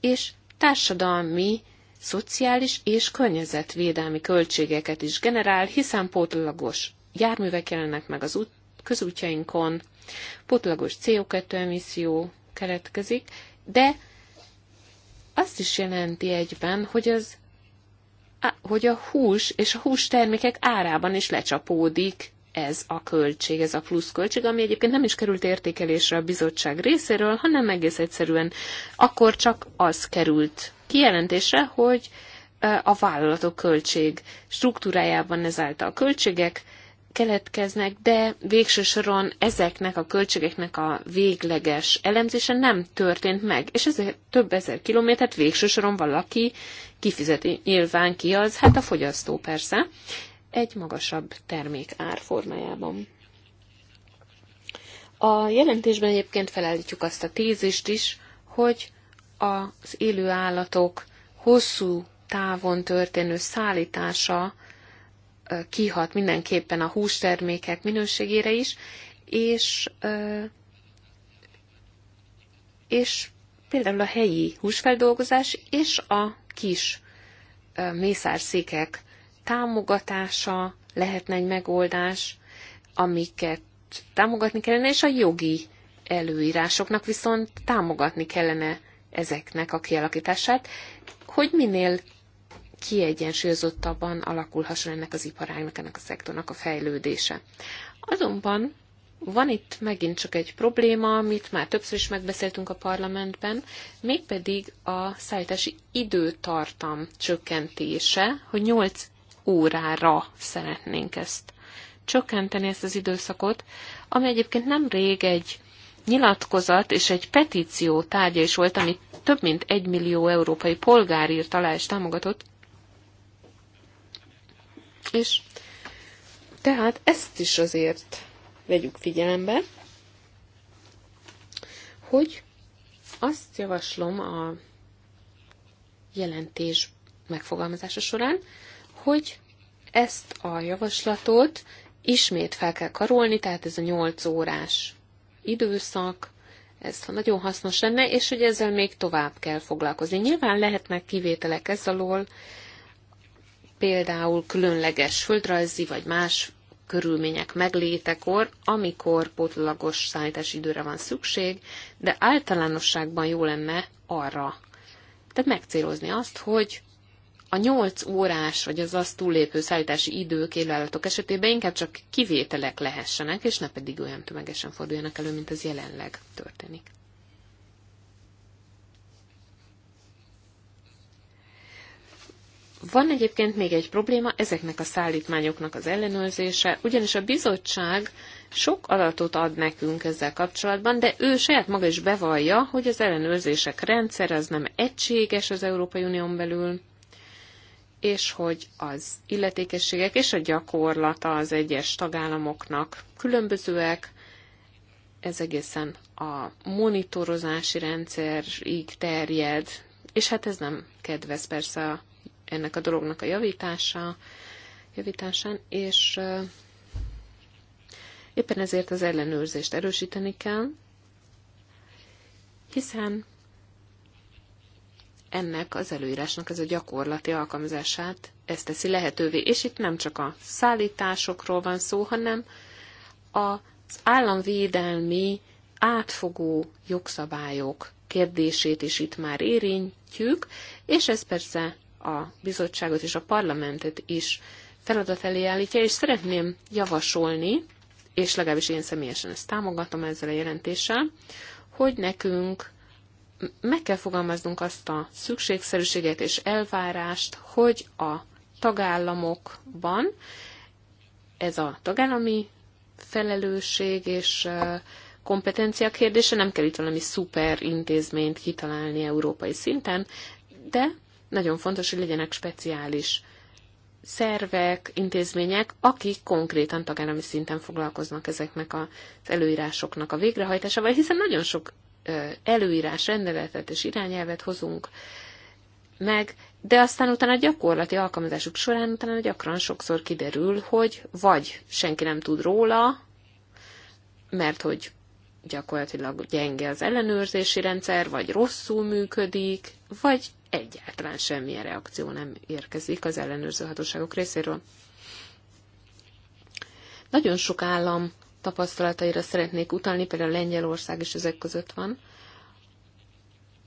és társadalmi, szociális és környezetvédelmi költségeket is generál, hiszen pótlagos járművek jelennek meg az út, közútjainkon, pótlagos CO2 emisszió keletkezik, de azt is jelenti egyben, hogy az hogy a hús és a hústermékek árában is lecsapódik ez a költség, ez a plusz költség, ami egyébként nem is került értékelésre a bizottság részéről, hanem egész egyszerűen akkor csak az került kijelentésre, hogy a vállalatok költség struktúrájában ezáltal a költségek keletkeznek, de végső soron ezeknek a költségeknek a végleges elemzése nem történt meg, és ezért több ezer kilométert végső soron valaki kifizeti. Nyilván ki az? Hát a fogyasztó persze egy magasabb termék árformájában. A jelentésben egyébként felállítjuk azt a tézist is, hogy az élő állatok hosszú távon történő szállítása kihat mindenképpen a hústermékek minőségére is, és, és például a helyi húsfeldolgozás és a kis mészárszékek támogatása lehetne egy megoldás, amiket támogatni kellene, és a jogi előírásoknak viszont támogatni kellene ezeknek a kialakítását, hogy minél kiegyensúlyozottabban alakulhasson ennek az iparágnak, ennek a szektornak a fejlődése. Azonban van itt megint csak egy probléma, amit már többször is megbeszéltünk a parlamentben, mégpedig a szállítási időtartam csökkentése, hogy 8 órára szeretnénk ezt csökkenteni ezt az időszakot, ami egyébként nem rég egy nyilatkozat és egy petíció tárgya is volt, amit több mint egy millió európai polgár írt alá és támogatott. És tehát ezt is azért vegyük figyelembe, hogy azt javaslom a jelentés megfogalmazása során, hogy ezt a javaslatot ismét fel kell karolni, tehát ez a 8 órás időszak, ez nagyon hasznos lenne, és hogy ezzel még tovább kell foglalkozni. Nyilván lehetnek kivételek ez alól, például különleges földrajzi vagy más körülmények meglétekor, amikor pótlagos szállítási időre van szükség, de általánosságban jó lenne arra, tehát megcélozni azt, hogy a 8 órás, vagy az azt túllépő szállítási idők élőállatok esetében inkább csak kivételek lehessenek, és ne pedig olyan tömegesen forduljanak elő, mint az jelenleg történik. Van egyébként még egy probléma, ezeknek a szállítmányoknak az ellenőrzése, ugyanis a bizottság sok adatot ad nekünk ezzel kapcsolatban, de ő saját maga is bevallja, hogy az ellenőrzések rendszer az nem egységes az Európai Unión belül, és hogy az illetékességek és a gyakorlata az egyes tagállamoknak különbözőek, ez egészen a monitorozási rendszerig terjed, és hát ez nem kedvez persze a, ennek a dolognak a javítása, javításán, és éppen ezért az ellenőrzést erősíteni kell, hiszen ennek az előírásnak ez a gyakorlati alkalmazását ezt teszi lehetővé. És itt nem csak a szállításokról van szó, hanem az államvédelmi átfogó jogszabályok kérdését is itt már érintjük, és ez persze a bizottságot és a parlamentet is feladat elé állítja, és szeretném javasolni, és legalábbis én személyesen ezt támogatom ezzel a jelentéssel, hogy nekünk meg kell fogalmaznunk azt a szükségszerűséget és elvárást, hogy a tagállamokban ez a tagállami felelősség és kompetencia kérdése, nem kell itt valami szuper intézményt kitalálni európai szinten, de nagyon fontos, hogy legyenek speciális szervek, intézmények, akik konkrétan tagállami szinten foglalkoznak ezeknek az előírásoknak a végrehajtásával, hiszen nagyon sok előírás, rendeletet és irányelvet hozunk meg, de aztán utána a gyakorlati alkalmazásuk során utána gyakran sokszor kiderül, hogy vagy senki nem tud róla, mert hogy gyakorlatilag gyenge az ellenőrzési rendszer, vagy rosszul működik, vagy egyáltalán semmilyen reakció nem érkezik az ellenőrző hatóságok részéről. Nagyon sok állam tapasztalataira szeretnék utalni, például Lengyelország is ezek között van,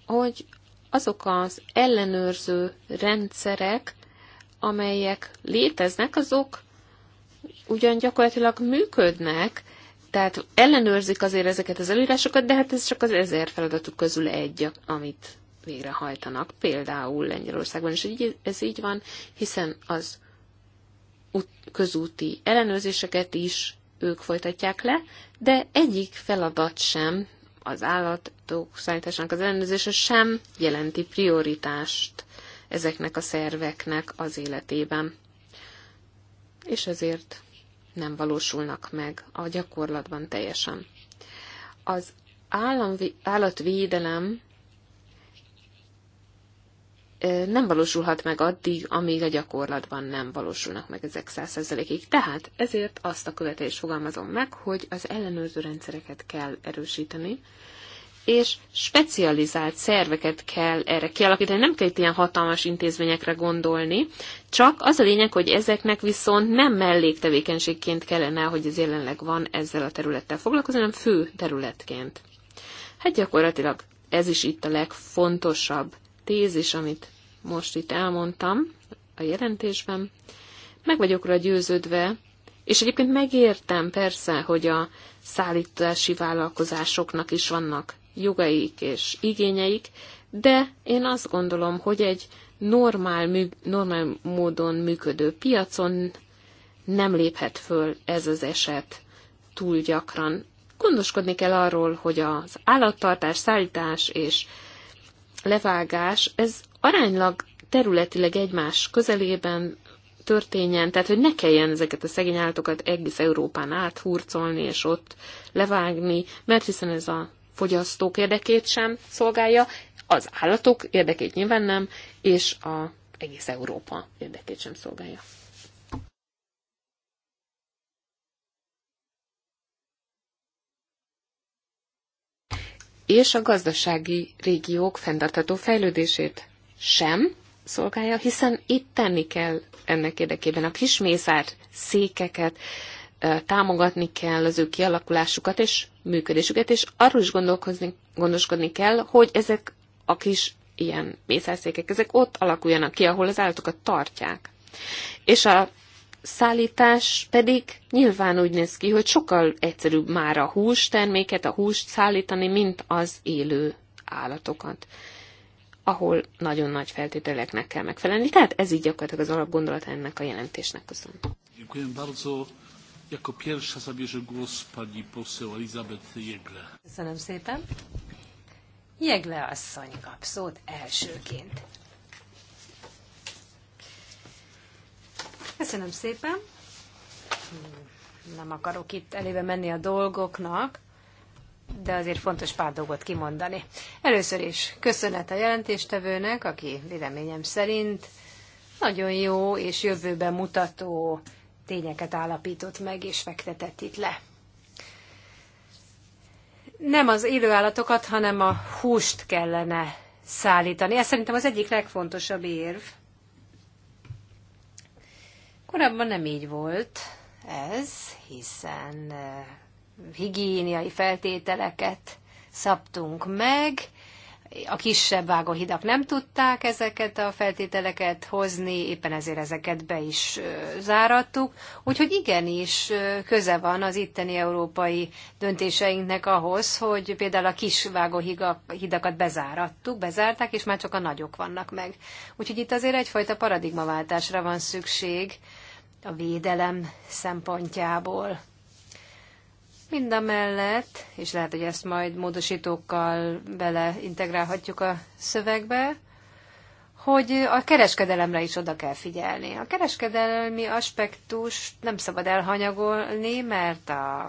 hogy azok az ellenőrző rendszerek, amelyek léteznek, azok ugyan gyakorlatilag működnek, tehát ellenőrzik azért ezeket az előírásokat, de hát ez csak az ezer feladatuk közül egy, amit végrehajtanak, például Lengyelországban, és így, ez így van, hiszen az közúti ellenőrzéseket is ők folytatják le, de egyik feladat sem, az állatok szállításának az ellenőrzése sem jelenti prioritást ezeknek a szerveknek az életében. És ezért nem valósulnak meg a gyakorlatban teljesen. Az államvi- állatvédelem nem valósulhat meg addig, amíg a gyakorlatban nem valósulnak meg ezek százszerzelékig. Tehát ezért azt a követelést fogalmazom meg, hogy az ellenőrző rendszereket kell erősíteni, és specializált szerveket kell erre kialakítani. Nem kell itt ilyen hatalmas intézményekre gondolni, csak az a lényeg, hogy ezeknek viszont nem melléktevékenységként kellene, hogy ez jelenleg van ezzel a területtel foglalkozni, hanem fő területként. Hát gyakorlatilag ez is itt a legfontosabb tézis, amit most itt elmondtam a jelentésben. Meg vagyok rá győződve, és egyébként megértem persze, hogy a szállítási vállalkozásoknak is vannak jogaik és igényeik, de én azt gondolom, hogy egy normál, normál módon működő piacon nem léphet föl ez az eset túl gyakran. Gondoskodni kell arról, hogy az állattartás, szállítás és levágás, ez aránylag területileg egymás közelében történjen, tehát hogy ne kelljen ezeket a szegény állatokat egész Európán áthurcolni és ott levágni, mert hiszen ez a fogyasztók érdekét sem szolgálja, az állatok érdekét nyilván nem, és a egész Európa érdekét sem szolgálja. és a gazdasági régiók fenntartható fejlődését sem szolgálja, hiszen itt tenni kell ennek érdekében a kismészár székeket, támogatni kell az ő kialakulásukat és működésüket, és arról is gondolkozni, gondoskodni kell, hogy ezek a kis ilyen mészárszékek, ezek ott alakuljanak ki, ahol az állatokat tartják. És a szállítás pedig nyilván úgy néz ki, hogy sokkal egyszerűbb már a terméket a húst szállítani, mint az élő állatokat ahol nagyon nagy feltételeknek kell megfelelni. Tehát ez így gyakorlatilag az alapgondolat ennek a jelentésnek. Köszönöm. Dziękuję bardzo. Jako pierwsza zabierze głos pani poseł Elizabeth Jegle. Köszönöm szépen. Jegle asszony kap szót elsőként. Köszönöm szépen. Nem akarok itt elébe menni a dolgoknak, de azért fontos pár dolgot kimondani. Először is köszönet a jelentéstevőnek, aki véleményem szerint nagyon jó és jövőben mutató tényeket állapított meg és fektetett itt le. Nem az élőállatokat, hanem a húst kellene szállítani. Ez szerintem az egyik legfontosabb érv, Korábban nem így volt ez, hiszen eh, higiéniai feltételeket szabtunk meg, a kisebb vágóhidak nem tudták ezeket a feltételeket hozni, éppen ezért ezeket be is zárattuk. Úgyhogy igenis köze van az itteni európai döntéseinknek ahhoz, hogy például a kis vágóhidakat bezárattuk, bezárták, és már csak a nagyok vannak meg. Úgyhogy itt azért egyfajta paradigmaváltásra van szükség a védelem szempontjából. Mind a mellett, és lehet, hogy ezt majd módosítókkal beleintegrálhatjuk a szövegbe, hogy a kereskedelemre is oda kell figyelni. A kereskedelmi aspektus nem szabad elhanyagolni, mert a,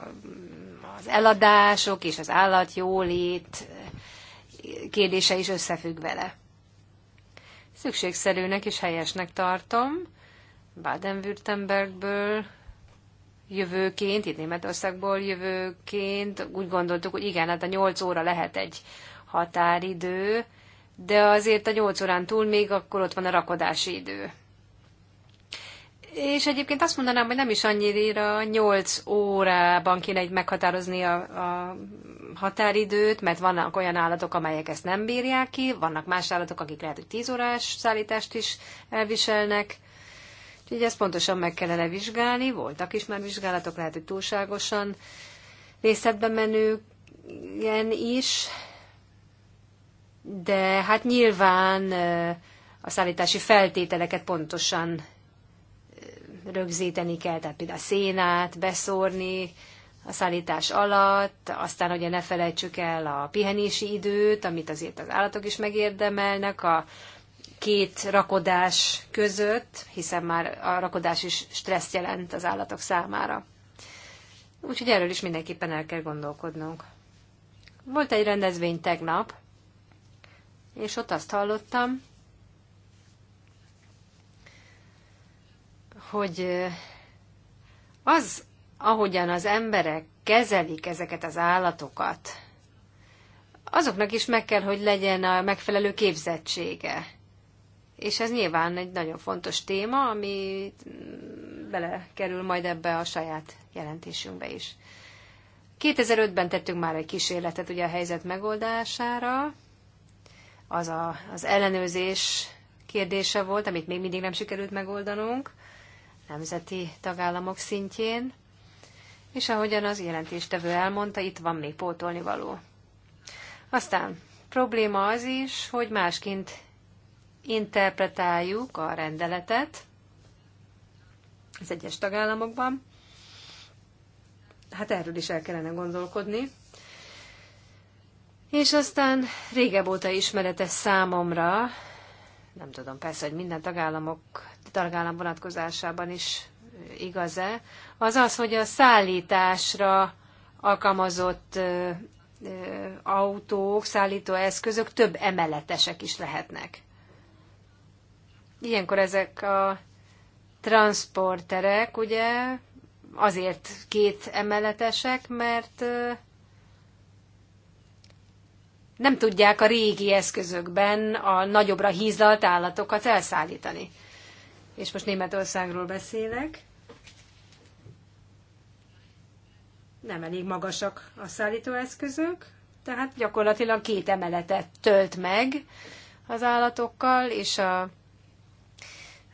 az eladások és az állatjólét kérdése is összefügg vele. Szükségszerűnek és helyesnek tartom Baden-Württembergből jövőként, itt Németországból jövőként úgy gondoltuk, hogy igen, hát a 8 óra lehet egy határidő, de azért a 8 órán túl még akkor ott van a rakodási idő. És egyébként azt mondanám, hogy nem is annyira 8 órában kéne egy meghatározni a, a határidőt, mert vannak olyan állatok, amelyek ezt nem bírják ki, vannak más állatok, akik lehet, hogy 10 órás szállítást is elviselnek, Úgyhogy ezt pontosan meg kellene vizsgálni. Voltak is már vizsgálatok, lehet, hogy túlságosan részletbe menő ilyen is, de hát nyilván a szállítási feltételeket pontosan rögzíteni kell, tehát például a szénát beszórni a szállítás alatt, aztán ugye ne felejtsük el a pihenési időt, amit azért az állatok is megérdemelnek, a két rakodás között, hiszen már a rakodás is stresszt jelent az állatok számára. Úgyhogy erről is mindenképpen el kell gondolkodnunk. Volt egy rendezvény tegnap, és ott azt hallottam, hogy eh, az, ahogyan az emberek kezelik ezeket az állatokat, azoknak is meg kell, hogy legyen a megfelelő képzettsége. És ez nyilván egy nagyon fontos téma, ami belekerül majd ebbe a saját jelentésünkbe is. 2005-ben tettünk már egy kísérletet ugye a helyzet megoldására, az a, az ellenőrzés kérdése volt, amit még mindig nem sikerült megoldanunk nemzeti tagállamok szintjén, és ahogyan az jelentéstevő elmondta, itt van még pótolni való. Aztán probléma az is, hogy másként interpretáljuk a rendeletet az egyes tagállamokban. Hát erről is el kellene gondolkodni. És aztán régebb óta ismeretes számomra, nem tudom persze, hogy minden tagállamok, tagállam vonatkozásában is igaz-e, az az, hogy a szállításra alkalmazott autók, szállítóeszközök több emeletesek is lehetnek. Ilyenkor ezek a transporterek ugye azért két emeletesek, mert nem tudják a régi eszközökben a nagyobbra hízlalt állatokat elszállítani. És most Németországról beszélek. Nem elég magasak a szállítóeszközök, tehát gyakorlatilag két emeletet tölt meg az állatokkal, és a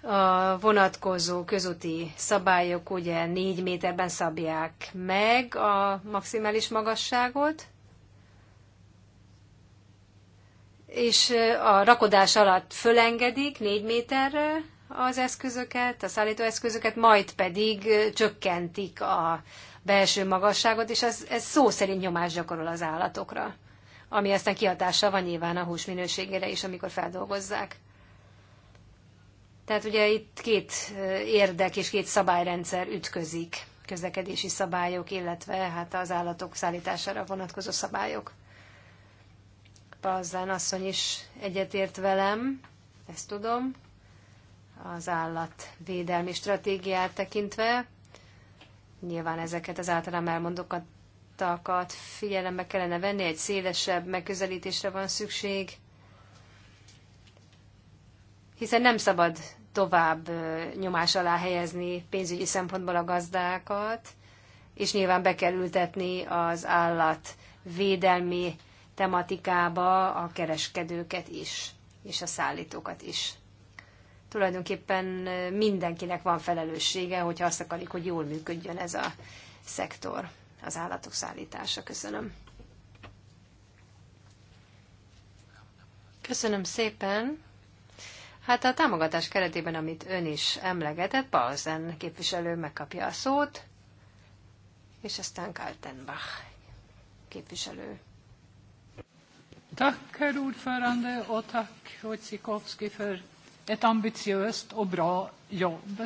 a vonatkozó közúti szabályok ugye négy méterben szabják meg a maximális magasságot, és a rakodás alatt fölengedik négy méterre az eszközöket, a szállítóeszközöket, majd pedig csökkentik a belső magasságot, és ez, ez szó szerint nyomás gyakorol az állatokra, ami aztán kihatással van nyilván a hús minőségére is, amikor feldolgozzák. Tehát ugye itt két eh, érdek és két szabályrendszer ütközik, közlekedési szabályok, illetve hát az állatok szállítására vonatkozó szabályok. Pazán asszony is egyetért velem, ezt tudom, az állatvédelmi stratégiát tekintve. Nyilván ezeket az általán elmondottakat figyelembe kellene venni, egy szélesebb megközelítésre van szükség, hiszen nem szabad tovább nyomás alá helyezni pénzügyi szempontból a gazdákat, és nyilván be kell ültetni az állat védelmi tematikába a kereskedőket is, és a szállítókat is. Tulajdonképpen mindenkinek van felelőssége, hogyha azt akarjuk, hogy jól működjön ez a szektor, az állatok szállítása. Köszönöm. Köszönöm szépen. Hát a támogatás keretében, amit ön is emlegetett, Balzen képviselő megkapja a szót, és aztán Kaltenbach képviselő. Tack, herr ordförande, och tack, Wojciechowski, för ett ambitiöst och bra jobb.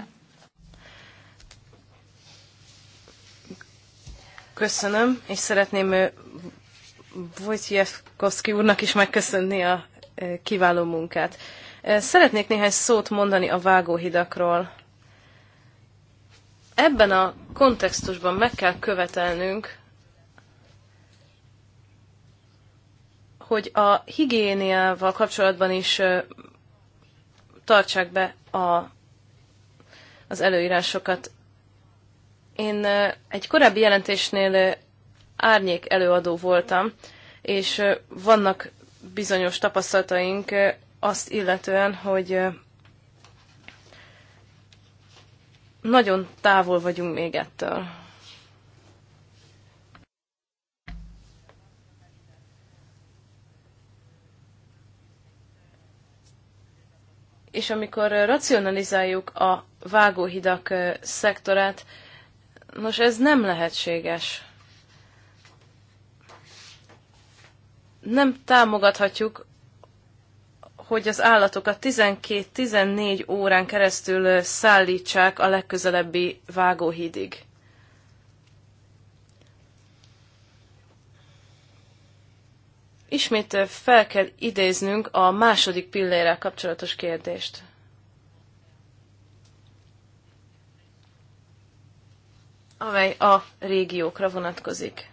Köszönöm, és szeretném eh, Wojciechowski úrnak is megköszönni a eh, kiváló munkát. Szeretnék néhány szót mondani a vágóhidakról. Ebben a kontextusban meg kell követelnünk, hogy a higiéniával kapcsolatban is tartsák be a, az előírásokat. Én egy korábbi jelentésnél árnyék előadó voltam, és vannak bizonyos tapasztalataink azt illetően, hogy nagyon távol vagyunk még ettől. És amikor racionalizáljuk a vágóhidak szektorát, nos ez nem lehetséges. Nem támogathatjuk hogy az állatokat 12-14 órán keresztül szállítsák a legközelebbi vágóhídig. Ismét fel kell idéznünk a második pillérrel kapcsolatos kérdést. amely a régiókra vonatkozik.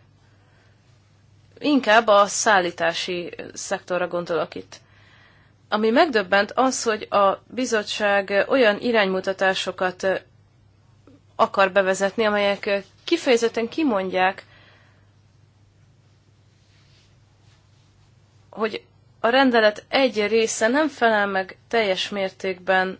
Inkább a szállítási szektorra gondolok itt. Ami megdöbbent az, hogy a bizottság olyan iránymutatásokat akar bevezetni, amelyek kifejezetten kimondják, hogy a rendelet egy része nem felel meg teljes mértékben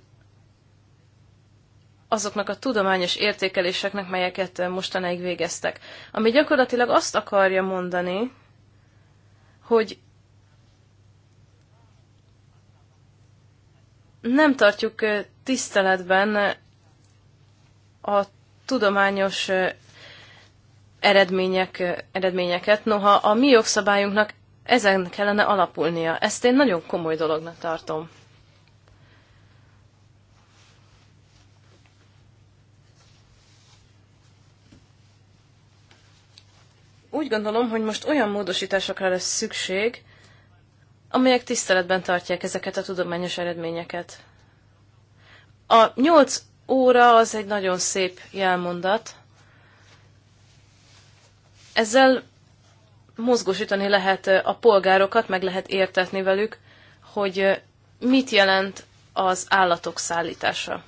azoknak a tudományos értékeléseknek, melyeket mostanáig végeztek. Ami gyakorlatilag azt akarja mondani, hogy nem tartjuk tiszteletben a tudományos eredmények, eredményeket, noha a mi jogszabályunknak ezen kellene alapulnia. Ezt én nagyon komoly dolognak tartom. Úgy gondolom, hogy most olyan módosításokra lesz szükség, amelyek tiszteletben tartják ezeket a tudományos eredményeket. A nyolc óra az egy nagyon szép jelmondat. Ezzel mozgósítani lehet a polgárokat, meg lehet értetni velük, hogy mit jelent az állatok szállítása.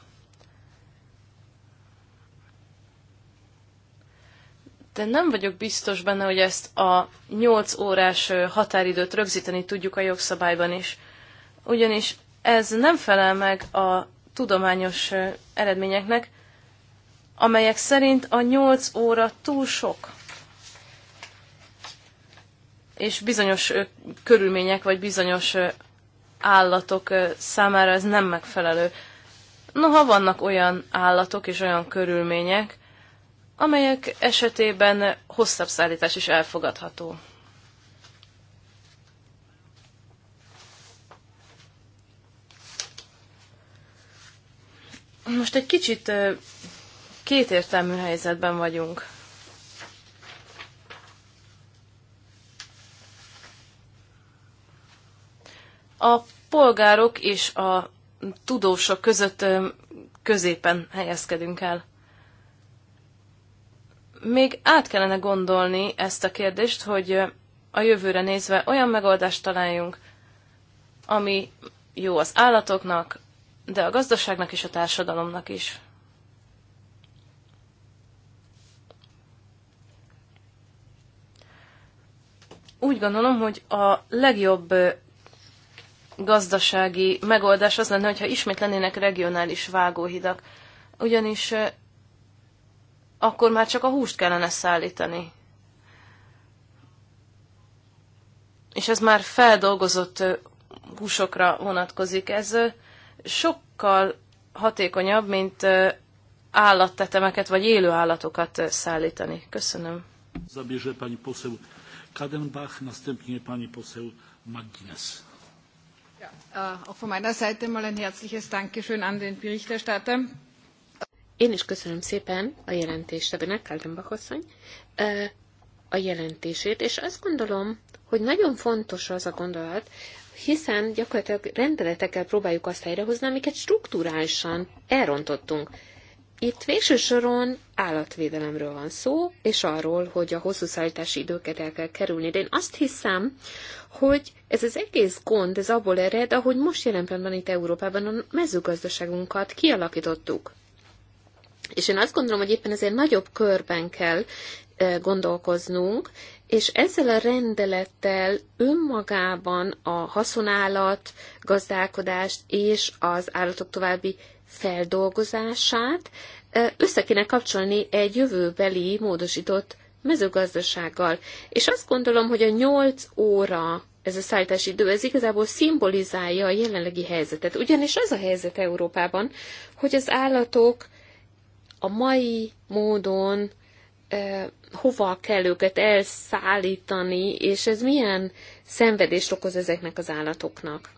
de nem vagyok biztos benne, hogy ezt a 8 órás határidőt rögzíteni tudjuk a jogszabályban is. Ugyanis ez nem felel meg a tudományos eredményeknek, amelyek szerint a 8 óra túl sok. És bizonyos körülmények vagy bizonyos állatok számára ez nem megfelelő. Noha vannak olyan állatok és olyan körülmények, amelyek esetében hosszabb szállítás is elfogadható. Most egy kicsit kétértelmű helyzetben vagyunk. A polgárok és a tudósok között középen helyezkedünk el még át kellene gondolni ezt a kérdést, hogy a jövőre nézve olyan megoldást találjunk, ami jó az állatoknak, de a gazdaságnak és a társadalomnak is. Úgy gondolom, hogy a legjobb gazdasági megoldás az lenne, hogyha ismét lennének regionális vágóhidak. Ugyanis akkor már csak a húst kellene szállítani. És ez már feldolgozott húsokra vonatkozik. Ez sokkal hatékonyabb, mint állattetemeket vagy élő állatokat szállítani. Köszönöm. Zabierze pani poseł Kadenbach, następnie pani poseł Ja, äh, auch von meiner Seite mal ein herzliches Dankeschön an den Berichterstatter. Én is köszönöm szépen a jelentést, Ebbenek Kaldenbach asszony, a jelentését, és azt gondolom, hogy nagyon fontos az a gondolat, hiszen gyakorlatilag rendeletekkel próbáljuk azt helyrehozni, amiket strukturálisan elrontottunk. Itt végső soron állatvédelemről van szó, és arról, hogy a hosszú szállítási időket el kell kerülni. De én azt hiszem, hogy ez az egész gond, ez abból ered, ahogy most jelen pillanatban itt Európában a mezőgazdaságunkat kialakítottuk. És én azt gondolom, hogy éppen ezért nagyobb körben kell gondolkoznunk, és ezzel a rendelettel önmagában a haszonállat, gazdálkodást és az állatok további feldolgozását össze kéne kapcsolni egy jövőbeli módosított mezőgazdasággal. És azt gondolom, hogy a 8 óra ez a szállítási idő, ez igazából szimbolizálja a jelenlegi helyzetet. Ugyanis az a helyzet Európában, hogy az állatok a mai módon hova kell őket elszállítani, és ez milyen szenvedést okoz ezeknek az állatoknak.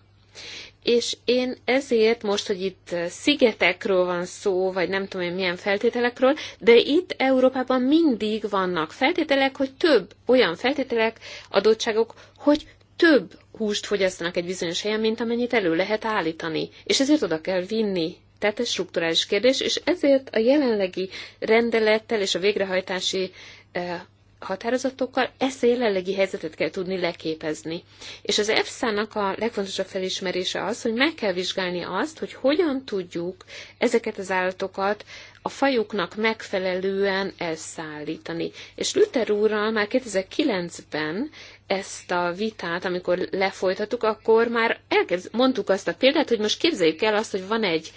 És én ezért most, hogy itt szigetekről van szó, vagy nem tudom én milyen feltételekről, de itt Európában mindig vannak feltételek, hogy több olyan feltételek, adottságok, hogy több húst fogyasztanak egy bizonyos helyen, mint amennyit elő lehet állítani. És ezért oda kell vinni tehát ez strukturális kérdés, és ezért a jelenlegi rendelettel és a végrehajtási e, határozatokkal ezt a jelenlegi helyzetet kell tudni leképezni. És az EFSA-nak a legfontosabb felismerése az, hogy meg kell vizsgálni azt, hogy hogyan tudjuk ezeket az állatokat a fajuknak megfelelően elszállítani. És Luther úrral már 2009-ben ezt a vitát, amikor lefolytattuk, akkor már elkezd, mondtuk azt a példát, hogy most képzeljük el azt, hogy van egy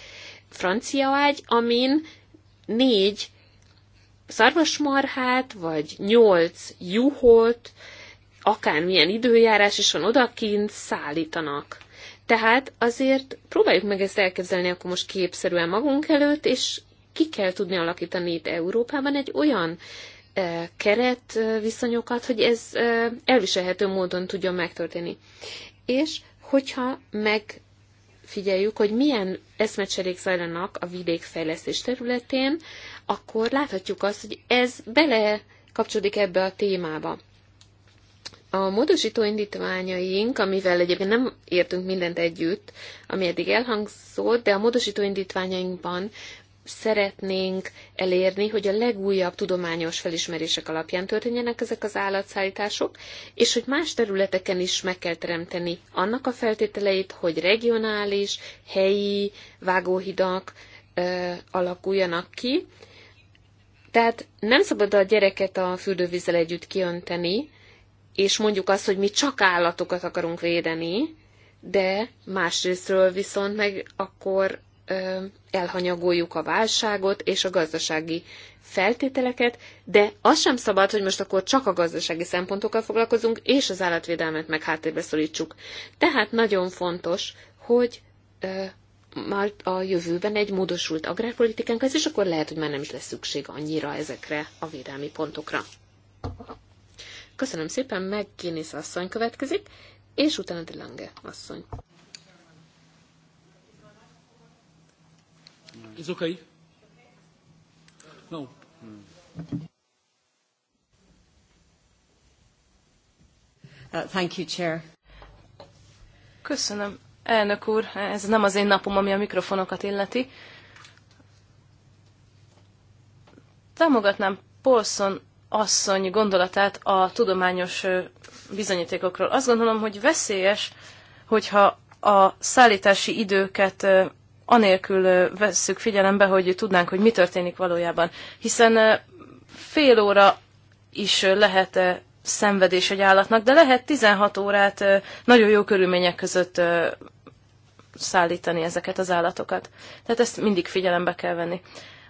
francia ágy, amin négy szarvasmarhát, vagy nyolc juhot, akármilyen időjárás is van odakint, szállítanak. Tehát azért próbáljuk meg ezt elképzelni akkor most képszerűen magunk előtt, és ki kell tudni alakítani itt Európában egy olyan e, keret viszonyokat, hogy ez e, elviselhető módon tudjon megtörténni. És hogyha meg figyeljük, hogy milyen eszmecserék zajlanak a vidékfejlesztés területén, akkor láthatjuk azt, hogy ez bele kapcsolódik ebbe a témába. A módosító indítványaink, amivel egyébként nem értünk mindent együtt, ami eddig elhangzott, de a módosító indítványainkban szeretnénk elérni, hogy a legújabb tudományos felismerések alapján történjenek ezek az állatszállítások, és hogy más területeken is meg kell teremteni annak a feltételeit, hogy regionális, helyi vágóhidak ö, alakuljanak ki. Tehát nem szabad a gyereket a fürdővízzel együtt kiönteni, és mondjuk azt, hogy mi csak állatokat akarunk védeni, de másrésztről viszont meg akkor elhanyagoljuk a válságot és a gazdasági feltételeket, de az sem szabad, hogy most akkor csak a gazdasági szempontokkal foglalkozunk, és az állatvédelmet meg háttérbe szorítsuk. Tehát nagyon fontos, hogy már a jövőben egy módosult agrárpolitikánk az és akkor lehet, hogy már nem is lesz szükség annyira ezekre a védelmi pontokra. Köszönöm szépen, meg Kénész asszony következik, és utána de Lange asszony. It's okay. No. Uh, thank you, Chair. Köszönöm, elnök úr. Ez nem az én napom, ami a mikrofonokat illeti. Támogatnám Polson asszony gondolatát a tudományos bizonyítékokról. Azt gondolom, hogy veszélyes, hogyha a szállítási időket anélkül vesszük figyelembe, hogy tudnánk, hogy mi történik valójában. Hiszen fél óra is lehet szenvedés egy állatnak, de lehet 16 órát nagyon jó körülmények között szállítani ezeket az állatokat. Tehát ezt mindig figyelembe kell venni.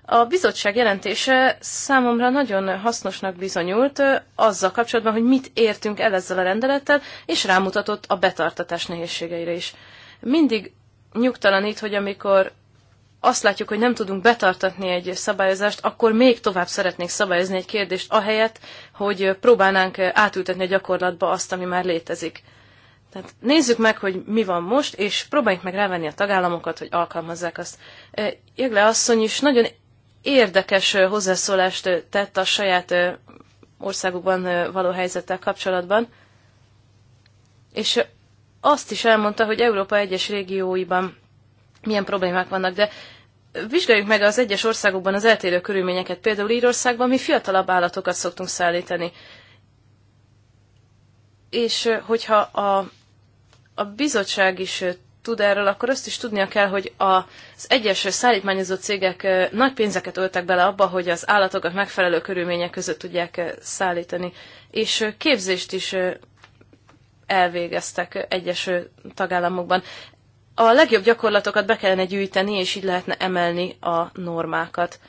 A bizottság jelentése számomra nagyon hasznosnak bizonyult azzal kapcsolatban, hogy mit értünk el ezzel a rendelettel, és rámutatott a betartatás nehézségeire is. Mindig nyugtalanít, hogy amikor azt látjuk, hogy nem tudunk betartatni egy szabályozást, akkor még tovább szeretnénk szabályozni egy kérdést, ahelyett, hogy próbálnánk átültetni a gyakorlatba azt, ami már létezik. Tehát nézzük meg, hogy mi van most, és próbáljuk meg rávenni a tagállamokat, hogy alkalmazzák azt. E, Jegle asszony is nagyon érdekes hozzászólást tett a saját e, országukban e, való helyzettel kapcsolatban, és azt is elmondta, hogy Európa egyes régióiban milyen problémák vannak, de vizsgáljuk meg az egyes országokban az eltérő körülményeket. Például Írországban mi fiatalabb állatokat szoktunk szállítani. És hogyha a, a bizottság is tud erről, akkor azt is tudnia kell, hogy az egyes szállítmányozó cégek nagy pénzeket öltek bele abba, hogy az állatokat megfelelő körülmények között tudják szállítani. És képzést is elvégeztek egyes tagállamokban. A legjobb gyakorlatokat be kellene gyűjteni, és így lehetne emelni a normákat.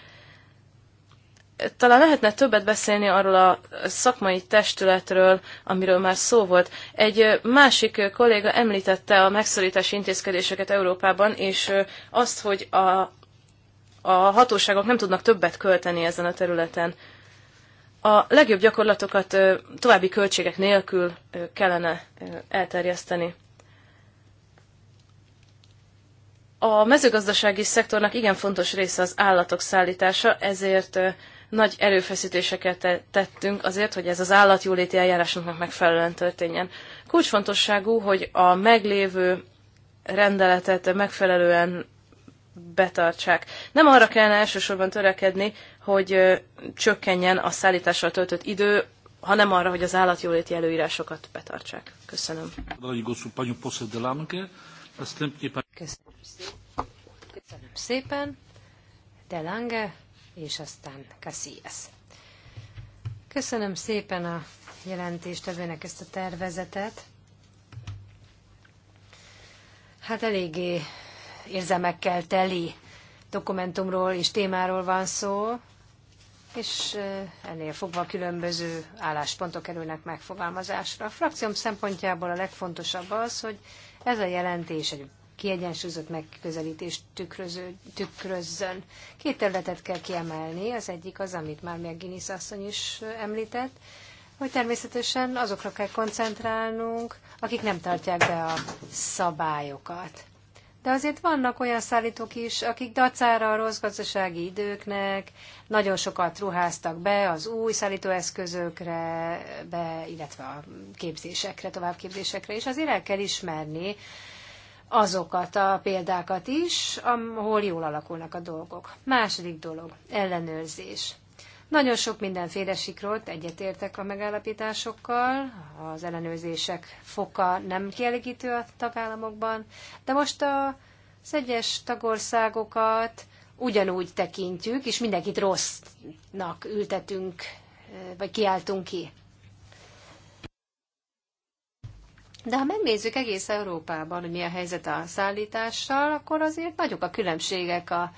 Talán lehetne többet beszélni arról a szakmai testületről, amiről már szó volt. Egy másik kolléga említette a megszorítási intézkedéseket Európában, és azt, hogy a, a hatóságok nem tudnak többet költeni ezen a területen a legjobb gyakorlatokat további költségek nélkül kellene elterjeszteni. A mezőgazdasági szektornak igen fontos része az állatok szállítása, ezért nagy erőfeszítéseket tettünk azért, hogy ez az állatjóléti eljárásunknak megfelelően történjen. Kulcsfontosságú, hogy a meglévő rendeletet megfelelően betartsák. Nem arra kellene elsősorban törekedni, hogy csökkenjen a szállítással töltött idő, hanem arra, hogy az állatjóléti előírásokat betartsák. Köszönöm. Köszönöm szépen. De Lange, és aztán Casillas. Köszönöm szépen a jelentéstevőnek ezt a tervezetet. Hát eléggé érzemekkel teli dokumentumról és témáról van szó, és ennél fogva különböző álláspontok kerülnek megfogalmazásra. A frakcióm szempontjából a legfontosabb az, hogy ez a jelentés egy kiegyensúlyozott megközelítést tükröző, tükrözzön. Két területet kell kiemelni, az egyik az, amit már még Guinness asszony is említett, hogy természetesen azokra kell koncentrálnunk, akik nem tartják be a szabályokat. De azért vannak olyan szállítók is, akik dacára a rossz gazdasági időknek nagyon sokat ruháztak be az új szállítóeszközökre, be, illetve a képzésekre, továbbképzésekre, és azért el kell ismerni azokat a példákat is, ahol jól alakulnak a dolgok. Második dolog, ellenőrzés. Nagyon sok mindenféle sikrolt egyetértek a megállapításokkal, az ellenőrzések foka nem kielégítő a tagállamokban, de most az egyes tagországokat ugyanúgy tekintjük, és mindenkit rossznak ültetünk, vagy kiáltunk ki. De ha megnézzük egész Európában, hogy mi a helyzet a szállítással, akkor azért nagyok a különbségek a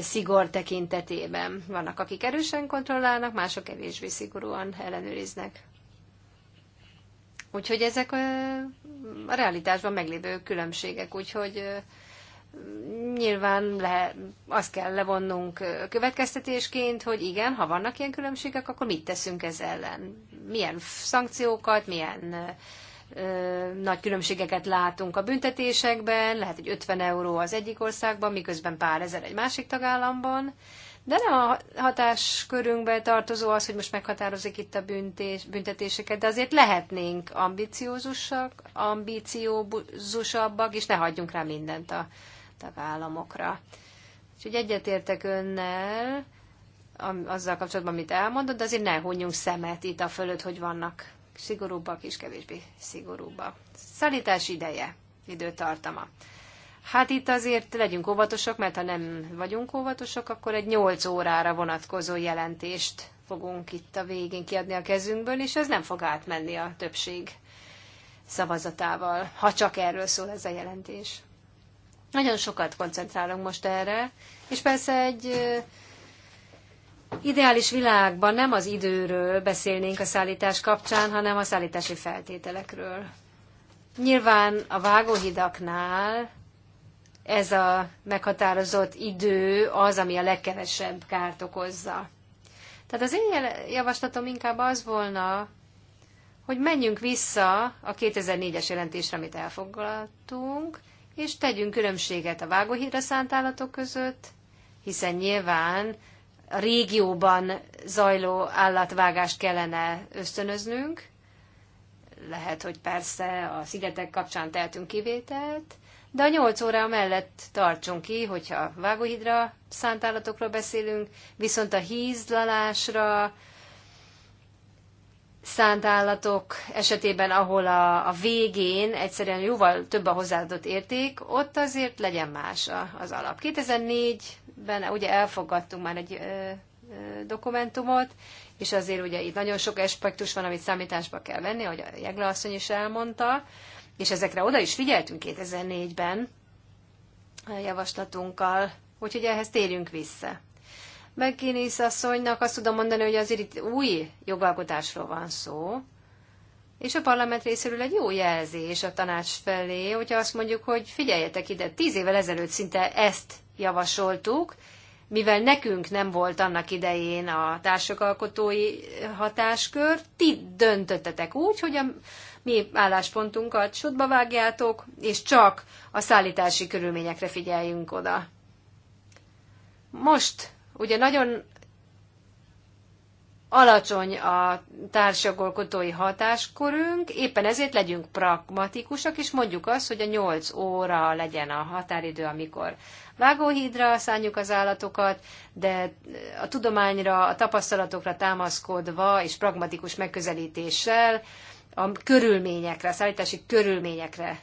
szigor tekintetében. Vannak, akik erősen kontrollálnak, mások kevésbé szigorúan ellenőriznek. Úgyhogy ezek a, realitásban meglévő különbségek, úgyhogy nyilván le, azt kell levonnunk következtetésként, hogy igen, ha vannak ilyen különbségek, akkor mit teszünk ez ellen? Milyen szankciókat, milyen nagy különbségeket látunk a büntetésekben, lehet, hogy 50 euró az egyik országban, miközben pár ezer egy másik tagállamban, de nem a hatáskörünkbe tartozó az, hogy most meghatározik itt a büntés, büntetéseket, de azért lehetnénk ambiciózusak, ambiciózusabbak, és ne hagyjunk rá mindent a tagállamokra. Úgyhogy egyetértek önnel azzal kapcsolatban, amit elmondott, de azért ne hunyjunk szemet itt a fölött, hogy vannak szigorúbbak és kevésbé szigorúbbak. Szállítás ideje, időtartama. Hát itt azért legyünk óvatosak, mert ha nem vagyunk óvatosak, akkor egy 8 órára vonatkozó jelentést fogunk itt a végén kiadni a kezünkből, és ez nem fog átmenni a többség szavazatával, ha csak erről szól ez a jelentés. Nagyon sokat koncentrálunk most erre, és persze egy ideális világban nem az időről beszélnénk a szállítás kapcsán, hanem a szállítási feltételekről. Nyilván a vágóhidaknál ez a meghatározott idő az, ami a legkevesebb kárt okozza. Tehát az én javaslatom inkább az volna, hogy menjünk vissza a 2004-es jelentésre, amit elfoglaltunk, és tegyünk különbséget a vágóhídra szánt állatok között, hiszen nyilván a régióban zajló állatvágást kellene ösztönöznünk. Lehet, hogy persze a szigetek kapcsán tehetünk kivételt, de a nyolc óra mellett tartsunk ki, hogyha vágóhidra szánt állatokról beszélünk, viszont a hízlalásra, szánt állatok esetében, ahol a, a végén egyszerűen jóval több a hozzáadott érték, ott azért legyen más a, az alap. 2004-ben ugye elfogadtunk már egy ö, ö, dokumentumot, és azért ugye itt nagyon sok aspektus van, amit számításba kell venni, ahogy a Jegla asszony is elmondta, és ezekre oda is figyeltünk 2004-ben a javaslatunkkal, úgyhogy ehhez térjünk vissza. Megkinész asszonynak azt tudom mondani, hogy azért itt új jogalkotásról van szó, és a parlament részéről egy jó jelzés a tanács felé, hogyha azt mondjuk, hogy figyeljetek ide, tíz évvel ezelőtt szinte ezt javasoltuk, mivel nekünk nem volt annak idején a társakalkotói hatáskör, ti döntöttetek úgy, hogy a mi álláspontunkat sodba vágjátok, és csak a szállítási körülményekre figyeljünk oda. Most Ugye nagyon alacsony a társadalkotói hatáskorunk, éppen ezért legyünk pragmatikusak, és mondjuk azt, hogy a 8 óra legyen a határidő, amikor vágóhídra szálljuk az állatokat, de a tudományra, a tapasztalatokra támaszkodva és pragmatikus megközelítéssel a körülményekre, a szállítási körülményekre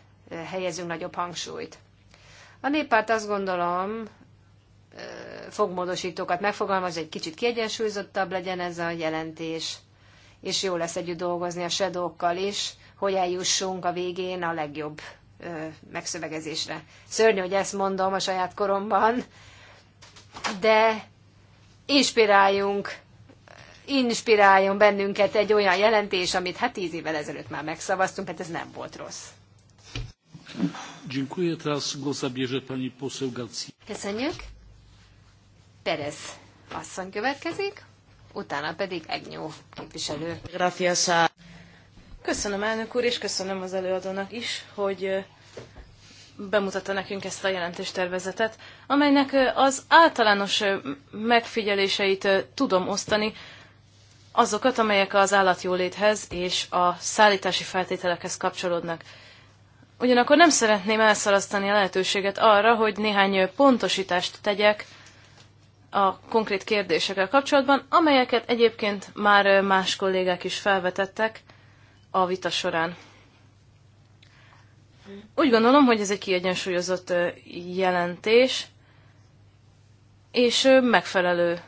helyezünk nagyobb hangsúlyt. A néppárt azt gondolom fogmódosítókat megfogalmaz, egy kicsit kiegyensúlyozottabb legyen ez a jelentés, és jó lesz együtt dolgozni a sedókkal is, hogy eljussunk a végén a legjobb megszövegezésre. Szörnyű, hogy ezt mondom a saját koromban, de inspiráljunk, inspiráljon bennünket egy olyan jelentés, amit hát tíz évvel ezelőtt már megszavaztunk, mert hát ez nem volt rossz. Dziękuję. Teraz głos zabierze pani poseł Garcia. Köszönjük. Perez asszony következik, utána pedig Egnyó képviselő. Gracias. Köszönöm elnök úr, és köszönöm az előadónak is, hogy bemutatta nekünk ezt a jelentéstervezetet, amelynek az általános megfigyeléseit tudom osztani, azokat, amelyek az állatjóléthez és a szállítási feltételekhez kapcsolódnak. Ugyanakkor nem szeretném elszalasztani a lehetőséget arra, hogy néhány pontosítást tegyek a konkrét kérdésekkel kapcsolatban, amelyeket egyébként már más kollégák is felvetettek a vita során. Úgy gondolom, hogy ez egy kiegyensúlyozott jelentés, és megfelelő,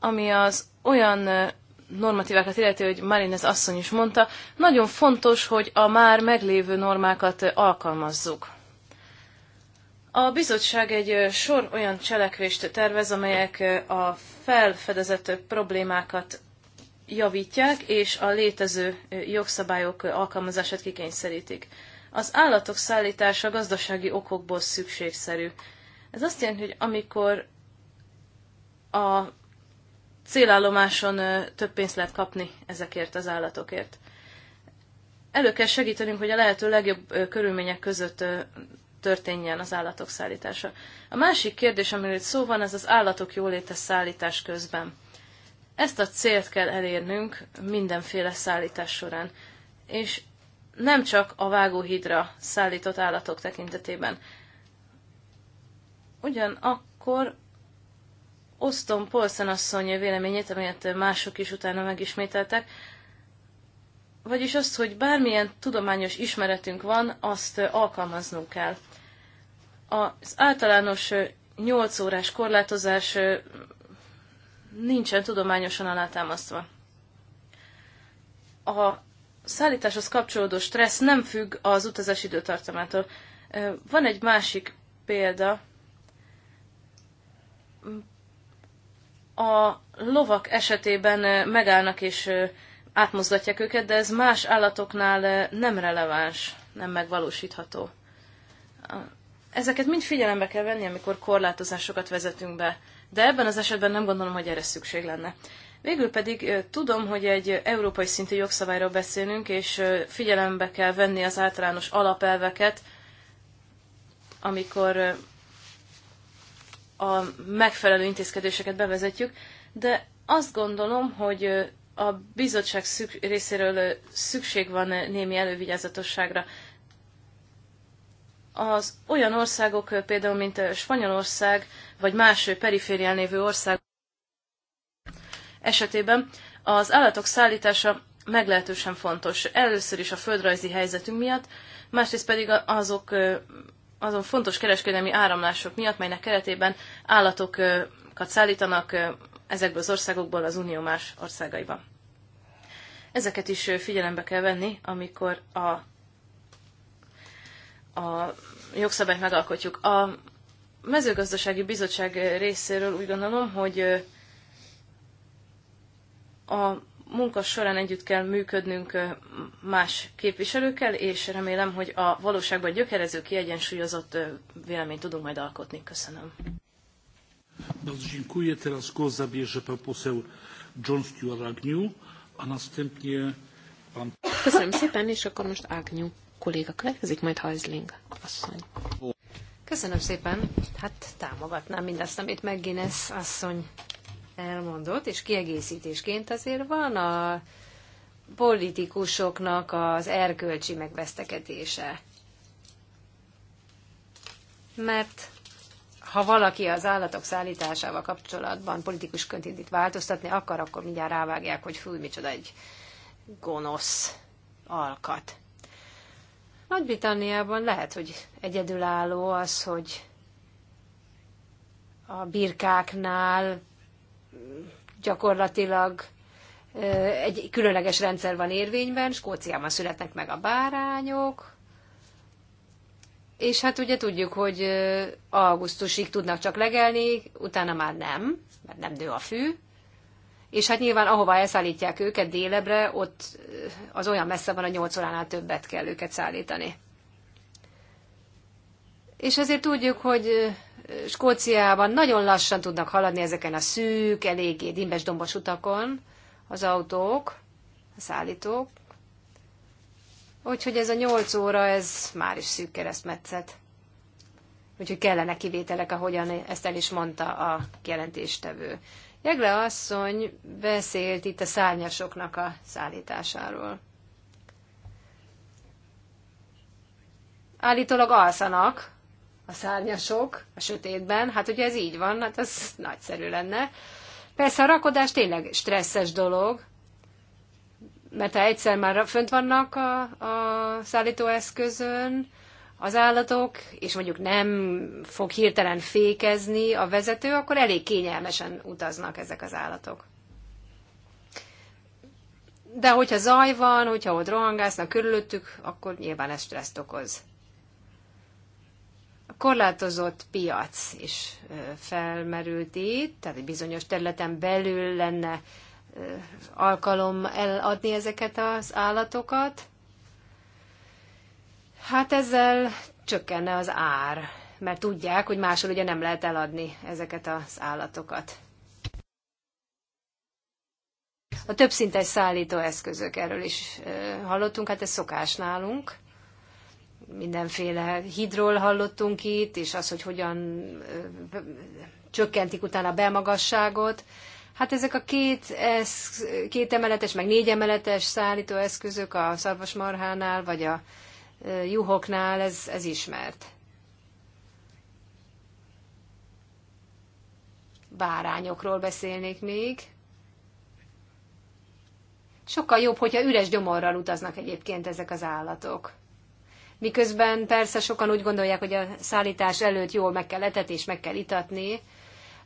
ami az olyan normatívákat illeti, hogy ez asszony is mondta, nagyon fontos, hogy a már meglévő normákat alkalmazzuk. A bizottság egy sor olyan cselekvést tervez, amelyek a felfedezett problémákat javítják, és a létező jogszabályok alkalmazását kikényszerítik. Az állatok szállítása gazdasági okokból szükségszerű. Ez azt jelenti, hogy amikor a célállomáson több pénzt lehet kapni ezekért az állatokért. Elő kell segítenünk, hogy a lehető legjobb körülmények között történjen az állatok szállítása. A másik kérdés, amiről itt szó van, ez az állatok jóléte szállítás közben. Ezt a célt kell elérnünk mindenféle szállítás során. És nem csak a vágóhídra szállított állatok tekintetében. Ugyanakkor osztom Polszen asszony véleményét, amelyet mások is utána megismételtek, vagyis azt, hogy bármilyen tudományos ismeretünk van, azt alkalmaznunk kell. Az általános 8 órás korlátozás nincsen tudományosan alátámasztva. A szállításhoz kapcsolódó stressz nem függ az utazás időtartamától. Van egy másik példa. A lovak esetében megállnak és átmozgatják őket, de ez más állatoknál nem releváns, nem megvalósítható. Ezeket mind figyelembe kell venni, amikor korlátozásokat vezetünk be, de ebben az esetben nem gondolom, hogy erre szükség lenne. Végül pedig tudom, hogy egy európai szintű jogszabályról beszélünk, és figyelembe kell venni az általános alapelveket, amikor a megfelelő intézkedéseket bevezetjük, de azt gondolom, hogy a bizottság szük részéről szükség van némi elővigyázatosságra az olyan országok, például mint Spanyolország, vagy más periférián lévő ország esetében az állatok szállítása meglehetősen fontos. Először is a földrajzi helyzetünk miatt, másrészt pedig azok azon fontos kereskedelmi áramlások miatt, melynek keretében állatokat szállítanak ezekből az országokból az Unió más országaiba. Ezeket is figyelembe kell venni, amikor a a jogszabályt megalkotjuk. A mezőgazdasági bizottság részéről úgy gondolom, hogy a munka során együtt kell működnünk más képviselőkkel, és remélem, hogy a valóságban gyökerező, kiegyensúlyozott véleményt tudunk majd alkotni. Köszönöm. Bardzo dziękuję. Teraz głos zabierze pan poseł John Stuart Agnew, a następnie pan... Köszönöm szépen, és akkor most Agnew kolléga következik, majd Hajzling asszony. Köszönöm szépen. Hát támogatnám mindazt, amit McGuinness asszony elmondott, és kiegészítésként azért van a politikusoknak az erkölcsi megvesztekedése. Mert ha valaki az állatok szállításával kapcsolatban politikus indít változtatni akar, akkor mindjárt rávágják, hogy fúj, micsoda egy gonosz alkat. Nagy-Britanniában lehet, hogy egyedülálló az, hogy a birkáknál gyakorlatilag egy különleges rendszer van érvényben, Skóciában születnek meg a bárányok, és hát ugye tudjuk, hogy augusztusig tudnak csak legelni, utána már nem, mert nem dő a fű, és hát nyilván ahova elszállítják őket délebre, ott eh, az olyan messze van, a 8 óránál többet kell őket szállítani. És azért tudjuk, hogy eh, Skóciában nagyon lassan tudnak haladni ezeken a szűk, eléggé dimbes dombos utakon az autók, a szállítók. Úgyhogy ez a 8 óra, ez már is szűk keresztmetszet. Úgyhogy kellene kivételek, ahogyan ezt el is mondta a jelentéstevő. Jegle asszony beszélt itt a szárnyasoknak a szállításáról. Állítólag alszanak a szárnyasok a sötétben, hát ugye ez így van, hát az nagyszerű lenne. Persze a rakodás tényleg stresszes dolog, mert ha egyszer már fönt vannak a, a szállítóeszközön, az állatok, és mondjuk nem fog hirtelen fékezni a vezető, akkor elég kényelmesen utaznak ezek az állatok. De hogyha zaj van, hogyha ott rohangásznak körülöttük, akkor nyilván ez stresszt okoz. A korlátozott piac is felmerült itt, tehát egy bizonyos területen belül lenne alkalom eladni ezeket az állatokat, Hát ezzel csökkenne az ár, mert tudják, hogy máshol ugye nem lehet eladni ezeket az állatokat. A többszintes eszközök, erről is hallottunk, hát ez szokás nálunk. Mindenféle hidról hallottunk itt, és az, hogy hogyan csökkentik utána a belmagasságot. Hát ezek a két, esz, két emeletes, meg négy emeletes szállítóeszközök a szarvasmarhánál, vagy a juhoknál ez, ez ismert. Bárányokról beszélnék még. Sokkal jobb, hogyha üres gyomorral utaznak egyébként ezek az állatok. Miközben persze sokan úgy gondolják, hogy a szállítás előtt jól meg kell etetni és meg kell itatni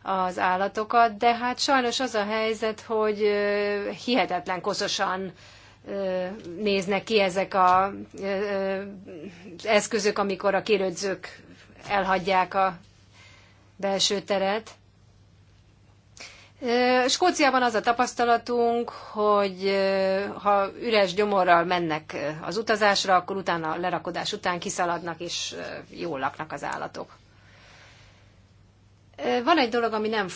az állatokat, de hát sajnos az a helyzet, hogy hihetetlen koszosan néznek ki ezek a, az eszközök, amikor a kérődzők elhagyják a belső teret. Skóciában az a tapasztalatunk, hogy ha üres gyomorral mennek az utazásra, akkor utána a lerakodás után kiszaladnak és jól laknak az állatok. Van egy dolog, ami nem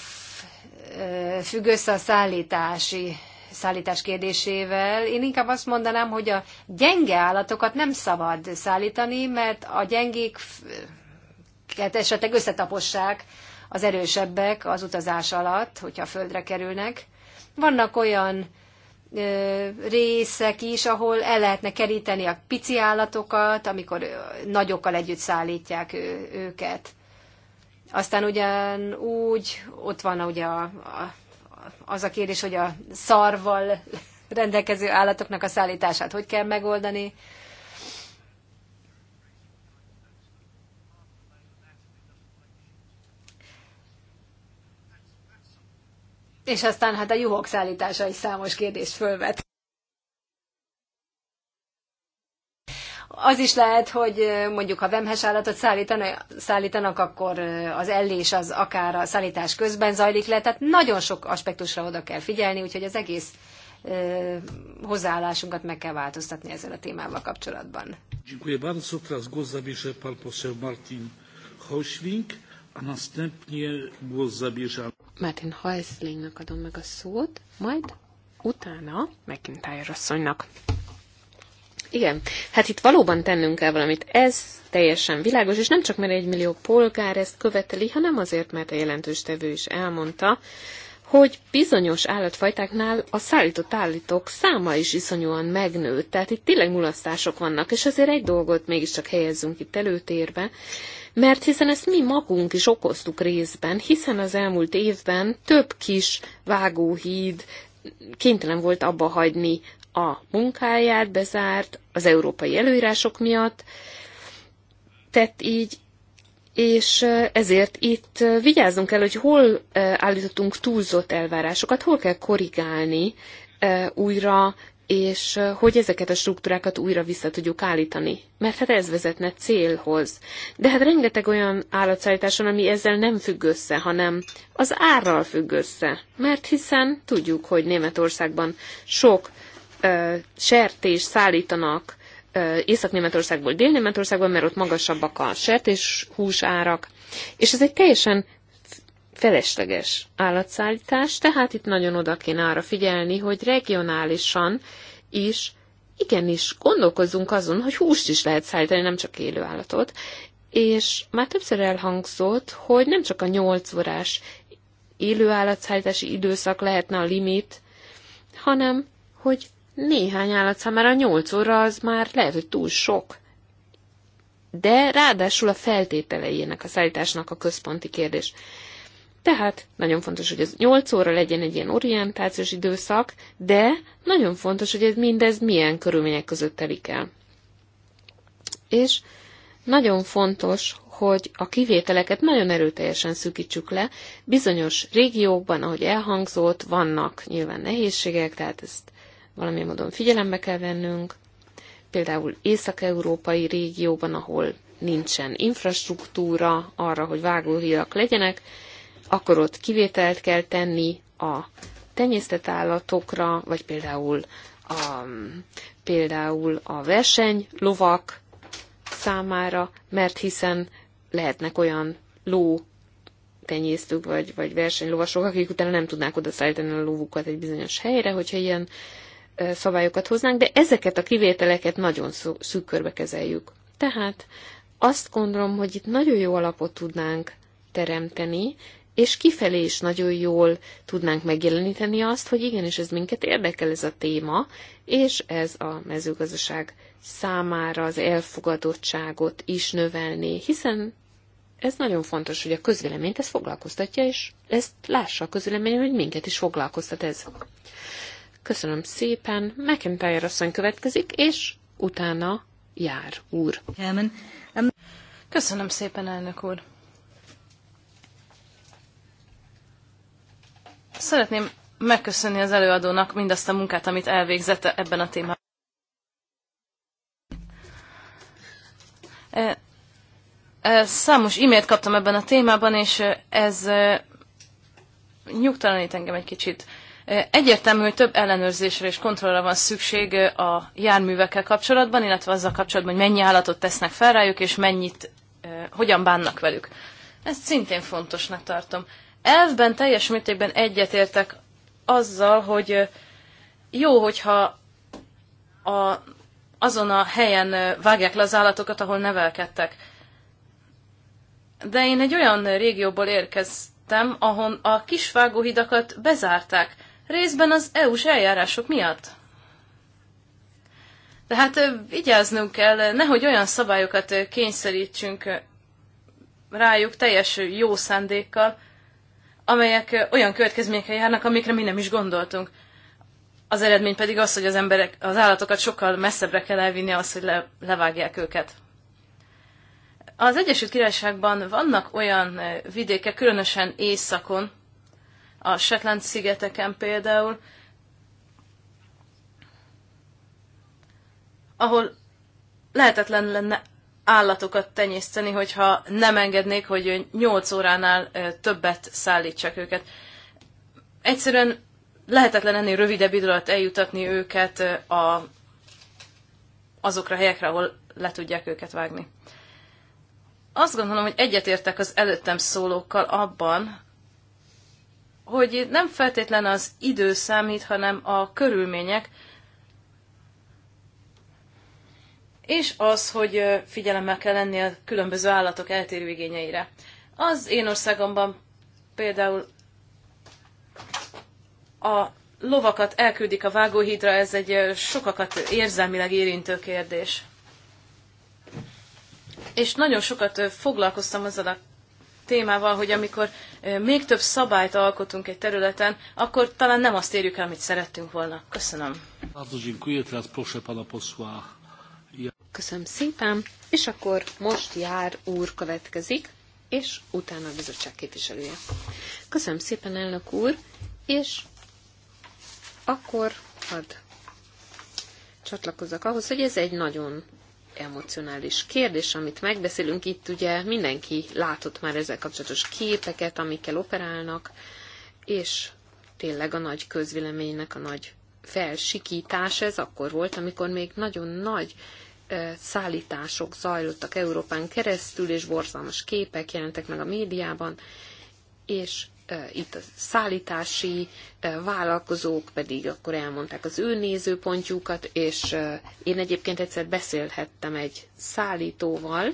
függ össze a szállítási szállítás kérdésével. Én inkább azt mondanám, hogy a gyenge állatokat nem szabad szállítani, mert a gyengék hát esetleg összetapossák az erősebbek az utazás alatt, hogyha a földre kerülnek. Vannak olyan ö, részek is, ahol el lehetne keríteni a pici állatokat, amikor nagyokkal együtt szállítják ő, őket. Aztán ugyan úgy, ott van ugye a, a az a kérdés, hogy a szarval rendelkező állatoknak a szállítását hogy kell megoldani. És aztán hát a juhok szállítása is számos kérdést fölvet. Az is lehet, hogy mondjuk ha vemhes állatot szállítanak, akkor az ellés az akár a szállítás közben zajlik le, tehát nagyon sok aspektusra oda kell figyelni, úgyhogy az egész hozzáállásunkat meg kell változtatni ezzel a témával kapcsolatban. Dziękuję bardzo. Teraz głos zabierze pan poseł Martin Hośling, a następnie głos zabierze... Martin Hoślingnak adom meg a szót, majd utána McIntyre asszonynak. Igen, hát itt valóban tennünk kell valamit. Ez teljesen világos, és nem csak mert egy millió polgár ezt követeli, hanem azért, mert a jelentős tevő is elmondta, hogy bizonyos állatfajtáknál a szállított állítók száma is iszonyúan megnőtt, tehát itt tényleg mulasztások vannak, és azért egy dolgot mégiscsak helyezzünk itt előtérbe, mert hiszen ezt mi magunk is okoztuk részben, hiszen az elmúlt évben több kis vágóhíd kénytelen volt abba hagyni a munkáját, bezárt az európai előírások miatt, tett így, és ezért itt vigyázzunk kell, hogy hol állítottunk túlzott elvárásokat, hol kell korrigálni újra, és hogy ezeket a struktúrákat újra vissza tudjuk állítani. Mert hát ez vezetne célhoz. De hát rengeteg olyan állatszállítás van, ami ezzel nem függ össze, hanem az árral függ össze. Mert hiszen tudjuk, hogy Németországban sok sertés szállítanak Észak-Németországból Dél-Németországba, mert ott magasabbak a sertés árak, és ez egy teljesen felesleges állatszállítás, tehát itt nagyon oda kéne arra figyelni, hogy regionálisan is igenis gondolkozzunk azon, hogy húst is lehet szállítani, nem csak élő állatot. És már többször elhangzott, hogy nem csak a nyolc órás élő állatszállítási időszak lehetne a limit, hanem hogy néhány állat számára nyolc óra az már lehet, hogy túl sok. De ráadásul a feltételei ennek a szállításnak a központi kérdés. Tehát nagyon fontos, hogy az 8 óra legyen egy ilyen orientációs időszak, de nagyon fontos, hogy ez mindez milyen körülmények között telik el. És nagyon fontos, hogy a kivételeket nagyon erőteljesen szűkítsük le. Bizonyos régiókban, ahogy elhangzott, vannak nyilván nehézségek, tehát ezt valamilyen módon figyelembe kell vennünk, például észak-európai régióban, ahol nincsen infrastruktúra arra, hogy vágóhidak legyenek, akkor ott kivételt kell tenni a tenyésztett állatokra, vagy például a, például a versenylovak számára, mert hiszen lehetnek olyan ló tenyésztők, vagy, vagy versenylovasok, akik utána nem tudnák oda szállítani a lóvukat egy bizonyos helyre, hogyha ilyen szabályokat hoznánk, de ezeket a kivételeket nagyon szűk körbe kezeljük. Tehát azt gondolom, hogy itt nagyon jó alapot tudnánk teremteni, és kifelé is nagyon jól tudnánk megjeleníteni azt, hogy igenis ez minket érdekel ez a téma, és ez a mezőgazdaság számára az elfogadottságot is növelni, hiszen ez nagyon fontos, hogy a közvéleményt ez foglalkoztatja, és ezt lássa a közvélemény, hogy minket is foglalkoztat ez. Köszönöm szépen. McIntyre asszony következik, és utána jár úr. Um, Köszönöm szépen, elnök úr. Szeretném megköszönni az előadónak mindazt a munkát, amit elvégzett ebben a témában. E, e, számos e-mailt kaptam ebben a témában, és e, ez nyugtalanít engem egy kicsit. Egyértelmű, hogy több ellenőrzésre és kontrollra van szükség a járművekkel kapcsolatban, illetve azzal kapcsolatban, hogy mennyi állatot tesznek fel rájuk, és mennyit, hogyan bánnak velük. Ezt szintén fontosnak tartom. Elvben teljes mértékben egyetértek azzal, hogy jó, hogyha a, azon a helyen vágják le az állatokat, ahol nevelkedtek. De én egy olyan régióból érkeztem, ahol a kisvágóhidakat bezárták, részben az EU-s eljárások miatt. Tehát vigyáznunk kell, nehogy olyan szabályokat kényszerítsünk rájuk teljes jó szándékkal, amelyek olyan következményekkel járnak, amikre mi nem is gondoltunk. Az eredmény pedig az, hogy az emberek, az állatokat sokkal messzebbre kell elvinni az, hogy le, levágják őket. Az Egyesült Királyságban vannak olyan vidékek, különösen északon, a Shetland szigeteken például, ahol lehetetlen lenne állatokat tenyészteni, hogyha nem engednék, hogy 8 óránál többet szállítsak őket. Egyszerűen lehetetlen ennél rövidebb idő alatt eljutatni őket a, azokra a helyekre, ahol le tudják őket vágni. Azt gondolom, hogy egyetértek az előttem szólókkal abban, hogy nem feltétlen az idő számít, hanem a körülmények, és az, hogy figyelemmel kell lenni a különböző állatok eltérő igényeire. Az én országomban például a lovakat elküldik a vágóhídra, ez egy sokakat érzelmileg érintő kérdés. És nagyon sokat foglalkoztam azzal a témával, hogy amikor még több szabályt alkotunk egy területen, akkor talán nem azt érjük el, amit szerettünk volna. Köszönöm. Köszönöm szépen, és akkor most jár úr következik, és utána a bizottság képviselője. Köszönöm szépen, elnök úr, és akkor hadd csatlakozzak ahhoz, hogy ez egy nagyon emocionális kérdés, amit megbeszélünk. Itt ugye mindenki látott már ezzel kapcsolatos képeket, amikkel operálnak, és tényleg a nagy közvéleménynek a nagy felsikítás ez akkor volt, amikor még nagyon nagy szállítások zajlottak Európán keresztül, és borzalmas képek jelentek meg a médiában, és itt a szállítási vállalkozók pedig akkor elmondták az ő nézőpontjukat, és én egyébként egyszer beszélhettem egy szállítóval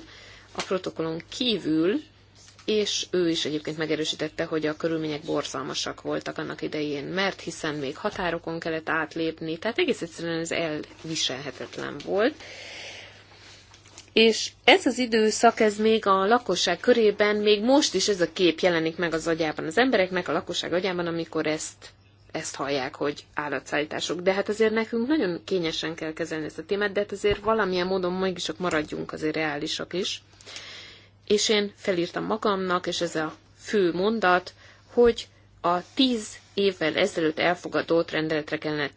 a protokollon kívül, és ő is egyébként megerősítette, hogy a körülmények borzalmasak voltak annak idején, mert hiszen még határokon kellett átlépni, tehát egész egyszerűen ez elviselhetetlen volt és ez az időszak, ez még a lakosság körében, még most is ez a kép jelenik meg az agyában az embereknek, a lakosság agyában, amikor ezt ezt hallják, hogy állatszállítások. De hát azért nekünk nagyon kényesen kell kezelni ezt a témát, de hát azért valamilyen módon mégiscsak maradjunk azért reálisak is. És én felírtam magamnak, és ez a fő mondat, hogy a tíz évvel ezelőtt elfogadott rendeletre kellene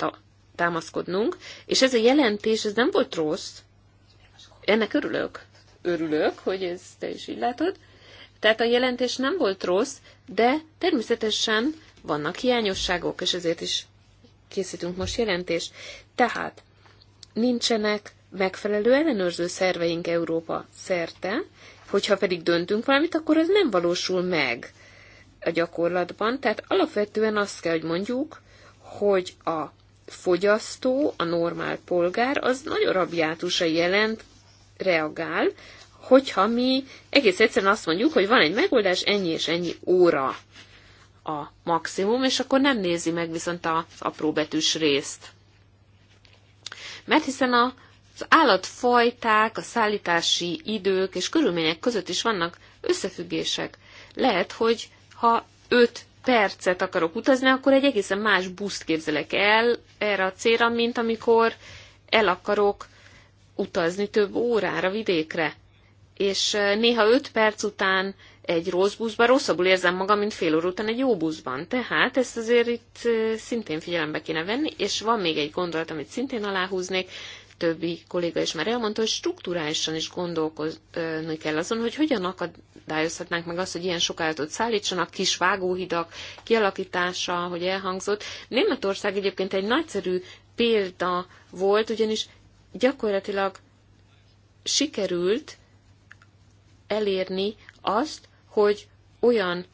támaszkodnunk, és ez a jelentés, ez nem volt rossz, ennek örülök. Örülök, hogy ez te is így látod. Tehát a jelentés nem volt rossz, de természetesen vannak hiányosságok, és ezért is készítünk most jelentést. Tehát nincsenek megfelelő ellenőrző szerveink Európa szerte, hogyha pedig döntünk valamit, akkor ez nem valósul meg a gyakorlatban. Tehát alapvetően azt kell, hogy mondjuk, hogy a fogyasztó, a normál polgár, az nagyon rabjátusa jelent reagál, hogyha mi egész egyszerűen azt mondjuk, hogy van egy megoldás, ennyi és ennyi óra a maximum, és akkor nem nézi meg viszont az apróbetűs részt. Mert hiszen a az állatfajták, a szállítási idők és körülmények között is vannak összefüggések. Lehet, hogy ha 5 percet akarok utazni, akkor egy egészen más buszt képzelek el erre a célra, mint amikor el akarok utazni több órára vidékre. És néha öt perc után egy rossz buszban rosszabbul érzem magam, mint fél óra után egy jó buszban. Tehát ezt azért itt szintén figyelembe kéne venni, és van még egy gondolat, amit szintén aláhúznék, többi kolléga is már elmondta, hogy strukturálisan is gondolkozni kell azon, hogy hogyan akadályozhatnánk meg azt, hogy ilyen sok állatot szállítsanak, kis vágóhidak kialakítása, hogy elhangzott. Németország egyébként egy nagyszerű példa volt, ugyanis gyakorlatilag sikerült elérni azt, hogy olyan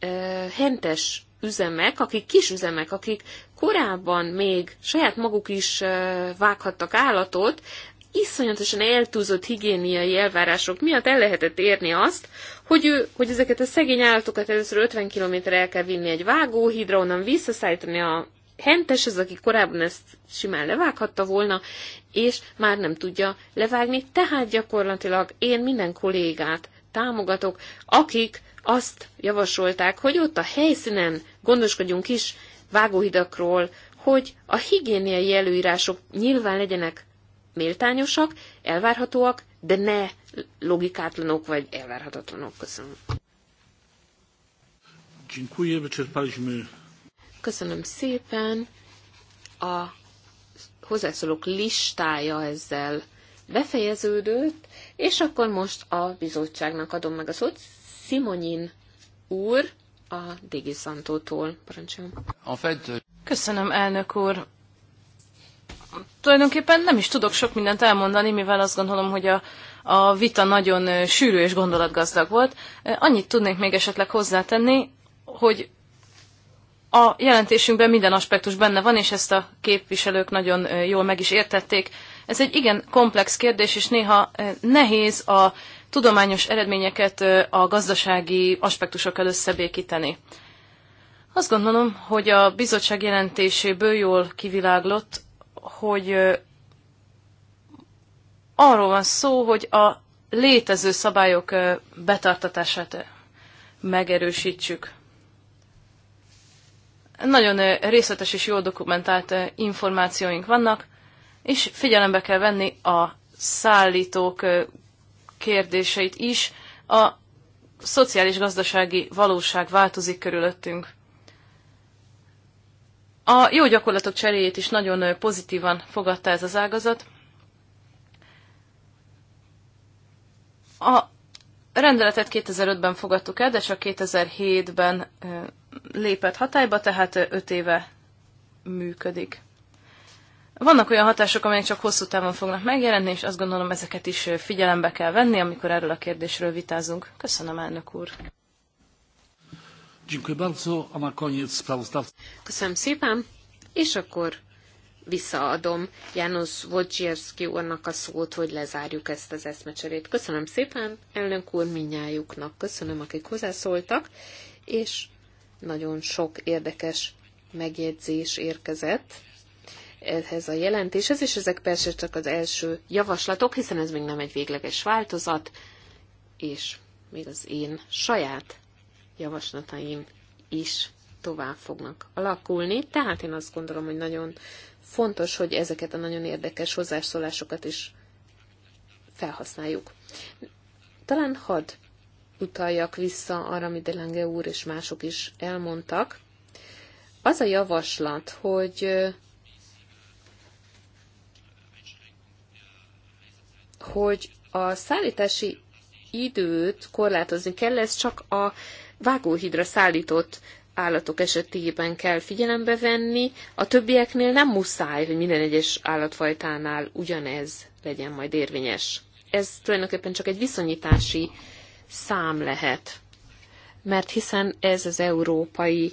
ö, hentes üzemek, akik kis üzemek, akik korábban még saját maguk is ö, vághattak állatot, iszonyatosan eltúzott higiéniai elvárások miatt el lehetett érni azt, hogy, ő, hogy ezeket a szegény állatokat először 50 km el kell vinni egy vágóhídra, onnan visszaszállítani a hentes az, aki korábban ezt simán levághatta volna, és már nem tudja levágni, tehát gyakorlatilag én minden kollégát támogatok, akik azt javasolták, hogy ott a helyszínen gondoskodjunk is vágóhidakról, hogy a higiéniai előírások nyilván legyenek méltányosak, elvárhatóak, de ne logikátlanok vagy elvárhatatlanok. Köszönöm. Dziękuję. Wyczerpaliśmy Köszönöm szépen. A hozzászólók listája ezzel befejeződött, és akkor most a bizottságnak adom meg a szót. Simonin úr a Digisantótól. Parancsoljon. Euh, Köszönöm, elnök úr. Tulajdonképpen nem is tudok sok mindent elmondani, mivel azt gondolom, hogy a, a vita nagyon sűrű és gondolatgazdag volt. Annyit tudnék még esetleg hozzátenni, hogy a jelentésünkben minden aspektus benne van, és ezt a képviselők nagyon jól meg is értették. Ez egy igen komplex kérdés, és néha nehéz a tudományos eredményeket a gazdasági aspektusokkal összebékíteni. Azt gondolom, hogy a bizottság jelentéséből jól kiviláglott, hogy arról van szó, hogy a létező szabályok betartatását megerősítsük. Nagyon részletes és jól dokumentált információink vannak, és figyelembe kell venni a szállítók kérdéseit is. A szociális-gazdasági valóság változik körülöttünk. A jó gyakorlatok cseréjét is nagyon pozitívan fogadta ez az ágazat. A rendeletet 2005-ben fogadtuk el, de csak 2007-ben lépett hatályba, tehát 5 éve működik. Vannak olyan hatások, amelyek csak hosszú távon fognak megjelenni, és azt gondolom ezeket is figyelembe kell venni, amikor erről a kérdésről vitázunk. Köszönöm, elnök úr! Köszönöm szépen, és akkor visszaadom János Wojcierski úrnak a szót, hogy lezárjuk ezt az eszmecserét. Köszönöm szépen, elnök úr, minnyájuknak köszönöm, akik hozzászóltak, és nagyon sok érdekes megjegyzés érkezett ehhez a jelentéshez, és ezek persze csak az első javaslatok, hiszen ez még nem egy végleges változat, és még az én saját javaslataim is tovább fognak alakulni. Tehát én azt gondolom, hogy nagyon fontos, hogy ezeket a nagyon érdekes hozzászólásokat is felhasználjuk. Talán hadd utaljak vissza arra, amit Delange úr és mások is elmondtak. Az a javaslat, hogy hogy a szállítási időt korlátozni kell, ez csak a vágóhidra szállított állatok esetében kell figyelembe venni, a többieknél nem muszáj, hogy minden egyes állatfajtánál ugyanez legyen majd érvényes. Ez tulajdonképpen csak egy viszonyítási szám lehet. Mert hiszen ez az európai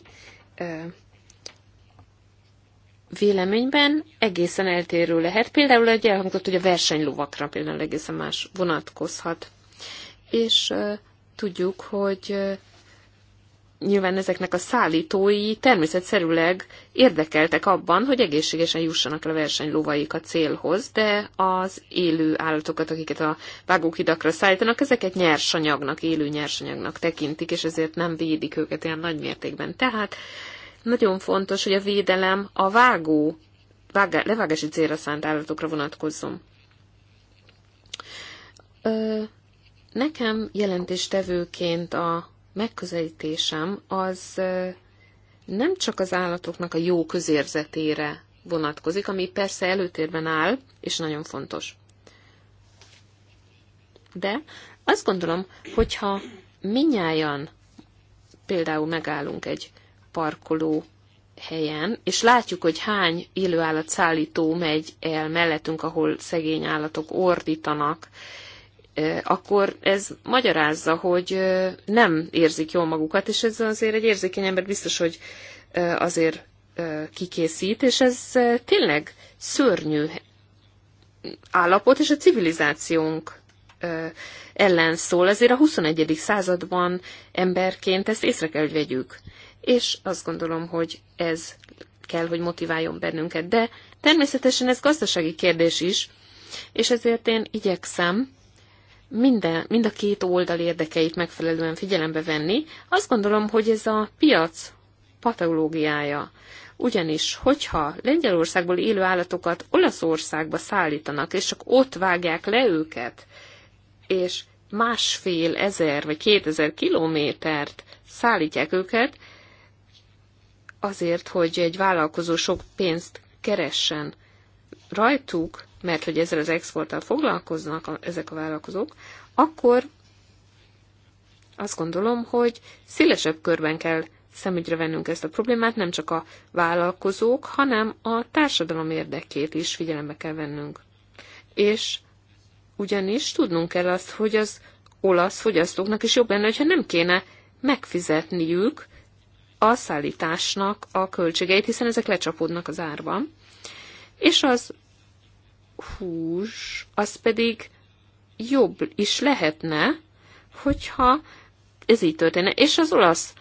véleményben egészen eltérő lehet. Például egy elhangzott, hogy a versenylovakra például egészen más vonatkozhat. És tudjuk, hogy nyilván ezeknek a szállítói természetszerűleg érdekeltek abban, hogy egészségesen jussanak el a versenylóvaik a célhoz, de az élő állatokat, akiket a vágókidakra szállítanak, ezeket nyersanyagnak, élő nyersanyagnak tekintik, és ezért nem védik őket ilyen nagy mértékben. Tehát nagyon fontos, hogy a védelem a vágó, vágá, levágási célra szánt állatokra vonatkozzon. Ö, nekem jelentéstevőként a megközelítésem az nem csak az állatoknak a jó közérzetére vonatkozik, ami persze előtérben áll, és nagyon fontos. De azt gondolom, hogyha minnyáján például megállunk egy parkoló helyen, és látjuk, hogy hány élőállatszállító megy el mellettünk, ahol szegény állatok ordítanak, akkor ez magyarázza, hogy nem érzik jól magukat, és ez azért egy érzékeny ember biztos, hogy azért kikészít, és ez tényleg szörnyű állapot, és a civilizációnk ellen szól, ezért a 21. században emberként ezt észre kell, hogy vegyük. És azt gondolom, hogy ez kell, hogy motiváljon bennünket. De természetesen ez gazdasági kérdés is, és ezért én igyekszem minden, mind a két oldal érdekeit megfelelően figyelembe venni, azt gondolom, hogy ez a piac patológiája. Ugyanis, hogyha Lengyelországból élő állatokat Olaszországba szállítanak, és csak ott vágják le őket, és másfél ezer vagy kétezer kilométert szállítják őket, azért, hogy egy vállalkozó sok pénzt keressen rajtuk, mert hogy ezzel az exporttal foglalkoznak a, ezek a vállalkozók, akkor azt gondolom, hogy szélesebb körben kell szemügyre vennünk ezt a problémát, nem csak a vállalkozók, hanem a társadalom érdekét is figyelembe kell vennünk. És ugyanis tudnunk kell azt, hogy az olasz fogyasztóknak is jobb lenne, hogyha nem kéne megfizetniük a szállításnak a költségeit, hiszen ezek lecsapódnak az árban. És az hús, az pedig jobb is lehetne, hogyha ez így történne. És az olasz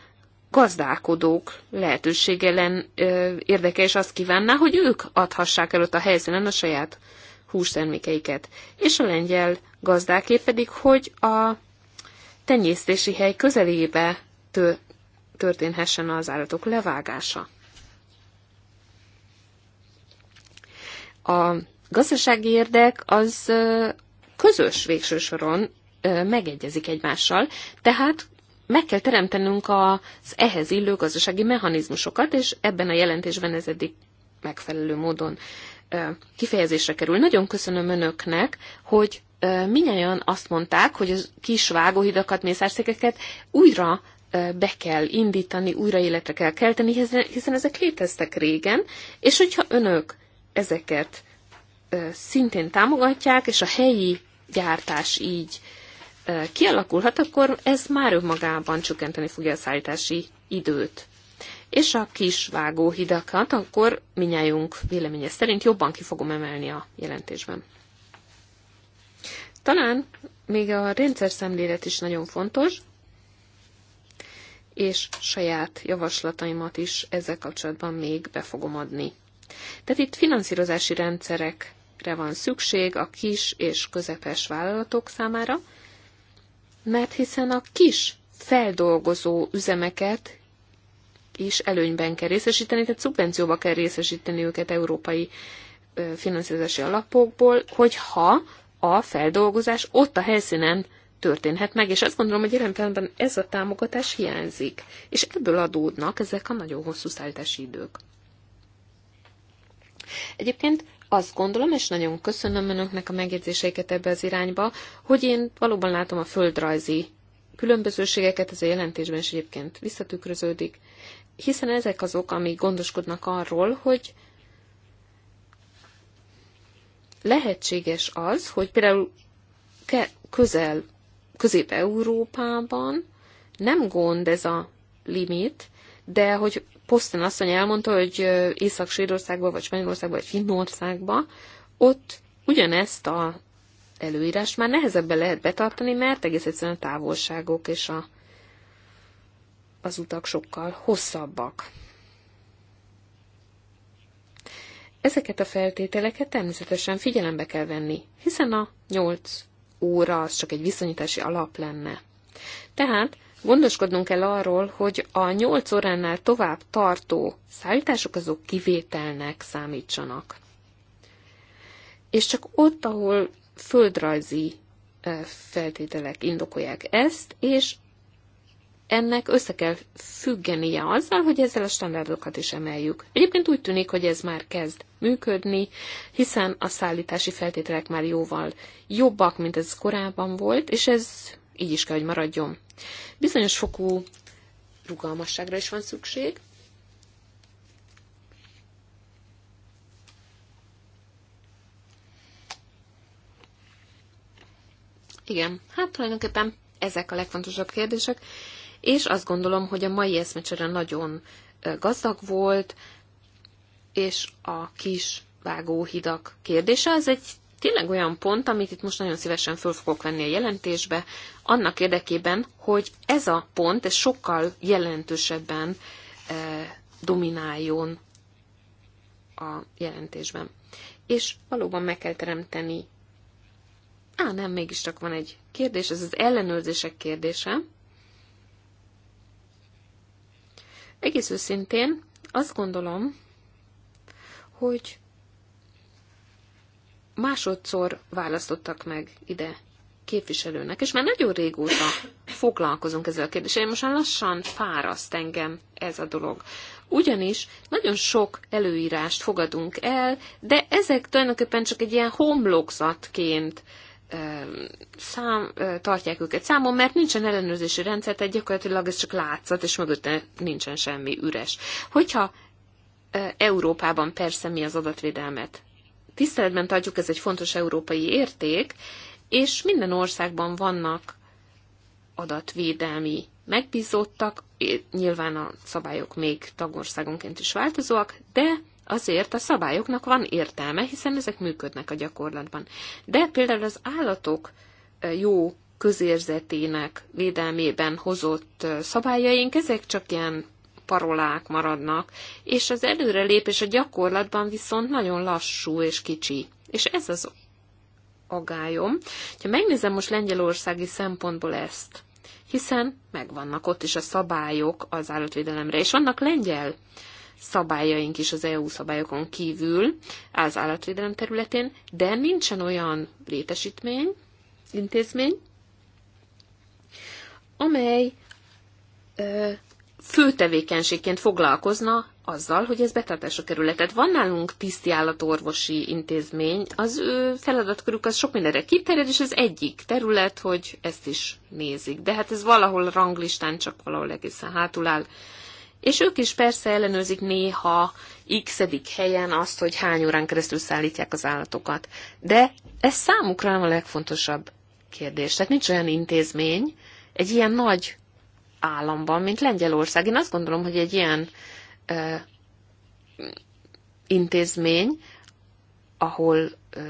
gazdálkodók lehetősége len, ö, érdeke, és azt kívánná, hogy ők adhassák el ott a helyszínen a saját hústermékeiket. És a lengyel gazdáké pedig, hogy a tenyésztési hely közelébe tő, történhessen az állatok levágása. A gazdasági érdek az közös végső soron megegyezik egymással, tehát meg kell teremtenünk az ehhez illő gazdasági mechanizmusokat, és ebben a jelentésben ez eddig megfelelő módon kifejezésre kerül. Nagyon köszönöm önöknek, hogy minnyáján azt mondták, hogy a kis vágóhidakat, mészárszékeket újra be kell indítani, újra életre kell kelteni, hiszen ezek léteztek régen, és hogyha önök ezeket szintén támogatják, és a helyi gyártás így kialakulhat, akkor ez már önmagában csökkenteni fogja a szállítási időt. És a kis vágóhidakat akkor minnyájunk véleménye szerint jobban ki fogom emelni a jelentésben. Talán még a rendszer szemlélet is nagyon fontos, és saját javaslataimat is ezzel kapcsolatban még be fogom adni. Tehát itt finanszírozási rendszerek szerepre van szükség a kis és közepes vállalatok számára, mert hiszen a kis feldolgozó üzemeket is előnyben kell részesíteni, tehát szubvencióba kell részesíteni őket európai finanszírozási alapokból, hogyha a feldolgozás ott a helyszínen történhet meg, és azt gondolom, hogy jelen pillanatban ez a támogatás hiányzik, és ebből adódnak ezek a nagyon hosszú szállítási idők. Egyébként azt gondolom, és nagyon köszönöm önöknek a megjegyzéseiket ebbe az irányba, hogy én valóban látom a földrajzi különbözőségeket, ez a jelentésben is egyébként visszatükröződik, hiszen ezek azok, amik gondoskodnak arról, hogy lehetséges az, hogy például közel, Közép-Európában nem gond ez a limit, de hogy Poszten asszony elmondta, hogy észak svédországban vagy Spanyolországban, vagy Finnországba, ott ugyanezt a előírás már nehezebben lehet betartani, mert egész egyszerűen a távolságok és a, az utak sokkal hosszabbak. Ezeket a feltételeket természetesen figyelembe kell venni, hiszen a 8 óra az csak egy viszonyítási alap lenne. Tehát gondoskodnunk kell arról, hogy a 8 óránál tovább tartó szállítások azok kivételnek számítsanak. És csak ott, ahol földrajzi feltételek indokolják ezt, és ennek össze kell függenie azzal, hogy ezzel a standardokat is emeljük. Egyébként úgy tűnik, hogy ez már kezd működni, hiszen a szállítási feltételek már jóval jobbak, mint ez korábban volt, és ez így is kell, hogy maradjon. Bizonyos fokú rugalmasságra is van szükség, Igen, hát tulajdonképpen ezek a legfontosabb kérdések, és azt gondolom, hogy a mai eszmecsere nagyon gazdag volt, és a kis vágóhidak kérdése az egy tényleg olyan pont, amit itt most nagyon szívesen föl fogok venni a jelentésbe, annak érdekében, hogy ez a pont, ez sokkal jelentősebben eh, domináljon a jelentésben. És valóban meg kell teremteni. Á, nem, mégiscsak van egy kérdés, ez az ellenőrzések kérdése. Egész őszintén azt gondolom, hogy másodszor választottak meg ide képviselőnek, és már nagyon régóta foglalkozunk ezzel a kérdéssel. Most már lassan fáraszt engem ez a dolog. Ugyanis nagyon sok előírást fogadunk el, de ezek tulajdonképpen csak egy ilyen homlokzatként szám, tartják őket számon, mert nincsen ellenőrzési rendszer, tehát gyakorlatilag ez csak látszat, és mögötte nincsen semmi üres. Hogyha Európában persze mi az adatvédelmet tiszteletben tartjuk, ez egy fontos európai érték, és minden országban vannak adatvédelmi megbízottak, nyilván a szabályok még tagországonként is változóak, de azért a szabályoknak van értelme, hiszen ezek működnek a gyakorlatban. De például az állatok jó közérzetének védelmében hozott szabályaink, ezek csak ilyen parolák maradnak, és az előrelépés a gyakorlatban viszont nagyon lassú és kicsi. És ez az agályom. Ha megnézem most lengyelországi szempontból ezt, hiszen megvannak ott is a szabályok az állatvédelemre, és vannak lengyel szabályaink is az EU szabályokon kívül az állatvédelem területén, de nincsen olyan létesítmény, intézmény, amely ö, fő tevékenységként foglalkozna azzal, hogy ez betartásra kerül. Tehát van nálunk állatorvosi intézmény, az ő feladatkörük az sok mindenre kiterjed, és ez egyik terület, hogy ezt is nézik. De hát ez valahol ranglistán csak valahol egészen hátul áll. És ők is persze ellenőrzik néha x helyen azt, hogy hány órán keresztül szállítják az állatokat. De ez számukra nem a legfontosabb kérdés. Tehát nincs olyan intézmény, egy ilyen nagy államban, mint Lengyelország. Én azt gondolom, hogy egy ilyen ö, intézmény, ahol ö,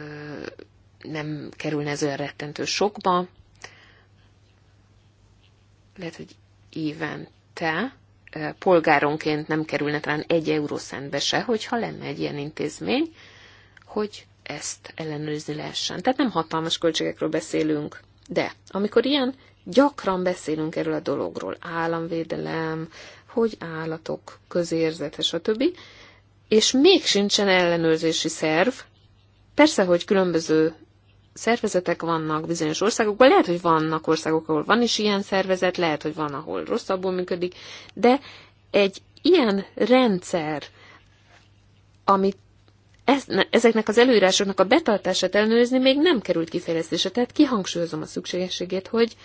nem kerülne ez olyan rettentő sokba, lehet, hogy évente ö, polgáronként nem kerülne talán egy eurószentbe se, hogyha lenne egy ilyen intézmény, hogy ezt ellenőrizni lehessen. Tehát nem hatalmas költségekről beszélünk, de amikor ilyen gyakran beszélünk erről a dologról, államvédelem, hogy állatok közérzete, stb. És még sincsen ellenőrzési szerv. Persze, hogy különböző szervezetek vannak bizonyos országokban, lehet, hogy vannak országok, ahol van is ilyen szervezet, lehet, hogy van, ahol rosszabbul működik, de egy ilyen rendszer, amit ezeknek az előírásoknak a betartását ellenőrizni még nem került kifejlesztésre. Tehát kihangsúlyozom a szükségességét, hogy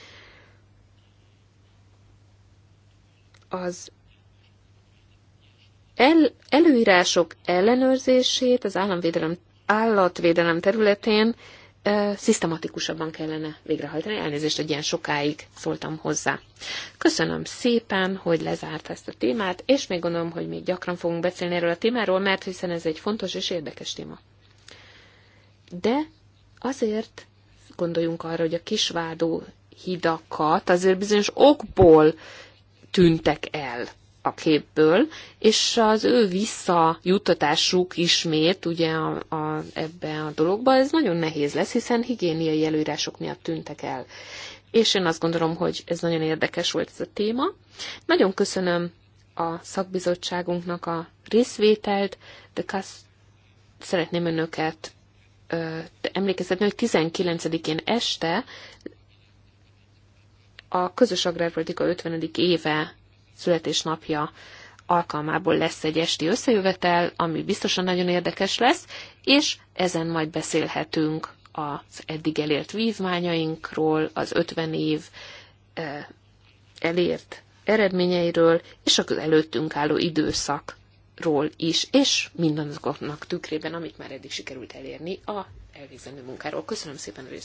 az el, előírások ellenőrzését az államvédelem, állatvédelem területén ö, szisztematikusabban kellene végrehajtani. Elnézést, hogy ilyen sokáig szóltam hozzá. Köszönöm szépen, hogy lezárt ezt a témát, és még gondolom, hogy még gyakran fogunk beszélni erről a témáról, mert hiszen ez egy fontos és érdekes téma. De azért gondoljunk arra, hogy a kisvádó hidakat azért bizonyos okból tűntek el a képből, és az ő visszajuttatásuk ismét ugye a, a, ebbe a dologba, ez nagyon nehéz lesz, hiszen higiéniai előírások miatt tűntek el. És én azt gondolom, hogy ez nagyon érdekes volt ez a téma. Nagyon köszönöm a szakbizottságunknak a részvételt, de kasz, szeretném önöket ö, emlékeztetni, hogy 19-én este a közös agrárpolitika 50. éve születésnapja alkalmából lesz egy esti összejövetel, ami biztosan nagyon érdekes lesz, és ezen majd beszélhetünk az eddig elért vívmányainkról, az 50 év eh, elért eredményeiről, és az előttünk álló időszakról is, és mindazoknak tükrében, amit már eddig sikerült elérni a elvégzendő munkáról. Köszönöm szépen, hogy